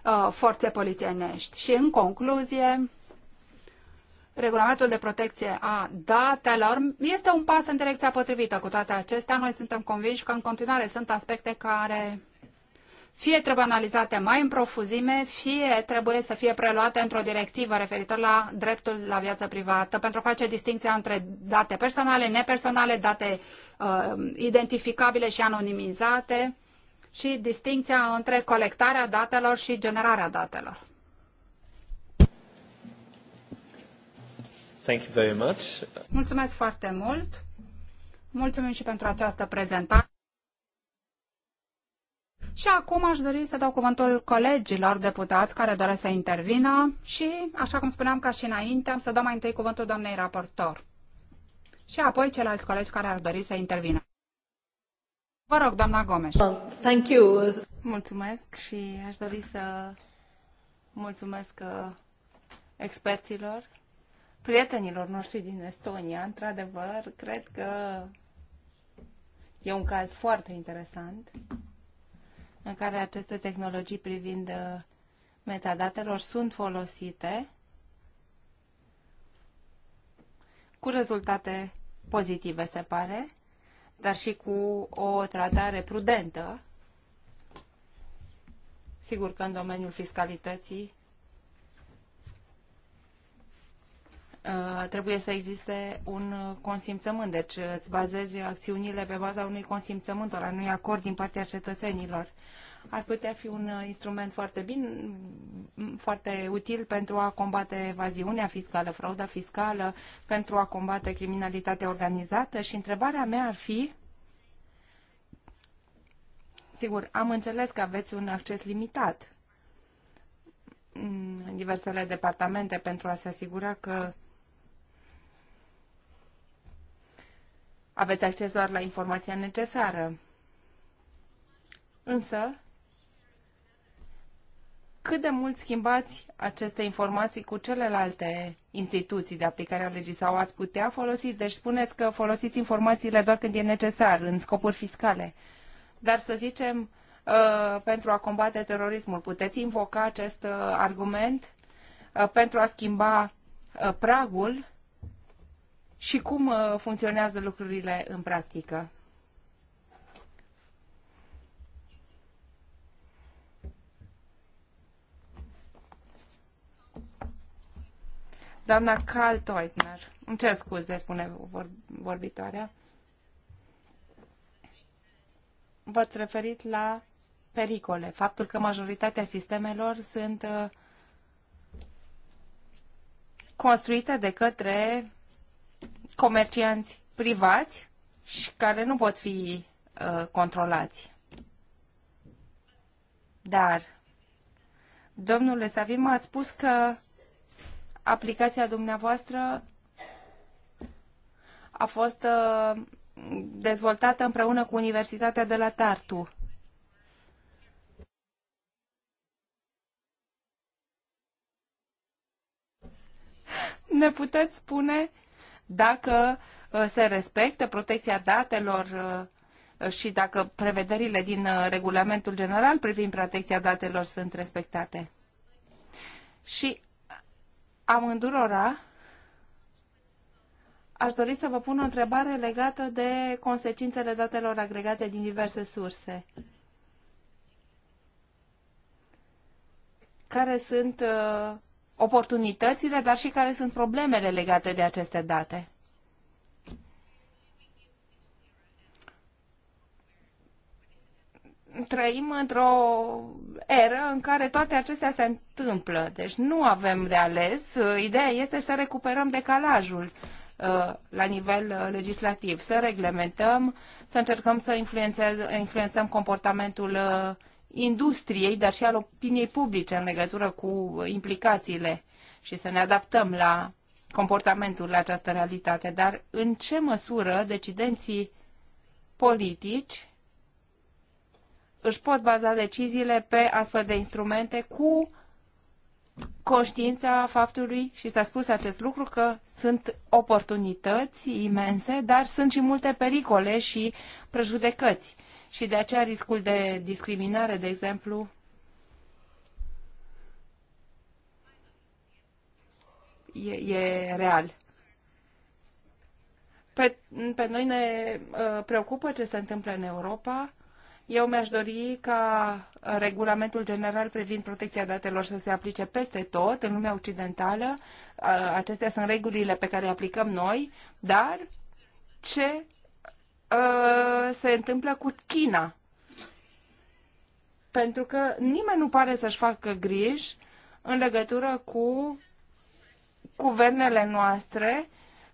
uh, forțe polițienești. Și, în concluzie, regulamentul de protecție a datelor este un pas în direcția potrivită. Cu toate acestea, noi suntem convinși că în continuare sunt aspecte care fie trebuie analizate mai în profuzime, fie trebuie să fie preluate într-o directivă referitor la dreptul la viață privată pentru a face distinția între date personale, nepersonale, date uh, identificabile și anonimizate și distinția între colectarea datelor și generarea datelor. Thank you very much. Mulțumesc foarte mult. Mulțumim și pentru această prezentare. Și acum aș dori să dau cuvântul colegilor deputați care doresc să intervină și, așa cum spuneam ca și înainte, am să dau mai întâi cuvântul doamnei raportor și apoi ceilalți colegi care ar dori să intervină. Vă rog, doamna Gomes. Thank you. Mulțumesc și aș dori să mulțumesc uh, experților, prietenilor noștri din Estonia. Într-adevăr, cred că e un caz foarte interesant în care aceste tehnologii privind uh, metadatelor sunt folosite cu rezultate pozitive, se pare, dar și cu o tratare prudentă. Sigur că în domeniul fiscalității uh, trebuie să existe un consimțământ, deci uh, îți bazezi acțiunile pe baza unui consimțământ, ăla unui acord din partea cetățenilor ar putea fi un uh, instrument foarte bine, foarte util pentru a combate evaziunea fiscală, frauda fiscală, pentru a combate criminalitatea organizată și întrebarea mea ar fi Sigur, am înțeles că aveți un acces limitat în diversele departamente pentru a se asigura că aveți acces doar la informația necesară. Însă, cât de mult schimbați aceste informații cu celelalte instituții de aplicare a legii sau ați putea folosi? Deci spuneți că folosiți informațiile doar când e necesar, în scopuri fiscale. Dar să zicem, uh, pentru a combate terorismul, puteți invoca acest uh, argument uh, pentru a schimba pragul și cum funcționează lucrurile în practică? Doamna Karl Teutner. Îmi cer scuze, spune vorbitoarea. V-ați referit la pericole, faptul că majoritatea sistemelor sunt uh, construite de către comercianți privați și care nu pot fi uh, controlați. Dar, domnule Savim, ați spus că aplicația dumneavoastră a fost uh, dezvoltată împreună cu Universitatea de la Tartu. Ne puteți spune dacă uh, se respectă protecția datelor uh, și dacă prevederile din regulamentul general privind protecția datelor sunt respectate. Și amândurora, aș dori să vă pun o întrebare legată de consecințele datelor agregate din diverse surse. Care sunt uh, oportunitățile, dar și care sunt problemele legate de aceste date? trăim într-o eră în care toate acestea se întâmplă. Deci nu avem de ales. Ideea este să recuperăm decalajul uh, la nivel uh, legislativ, să reglementăm, să încercăm să influențăm comportamentul uh, industriei, dar și al opiniei publice în legătură cu implicațiile și să ne adaptăm la comportamentul la această realitate. Dar în ce măsură decidenții politici își pot baza deciziile pe astfel de instrumente cu conștiința faptului, și s-a spus acest lucru, că sunt oportunități imense, dar sunt și multe pericole și prejudecăți. Și de aceea riscul de discriminare, de exemplu, e, e real. Pe, pe noi ne uh, preocupă ce se întâmplă în Europa eu mi-aș dori ca regulamentul general privind protecția datelor să se aplice peste tot în lumea occidentală. Acestea sunt regulile pe care le aplicăm noi, dar ce se întâmplă cu China? Pentru că nimeni nu pare să-și facă griji în legătură cu guvernele noastre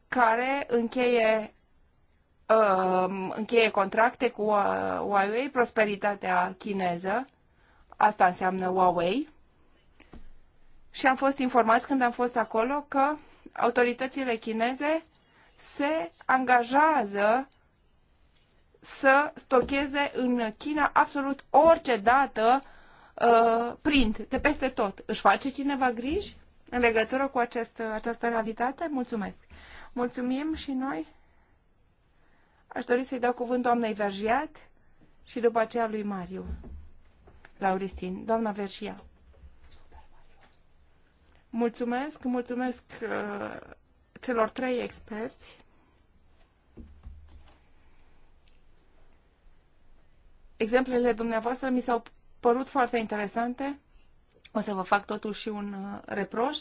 care încheie Um, încheie contracte cu uh, Huawei, prosperitatea chineză, asta înseamnă Huawei. Și am fost informați când am fost acolo că autoritățile chineze se angajează să stocheze în China absolut orice dată uh, print, de peste tot. Își face cineva griji în legătură cu acest, această realitate? Mulțumesc! Mulțumim și noi! Aș dori să-i dau cuvânt doamnei Verjiat și după aceea lui Mariu. Lauristin, doamna Verjia. Mulțumesc, mulțumesc uh, celor trei experți. Exemplele dumneavoastră mi s-au părut foarte interesante. O să vă fac totuși un uh, reproș.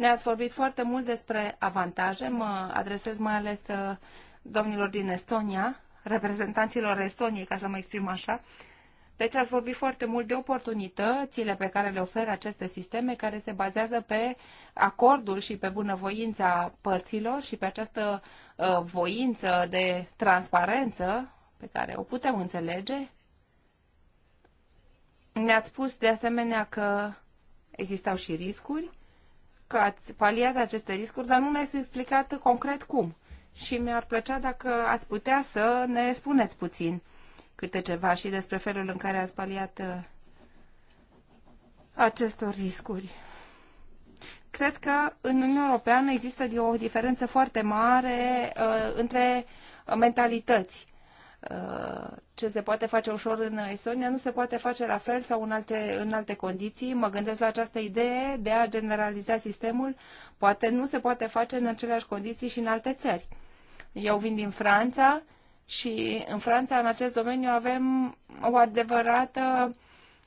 Ne-ați vorbit foarte mult despre avantaje. Mă adresez mai ales uh, domnilor din Estonia, reprezentanților Estoniei, ca să mă exprim așa. Deci ați vorbit foarte mult de oportunitățile pe care le oferă aceste sisteme care se bazează pe acordul și pe bunăvoința părților și pe această uh, voință de transparență pe care o putem înțelege. Ne-ați spus de asemenea că existau și riscuri că ați paliat aceste riscuri, dar nu ne-ați explicat concret cum. Și mi-ar plăcea dacă ați putea să ne spuneți puțin câte ceva și despre felul în care ați paliat uh, acestor riscuri. Cred că în Uniunea Europeană există o diferență foarte mare uh, între mentalități ce se poate face ușor în Estonia nu se poate face la fel sau în alte, în alte condiții. Mă gândesc la această idee de a generaliza sistemul. Poate nu se poate face în aceleași condiții și în alte țări. Eu vin din Franța și în Franța, în acest domeniu, avem o adevărată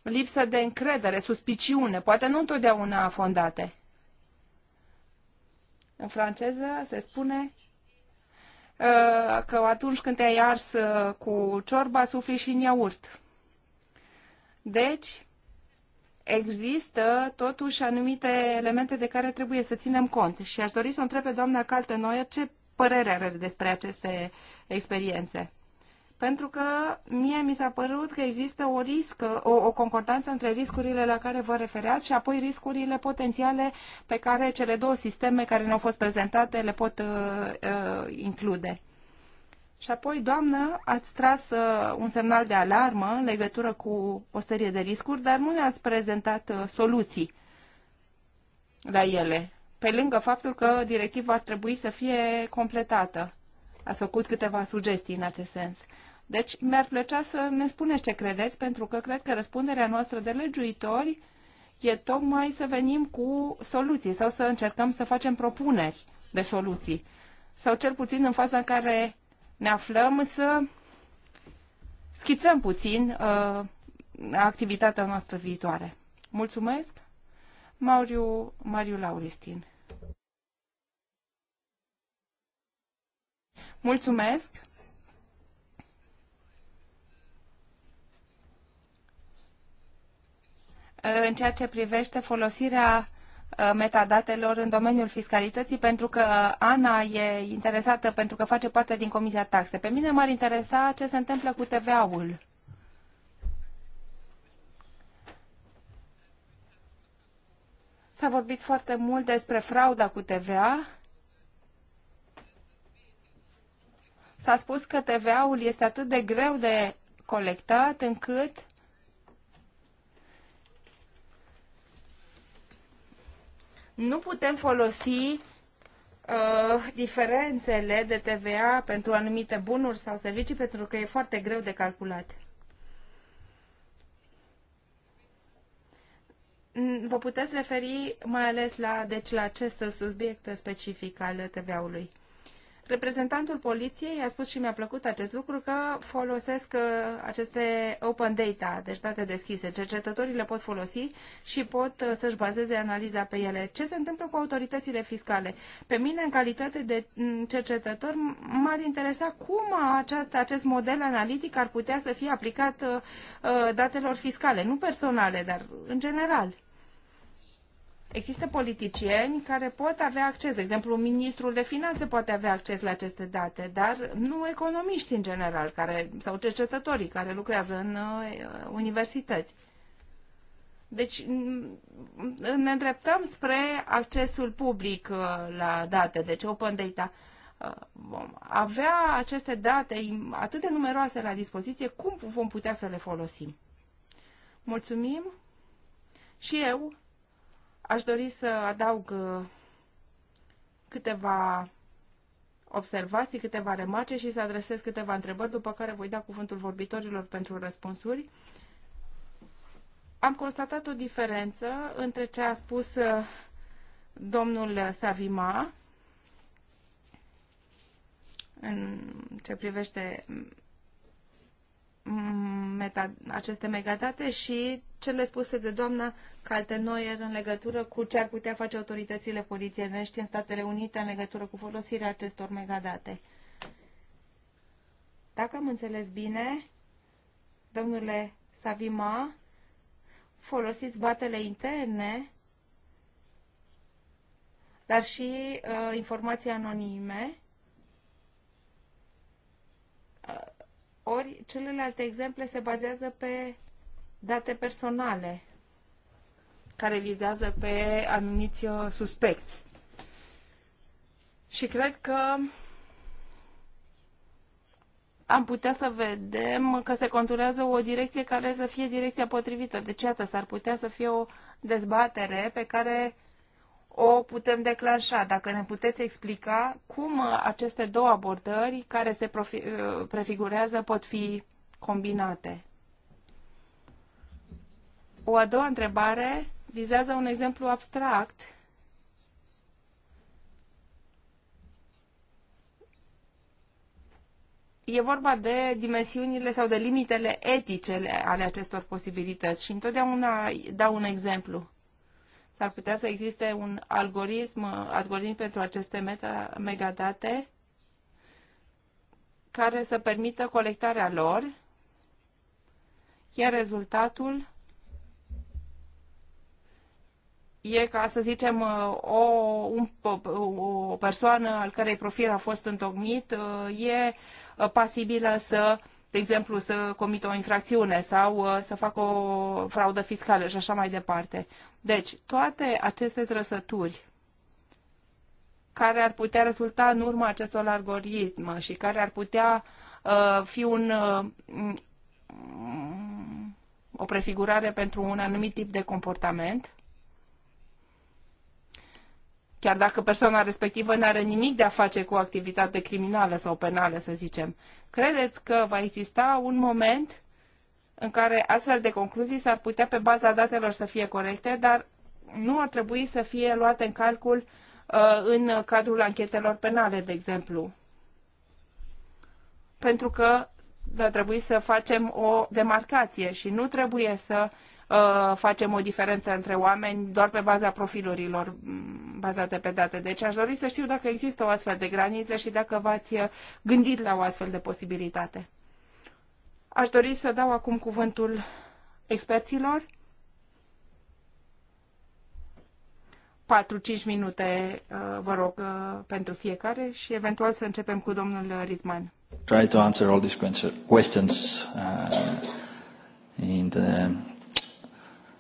lipsă de încredere, suspiciune, poate nu întotdeauna fondate. În franceză se spune Uh, că atunci când te-ai ars uh, cu ciorba, sufli și în iaurt. Deci, există totuși anumite elemente de care trebuie să ținem cont. Și aș dori să o întreb pe doamna Caltenoier ce părere are despre aceste experiențe pentru că mie mi s-a părut că există o riscă, o, o concordanță între riscurile la care vă refereați și apoi riscurile potențiale pe care cele două sisteme care ne-au fost prezentate le pot uh, uh, include. Și apoi, doamnă, ați tras uh, un semnal de alarmă în legătură cu o serie de riscuri, dar nu ne-ați prezentat uh, soluții la ele, pe lângă faptul că directiva ar trebui să fie completată. Ați făcut câteva sugestii în acest sens. Deci mi-ar plăcea să ne spuneți ce credeți, pentru că cred că răspunderea noastră de legiuitori e tocmai să venim cu soluții sau să încercăm să facem propuneri de soluții. Sau cel puțin în faza în care ne aflăm să schițăm puțin uh, activitatea noastră viitoare. Mulțumesc! Mariu, Mariu Lauristin. Mulțumesc! în ceea ce privește folosirea uh, metadatelor în domeniul fiscalității, pentru că Ana e interesată, pentru că face parte din Comisia Taxe. Pe mine m-ar interesa ce se întâmplă cu TVA-ul. S-a vorbit foarte mult despre frauda cu TVA. S-a spus că TVA-ul este atât de greu de colectat încât nu putem folosi uh, diferențele de TVA pentru anumite bunuri sau servicii pentru că e foarte greu de calculat. Vă puteți referi mai ales la, deci, la acest subiect specific al TVA-ului. Reprezentantul poliției a spus și mi-a plăcut acest lucru că folosesc uh, aceste open data, deci date deschise. Cercetătorii le pot folosi și pot uh, să-și bazeze analiza pe ele. Ce se întâmplă cu autoritățile fiscale? Pe mine, în calitate de mm, cercetător, m-ar interesa cum aceast, acest model analitic ar putea să fie aplicat uh, datelor fiscale, nu personale, dar în general. Există politicieni care pot avea acces, de exemplu, ministrul de finanțe poate avea acces la aceste date, dar nu economiști în general care, sau cercetătorii care lucrează în uh, universități. Deci mm, ne îndreptăm spre accesul public uh, la date, deci open data. Uh, vom avea aceste date atât de numeroase la dispoziție, cum vom putea să le folosim? Mulțumim și eu Aș dori să adaug uh, câteva observații, câteva remarce și să adresez câteva întrebări, după care voi da cuvântul vorbitorilor pentru răspunsuri. Am constatat o diferență între ce a spus uh, domnul Savima în ce privește meta, aceste megadate și cele spuse de doamna Caltenoier în legătură cu ce ar putea face autoritățile polițienești în Statele Unite în legătură cu folosirea acestor megadate. Dacă am înțeles bine, domnule Savima, folosiți batele interne, dar și uh, informații anonime uh, ori celelalte exemple se bazează pe date personale care vizează pe anumiți uh, suspecți. Și cred că am putea să vedem că se conturează o direcție care să fie direcția potrivită. Deci, iată, s-ar putea să fie o dezbatere pe care o putem declanșa? Dacă ne puteți explica cum aceste două abordări care se uh, prefigurează pot fi combinate. O a doua întrebare vizează un exemplu abstract e vorba de dimensiunile sau de limitele etice ale acestor posibilități și întotdeauna dau un exemplu. S-ar putea să existe un algoritm, uh, algoritm pentru aceste meta, megadate care să permită colectarea lor, iar rezultatul e ca să zicem uh, o, un, o persoană al cărei profil a fost întocmit uh, e pasibilă să de exemplu, să comită o infracțiune sau uh, să facă o fraudă fiscală și așa mai departe. Deci, toate aceste trăsături care ar putea rezulta în urma acestor algoritm și care ar putea uh, fi un, uh, o prefigurare pentru un anumit tip de comportament, chiar dacă persoana respectivă nu are nimic de a face cu o activitate criminală sau penală, să zicem. Credeți că va exista un moment în care astfel de concluzii s-ar putea pe baza datelor să fie corecte, dar nu ar trebui să fie luate în calcul uh, în cadrul anchetelor penale, de exemplu. Pentru că va trebui să facem o demarcație și nu trebuie să Uh, facem o diferență între oameni doar pe baza profilurilor mm, bazate pe date. Deci aș dori să știu dacă există o astfel de graniță și dacă v-ați uh, gândit la o astfel de posibilitate. Aș dori să dau acum cuvântul experților. 4-5 minute, uh, vă rog, pentru fiecare și eventual să începem cu domnul Ritman. Try to answer all these questions uh, in the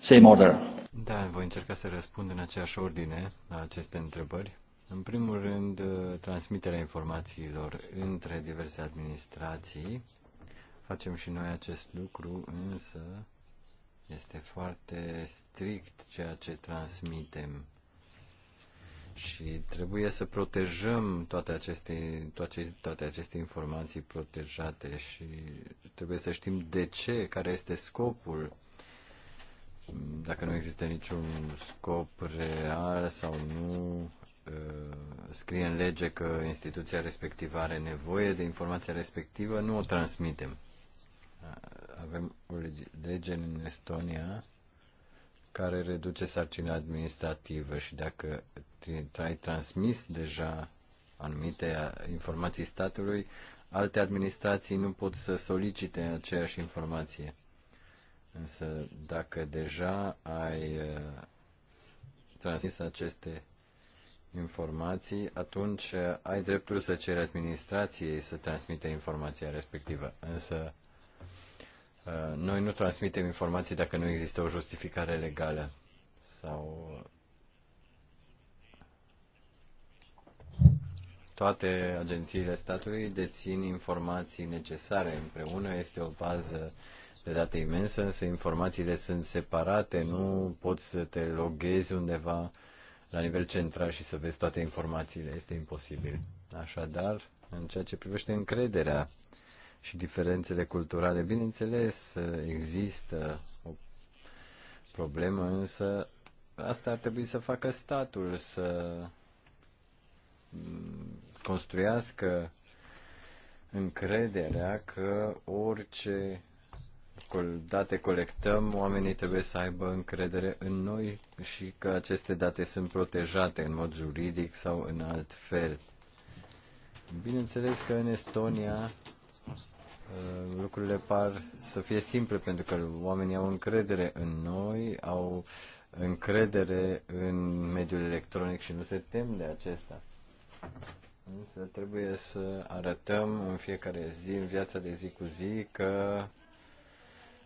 same order. Da, voi încerca să răspund în aceeași ordine la aceste întrebări. În primul rând, uh, transmiterea informațiilor între diverse administrații. Facem și noi acest lucru, însă este foarte strict ceea ce transmitem și trebuie să protejăm toate aceste, toate, toate aceste informații protejate și trebuie să știm de ce, care este scopul dacă nu există niciun scop real sau nu uh, scrie în lege că instituția respectivă are nevoie de informația respectivă, nu o transmitem. Uh, avem o lege în Estonia care reduce sarcina administrativă și dacă ai transmis deja anumite uh, informații statului, alte administrații nu pot să solicite aceeași informație. Însă dacă deja ai uh, transmis aceste informații, atunci uh, ai dreptul să ceri administrației să transmită informația respectivă. Însă uh, noi nu transmitem informații dacă nu există o justificare legală sau toate agențiile statului dețin informații necesare împreună, este o bază uh, de date imensă, însă informațiile sunt separate, nu poți să te loghezi undeva la nivel central și să vezi toate informațiile. Este imposibil. Așadar, în ceea ce privește încrederea și diferențele culturale, bineînțeles, există o problemă, însă asta ar trebui să facă statul, să construiască încrederea că orice date colectăm, oamenii trebuie să aibă încredere în noi și că aceste date sunt protejate în mod juridic sau în alt fel. Bineînțeles că în Estonia uh, lucrurile par să fie simple pentru că oamenii au încredere în noi, au încredere în mediul electronic și nu se tem de acesta. Însă trebuie să arătăm în fiecare zi, în viața de zi cu zi, că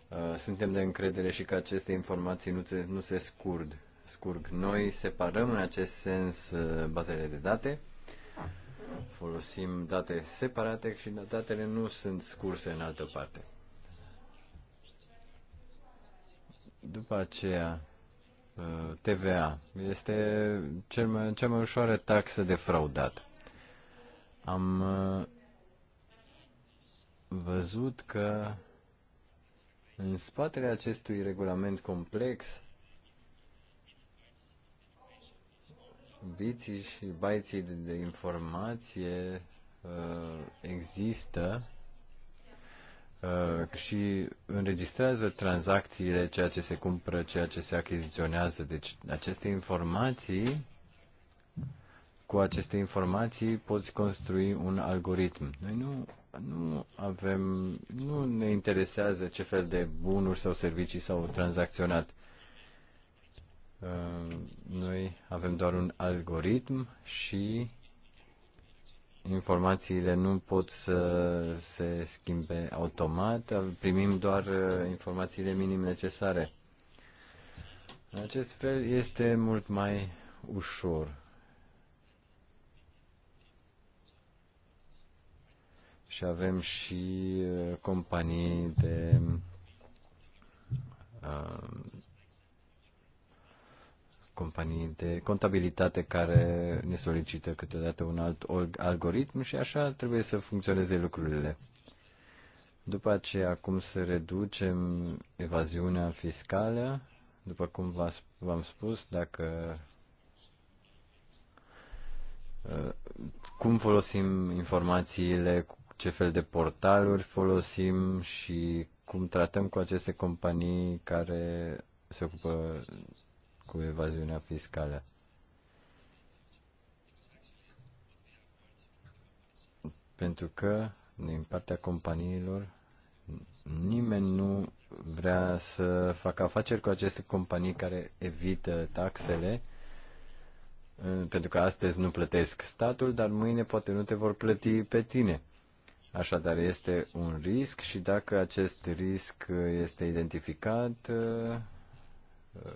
Uh, suntem de încredere și că aceste informații nu se, nu se scurg. scurg. Noi separăm în acest sens uh, bazele de date, folosim date separate și datele nu sunt scurse în altă parte. După aceea, uh, TVA este cel mai, cea mai ușoară taxă de fraudat. Am văzut că în spatele acestui regulament complex, biții și baiții de informație uh, există uh, și înregistrează tranzacțiile, ceea ce se cumpără, ceea ce se achiziționează. Deci aceste informații, cu aceste informații poți construi un algoritm. Noi nu nu avem, nu ne interesează ce fel de bunuri sau servicii s-au tranzacționat. Uh, noi avem doar un algoritm și informațiile nu pot să se schimbe automat, primim doar uh, informațiile minim necesare. În acest fel este mult mai ușor și avem și uh, companii de uh, companii de contabilitate care ne solicită câteodată un alt algoritm și așa trebuie să funcționeze lucrurile. După aceea, cum să reducem evaziunea fiscală, după cum v-am spus, dacă uh, cum folosim informațiile ce fel de portaluri folosim și cum tratăm cu aceste companii care se ocupă cu evaziunea fiscală. Pentru că, din partea companiilor, nimeni nu vrea să facă afaceri cu aceste companii care evită taxele, pentru că astăzi nu plătesc statul, dar mâine poate nu te vor plăti pe tine. Așadar, este un risc și dacă acest risc este identificat, uh, uh,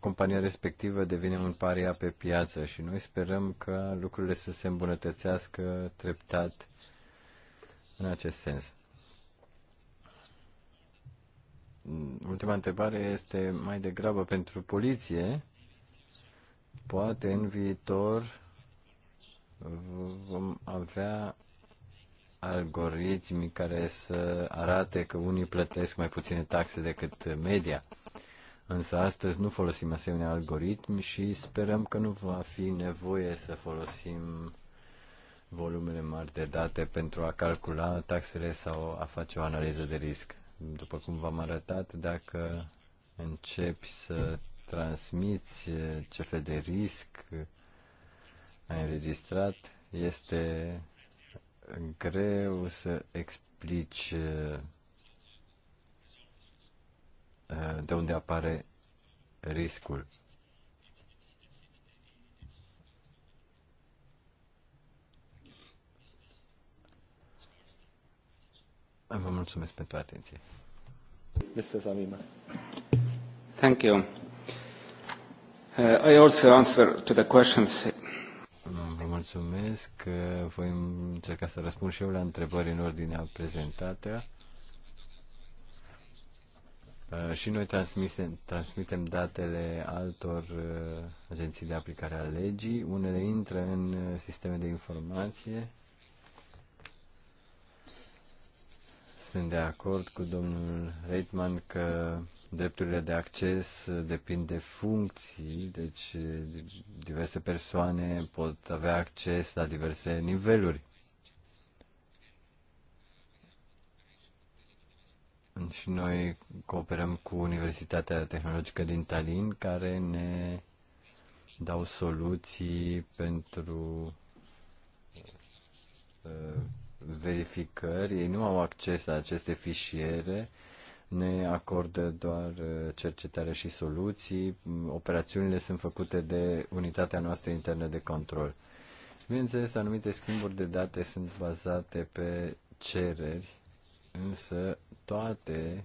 compania respectivă devine un paria pe piață și noi sperăm că lucrurile să se îmbunătățească treptat în acest sens. Mm, ultima întrebare este mai degrabă pentru poliție. Poate în viitor vom avea algoritmi care să arate că unii plătesc mai puține taxe decât media. Însă astăzi nu folosim asemenea algoritmi și sperăm că nu va fi nevoie să folosim volumele mari de date pentru a calcula taxele sau a face o analiză de risc. După cum v-am arătat, dacă începi să transmiți ce fel de risc ai înregistrat, este greu să explici uh, de unde apare riscul. Vă mulțumesc pentru atenție. Mr. Zamima. Thank you. Uh, I also answer to the questions mulțumesc. Voi încerca să răspund și eu la întrebări în ordinea prezentată. Uh, și noi transmitem, transmitem datele altor uh, agenții de aplicare a legii. Unele intră în uh, sisteme de informație. Sunt de acord cu domnul Reitman că Drepturile de acces uh, depind de funcții, deci uh, diverse persoane pot avea acces la diverse niveluri. Și noi cooperăm cu Universitatea Tehnologică din Tallinn, care ne dau soluții pentru uh, verificări. Ei nu au acces la aceste fișiere, ne acordă doar uh, cercetare și soluții, operațiunile sunt făcute de unitatea noastră internă de control. Bineînțeles, anumite schimburi de date sunt bazate pe cereri, însă toate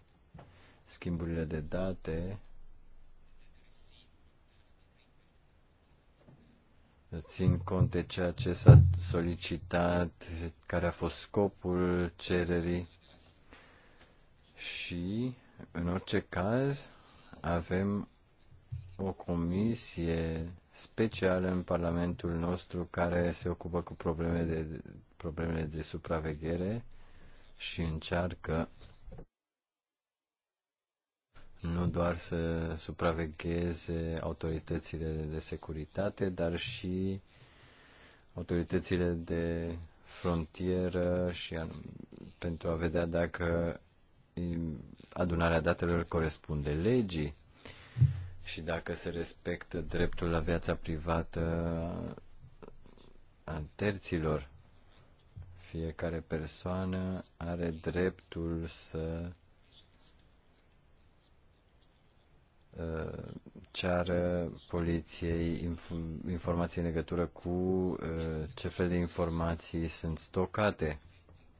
schimburile de date țin cont de ceea ce s-a solicitat, care a fost scopul cererii și, în orice caz, avem o comisie specială în Parlamentul nostru care se ocupă cu problemele de, problemele de supraveghere și încearcă nu doar să supravegheze autoritățile de securitate, dar și autoritățile de frontieră și pentru a vedea dacă adunarea datelor corespunde legii și dacă se respectă dreptul la viața privată a terților. Fiecare persoană are dreptul să ă, ceară poliției informații în legătură cu ă, ce fel de informații sunt stocate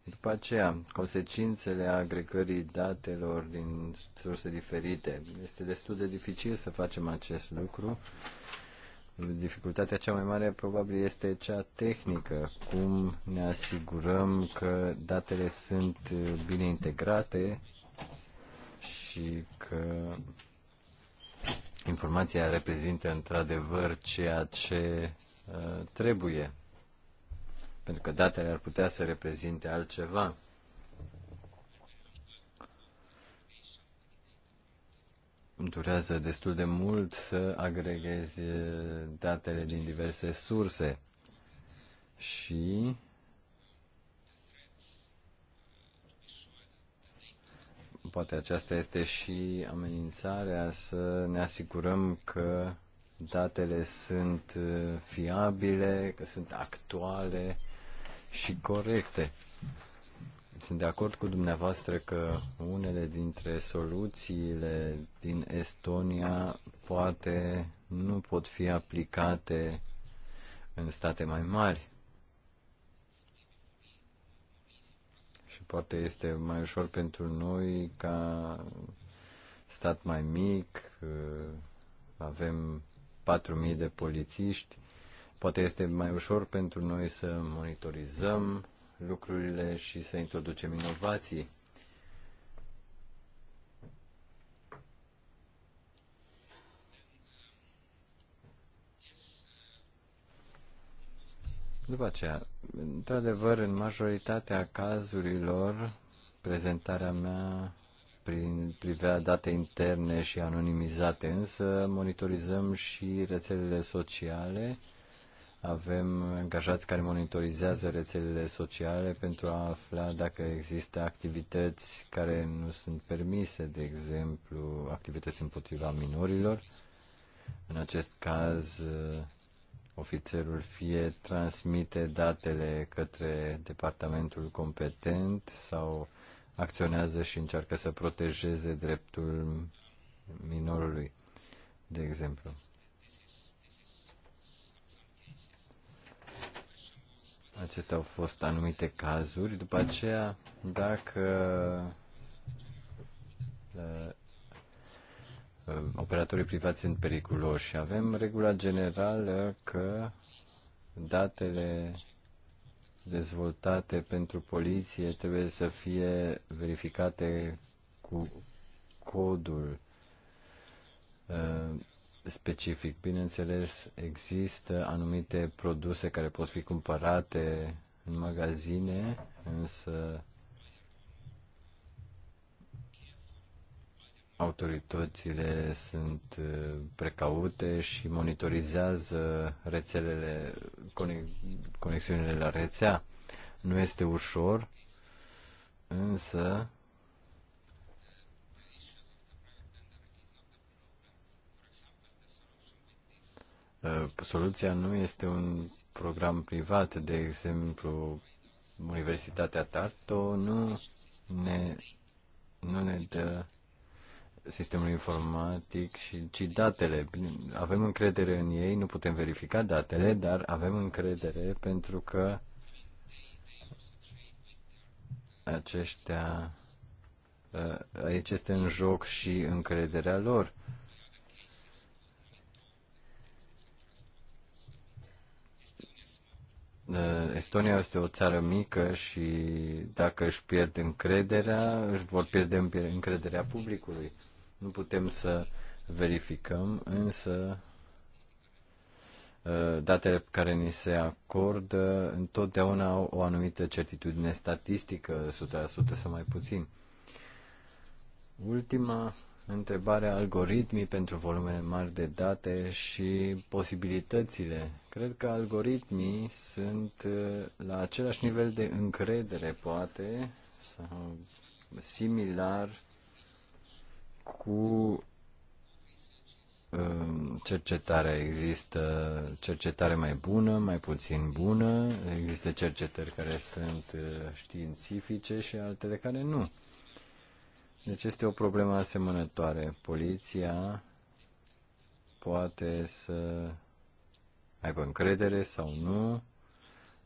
după aceea, consecințele agregării datelor din surse diferite. Este destul de dificil să facem acest lucru. Dificultatea cea mai mare probabil este cea tehnică, cum ne asigurăm că datele sunt bine integrate și că informația reprezintă într-adevăr ceea ce uh, trebuie pentru că datele ar putea să reprezinte altceva. Durează destul de mult să agregezi datele din diverse surse și poate aceasta este și amenințarea să ne asigurăm că datele sunt fiabile, că sunt actuale și corecte. Sunt de acord cu dumneavoastră că unele dintre soluțiile din Estonia poate nu pot fi aplicate în state mai mari. Și poate este mai ușor pentru noi ca stat mai mic, avem 4.000 de polițiști Poate este mai ușor pentru noi să monitorizăm lucrurile și să introducem inovații. După aceea, într-adevăr, în majoritatea cazurilor, prezentarea mea prin, privea date interne și anonimizate, însă monitorizăm și rețelele sociale avem angajați care monitorizează rețelele sociale pentru a afla dacă există activități care nu sunt permise, de exemplu, activități împotriva minorilor. În acest caz, ofițerul fie transmite datele către departamentul competent sau acționează și încearcă să protejeze dreptul minorului, de exemplu. Acestea au fost anumite cazuri. După aceea, dacă uh, uh, operatorii privați sunt periculoși avem regula generală că datele dezvoltate pentru poliție trebuie să fie verificate cu codul uh, specific. Bineînțeles, există anumite produse care pot fi cumpărate în magazine, însă autoritățile sunt uh, precaute și monitorizează rețelele, conexiunile la rețea. Nu este ușor, însă Uh, soluția nu este un program privat, de exemplu, Universitatea Tartu nu ne, nu ne dă sistemul informatic, și, ci datele. Avem încredere în ei, nu putem verifica datele, dar avem încredere pentru că aceștia, uh, aici este în joc și încrederea lor. Uh, Estonia este o țară mică și dacă își pierd încrederea, își vor pierde încrederea publicului. Nu putem să verificăm, însă ă, datele care ni se acordă întotdeauna au o anumită certitudine statistică, 100% sau mai puțin. Ultima întrebare algoritmii pentru volumele mari de date și posibilitățile. Cred că algoritmii sunt uh, la același nivel de încredere, poate, sau similar cu um, cercetarea. Există cercetare mai bună, mai puțin bună, există cercetări care sunt uh, științifice și altele care nu. Deci este o problemă asemănătoare. Poliția poate să aibă încredere sau nu,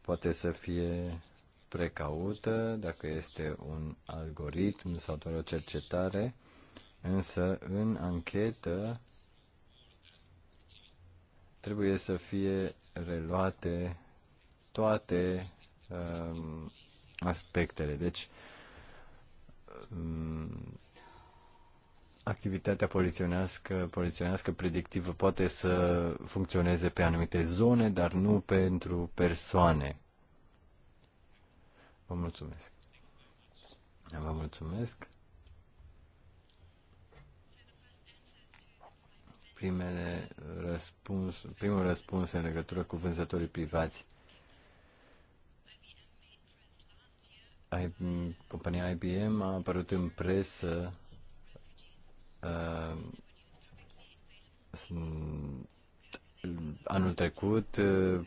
poate să fie precaută dacă este un algoritm sau doar o cercetare, însă în anchetă trebuie să fie reluate toate um, aspectele. Deci Mm, activitatea poliționească, poliționească predictivă poate să funcționeze pe anumite zone, dar nu pentru persoane. Vă mulțumesc. Vă mulțumesc. Primele răspuns, primul răspuns în legătură cu vânzătorii privați. compania IBM a apărut în presă uh, anul trecut uh,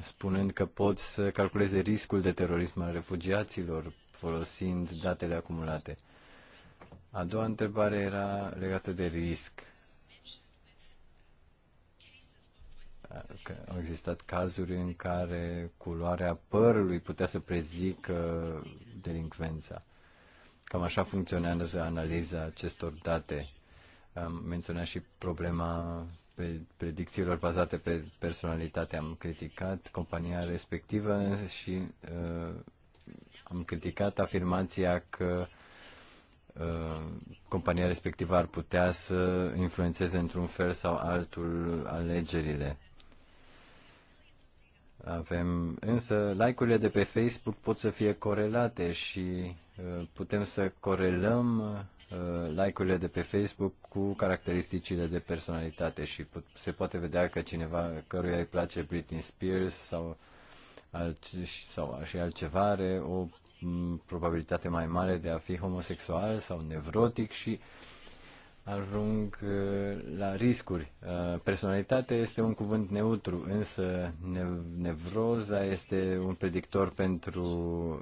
spunând că pot să calculeze riscul de terorism al refugiaților folosind datele acumulate. A doua întrebare era legată de risc că au existat cazuri în care culoarea părului putea să prezică delincvența. Cam așa funcționează analiza acestor date. Am menționat și problema pe predicțiilor bazate pe personalitate. Am criticat compania respectivă și uh, am criticat afirmația că uh, compania respectivă ar putea să influențeze într-un fel sau altul alegerile avem însă like-urile de pe Facebook pot să fie corelate și uh, putem să corelăm uh, like-urile de pe Facebook cu caracteristicile de personalitate și se poate vedea că cineva căruia îi place Britney Spears sau, alt, sau și altceva are o probabilitate mai mare de a fi homosexual sau nevrotic și uh, ajung uh, la riscuri. Uh, Personalitatea este un cuvânt neutru, însă nevroza este un predictor pentru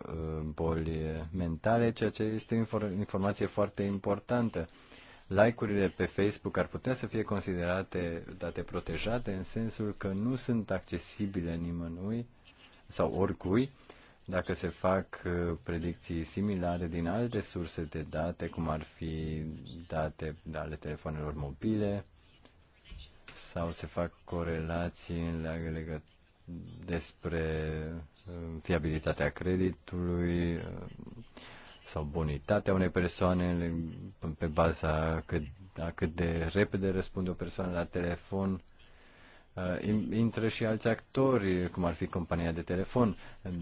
uh, boli mentale, ceea ce este informație foarte importantă. Like-urile pe Facebook ar putea să fie considerate date protejate în sensul că nu sunt accesibile nimănui sau oricui, dacă se fac uh, predicții similare din alte surse de date, cum ar fi date ale telefonelor mobile, sau se fac corelații în legătură despre uh, fiabilitatea creditului uh, sau bonitatea unei persoane pe baza cât, a cât de repede răspunde o persoană la telefon Uh, intră și alți actori, cum ar fi compania de telefon.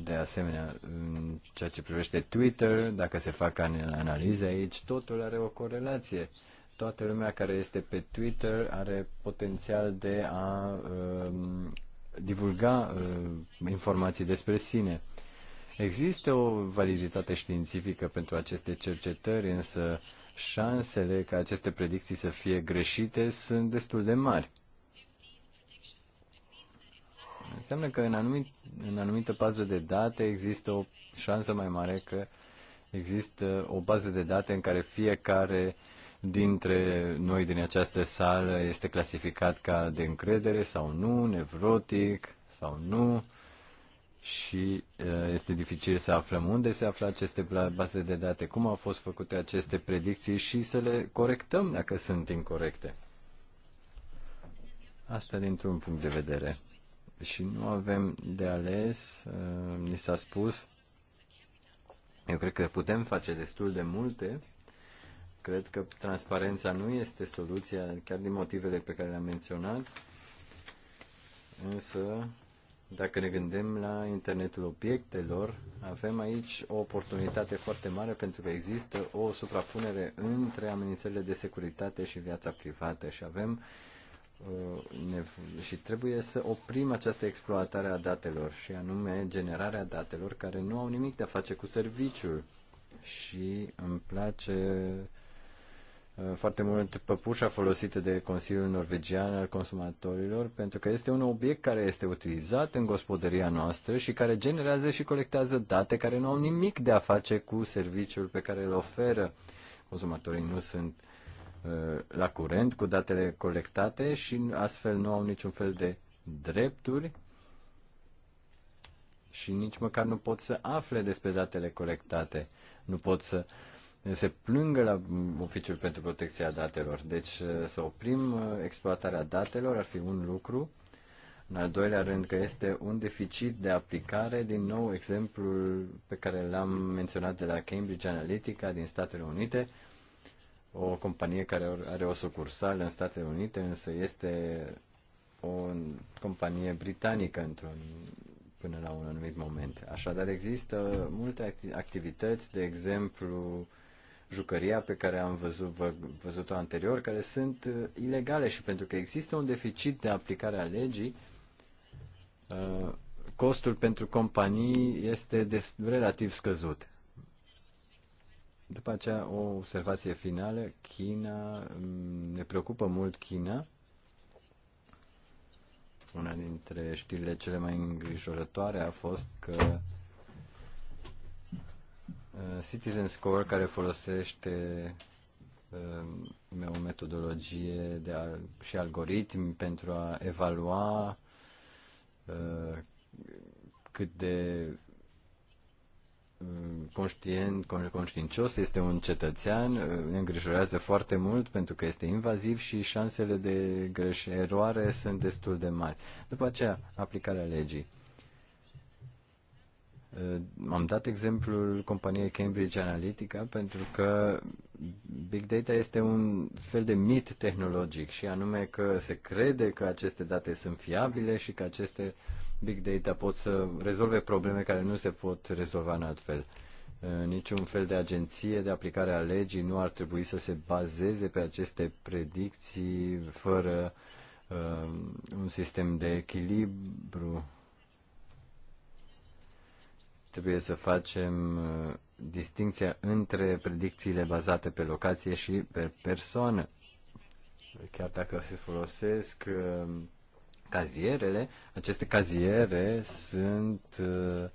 De asemenea, în ceea ce privește Twitter, dacă se fac analize aici, totul are o corelație. Toată lumea care este pe Twitter are potențial de a uh, divulga uh, informații despre sine. Există o validitate științifică pentru aceste cercetări, însă șansele ca aceste predicții să fie greșite sunt destul de mari Înseamnă că în, anumit, în anumită bază de date există o șansă mai mare că există o bază de date în care fiecare dintre noi din această sală este clasificat ca de încredere sau nu, nevrotic sau nu și este dificil să aflăm unde se află aceste baze de date, cum au fost făcute aceste predicții și să le corectăm dacă sunt incorrecte. Asta dintr-un punct de vedere și nu avem de ales, uh, ni s-a spus, eu cred că putem face destul de multe, cred că transparența nu este soluția, chiar din motivele pe care le-am menționat, însă dacă ne gândim la internetul obiectelor, avem aici o oportunitate foarte mare pentru că există o suprapunere între amenințările de securitate și viața privată și avem uh, Uh, și trebuie să oprim această exploatare a datelor și anume generarea datelor care nu au nimic de a face cu serviciul. Și îmi place uh, foarte mult păpușa folosită de Consiliul Norvegian al Consumatorilor, pentru că este un obiect care este utilizat în gospodăria noastră și care generează și colectează date care nu au nimic de a face cu serviciul pe care îl oferă. Consumatorii nu sunt Uh, la curent cu datele colectate și astfel nu au niciun fel de drepturi și nici măcar nu pot să afle despre datele colectate. Nu pot să se plângă la Oficiul pentru Protecția Datelor. Deci uh, să oprim uh, exploatarea datelor ar fi un lucru. În al doilea rând că este un deficit de aplicare, din nou exemplul pe care l-am menționat de la Cambridge Analytica din Statele Unite, o companie care are o sucursală în Statele Unite, însă este o companie britanică într-un până la un anumit moment. Așadar, există multe activități, de exemplu, jucăria pe care am văzut, vă, văzut-o anterior, care sunt uh, ilegale și pentru că există un deficit de aplicare a legii, uh, costul pentru companii este des, relativ scăzut. După aceea, o observație finală, China, mm, ne preocupă mult China. Una dintre știrile cele mai îngrijorătoare a fost că uh, Citizen Score, care folosește uh, o metodologie de al, și algoritmi pentru a evalua uh, cât de conștient, conștiincios, este un cetățean, uh, ne îngrijorează foarte mult pentru că este invaziv și șansele de greșe, eroare sunt destul de mari. După aceea, aplicarea legii. Uh, am dat exemplul companiei Cambridge Analytica pentru că Big Data este un fel de mit tehnologic și anume că se crede că aceste date sunt fiabile și că aceste Big Data pot să rezolve probleme care nu se pot rezolva în alt fel. Uh, niciun fel de agenție de aplicare a legii nu ar trebui să se bazeze pe aceste predicții fără uh, un sistem de echilibru Trebuie să facem uh, distinția între predicțiile bazate pe locație și pe persoană. Chiar dacă se folosesc uh, cazierele, aceste caziere sunt uh,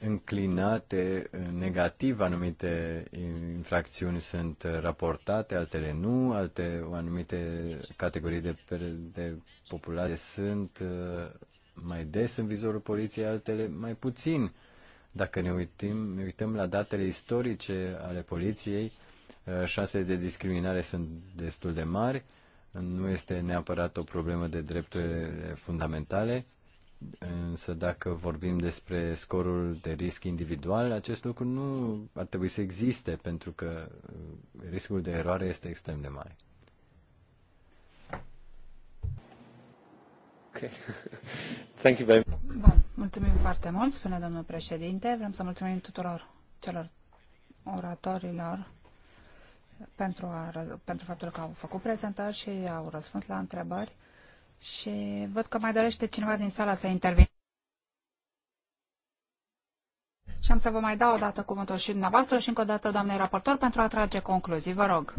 înclinate negativ, anumite infracțiuni sunt raportate, altele nu, alte anumite categorii de, de populație sunt mai des în vizorul poliției, altele mai puțin. Dacă ne uităm, ne uităm la datele istorice ale poliției, uh, șansele de discriminare sunt destul de mari, nu este neapărat o problemă de drepturile fundamentale, însă dacă vorbim despre scorul de risc individual, acest lucru nu ar trebui să existe, pentru că uh, riscul de eroare este extrem de mare. [laughs] Bun. Mulțumim foarte mult, spune domnul președinte. Vrem să mulțumim tuturor celor oratorilor pentru, a, pentru faptul că au făcut prezentări și au răspuns la întrebări. Și văd că mai dorește cineva din sala să intervină. Și am să vă mai dau o dată cuvântul și dumneavoastră și încă o dată, doamnei raportor, pentru a trage concluzii. Vă rog.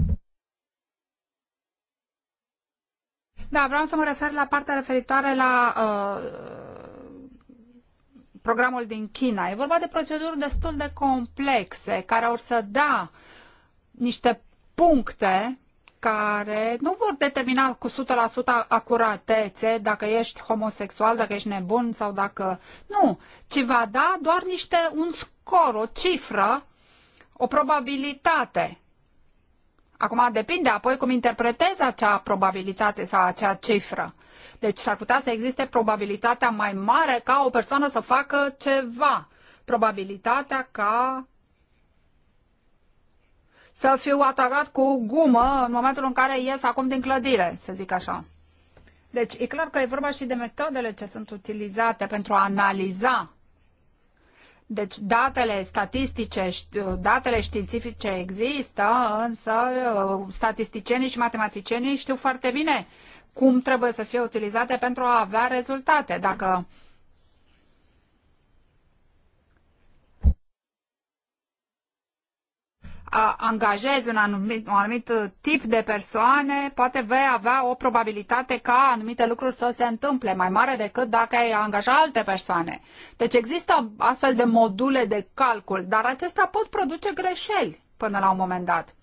Da, vreau să mă refer la partea referitoare la uh, programul din China. E vorba de proceduri destul de complexe care au să da niște puncte care nu vor determina cu 100% acuratețe dacă ești homosexual, dacă ești nebun sau dacă... Nu, ci va da doar niște, un scor, o cifră, o probabilitate Acum depinde apoi cum interpretezi acea probabilitate sau acea cifră. Deci s-ar putea să existe probabilitatea mai mare ca o persoană să facă ceva. Probabilitatea ca să fiu atacat cu gumă în momentul în care ies acum din clădire, să zic așa. Deci e clar că e vorba și de metodele ce sunt utilizate pentru a analiza deci datele statistice, datele științifice există, însă uh, statisticienii și matematicienii știu foarte bine cum trebuie să fie utilizate pentru a avea rezultate. Dacă angajezi un anumit, un anumit uh, tip de persoane, poate vei avea o probabilitate ca anumite lucruri să se întâmple mai mare decât dacă ai angaja alte persoane. Deci există astfel de module de calcul, dar acestea pot produce greșeli până la un moment dat.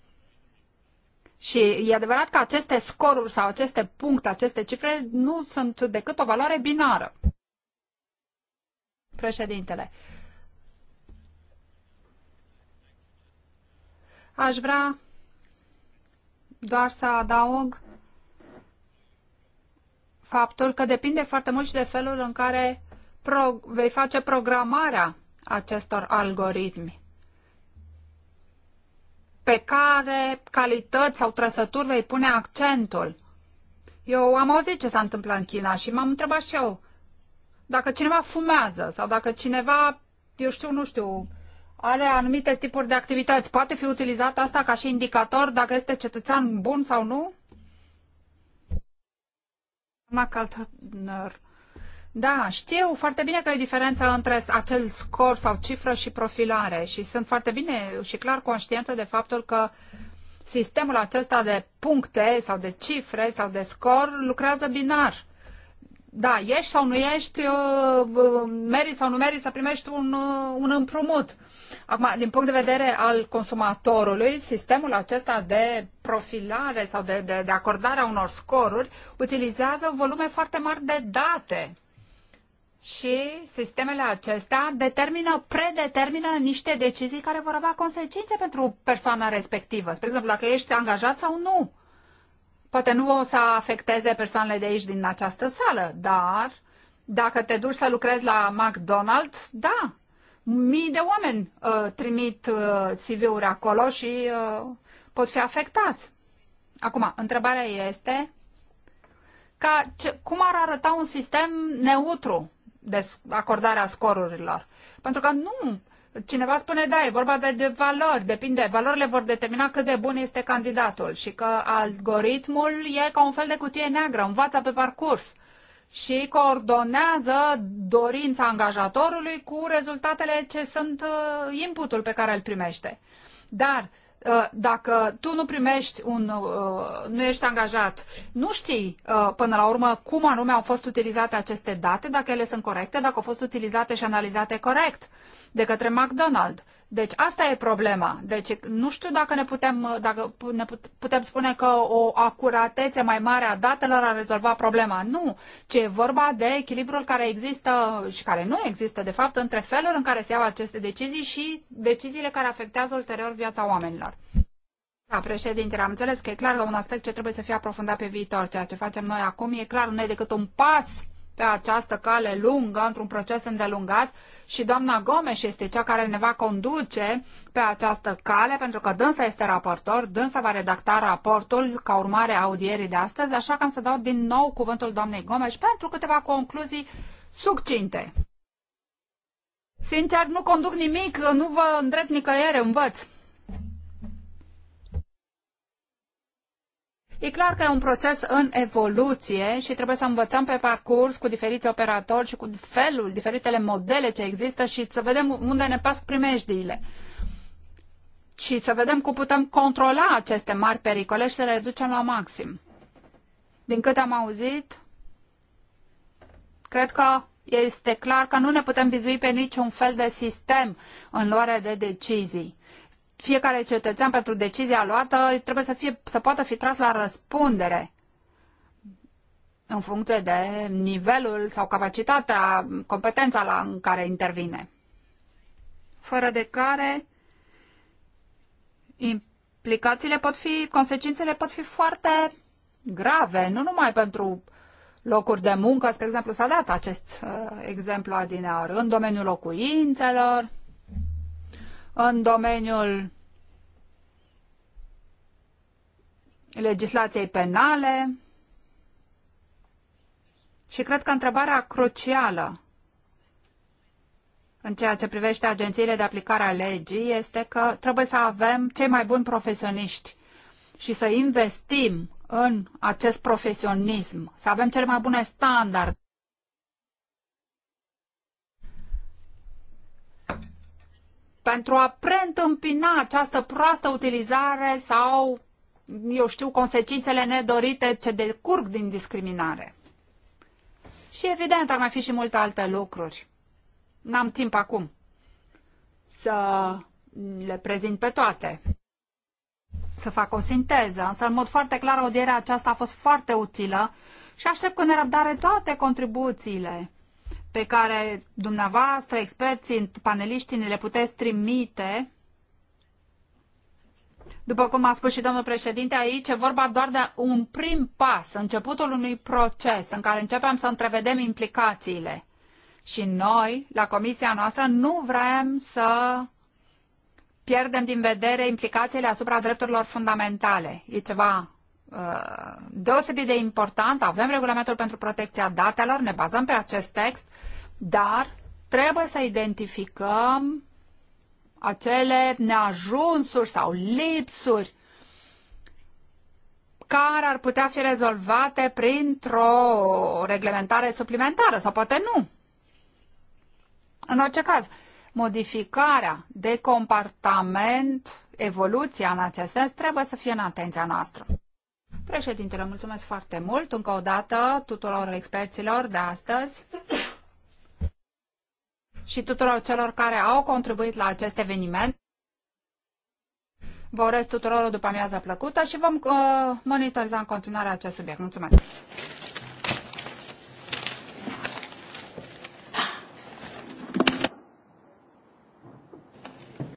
Și e adevărat că aceste scoruri sau aceste puncte, aceste cifre nu sunt decât o valoare binară. Președintele, Aș vrea doar să adaug faptul că depinde foarte mult și de felul în care vei face programarea acestor algoritmi pe care calități sau trăsături vei pune accentul. Eu am auzit ce s-a întâmplat în China și m-am întrebat și eu dacă cineva fumează sau dacă cineva, eu știu, nu știu, are anumite tipuri de activități. Poate fi utilizat asta ca și indicator dacă este cetățean bun sau nu? Da, știu foarte bine că e diferența între acel scor sau cifră și profilare și sunt foarte bine și clar conștientă de faptul că sistemul acesta de puncte sau de cifre sau de scor lucrează binar da, ești sau nu ești, uh, uh, meriți sau nu meriți să primești un, uh, un împrumut. Acum, din punct de vedere al consumatorului, sistemul acesta de profilare sau de, de, de acordare a unor scoruri utilizează volume foarte mari de date. Și sistemele acestea determină, predetermină niște decizii care vor avea consecințe pentru persoana respectivă. Spre exemplu, dacă ești angajat sau nu Poate nu o să afecteze persoanele de aici din această sală, dar dacă te duci să lucrezi la McDonald's, da, mii de oameni uh, trimit uh, CV-uri acolo și uh, pot fi afectați. Acum, întrebarea este ca ce, cum ar arăta un sistem neutru de acordarea scorurilor. Pentru că nu cineva spune, da, e vorba de, de valori, depinde, valorile vor determina cât de bun este candidatul și că algoritmul e ca un fel de cutie neagră, învață pe parcurs și coordonează dorința angajatorului cu rezultatele ce sunt uh, inputul pe care îl primește. Dar uh, dacă tu nu primești un, uh, nu ești angajat, nu știi până la urmă cum anume au fost utilizate aceste date, dacă ele sunt corecte, dacă au fost utilizate și analizate corect de către McDonald. Deci asta e problema. Deci nu știu dacă ne putem, dacă ne putem spune că o acuratețe mai mare a datelor a rezolvat problema. Nu, ci e vorba de echilibrul care există și care nu există, de fapt, între felul în care se iau aceste decizii și deciziile care afectează ulterior viața oamenilor. Da, președinte am înțeles că e clar că un aspect ce trebuie să fie aprofundat pe viitor. Ceea ce facem noi acum e clar, nu e decât un pas pe această cale lungă, într-un proces îndelungat și doamna Gomes este cea care ne va conduce pe această cale, pentru că dânsa este raportor, dânsa va redacta raportul ca urmare a audierii de astăzi, așa că am să dau din nou cuvântul doamnei Gomes pentru câteva concluzii succinte. Sincer, nu conduc nimic, nu vă îndrept nicăieri, învăț. E clar că e un proces în evoluție și trebuie să învățăm pe parcurs cu diferiți operatori și cu felul, diferitele modele ce există și să vedem unde ne pasc primejdiile. Și să vedem cum putem controla aceste mari pericole și să le reducem la maxim. Din câte am auzit, cred că este clar că nu ne putem vizui pe niciun fel de sistem în luare de decizii fiecare cetățean pentru decizia luată trebuie să, fie, să poată fi tras la răspundere în funcție de nivelul sau capacitatea, competența la, în care intervine. Fără de care implicațiile pot fi, consecințele pot fi foarte grave, nu numai pentru locuri de muncă, spre exemplu s-a dat acest uh, exemplu adineor, în domeniul locuințelor, în domeniul legislației penale și cred că întrebarea crucială în ceea ce privește agențiile de aplicare a legii este că trebuie să avem cei mai buni profesioniști și să investim în acest profesionism, să avem cele mai bune standarde. pentru a preîntâmpina această proastă utilizare sau, eu știu, consecințele nedorite ce decurg din discriminare. Și evident ar mai fi și multe alte lucruri. N-am timp acum să le prezint pe toate, să fac o sinteză, însă în mod foarte clar audierea aceasta a fost foarte utilă și aștept cu nerăbdare toate contribuțiile pe care dumneavoastră, experții, paneliștii, ne le puteți trimite. După cum a spus și domnul președinte, aici e vorba doar de un prim pas, începutul unui proces în care începem să întrevedem implicațiile. Și noi, la comisia noastră, nu vrem să pierdem din vedere implicațiile asupra drepturilor fundamentale. E ceva Uh, deosebit de important, avem regulamentul pentru protecția datelor, ne bazăm pe acest text, dar trebuie să identificăm acele neajunsuri sau lipsuri care ar putea fi rezolvate printr-o reglementare suplimentară sau poate nu. În orice caz, modificarea de comportament, evoluția în acest sens trebuie să fie în atenția noastră. Președintele, mulțumesc foarte mult încă o dată tuturor experților de astăzi și tuturor celor care au contribuit la acest eveniment. Vă urez tuturor o după amiază plăcută și vom uh, monitoriza în continuare acest subiect. Mulțumesc!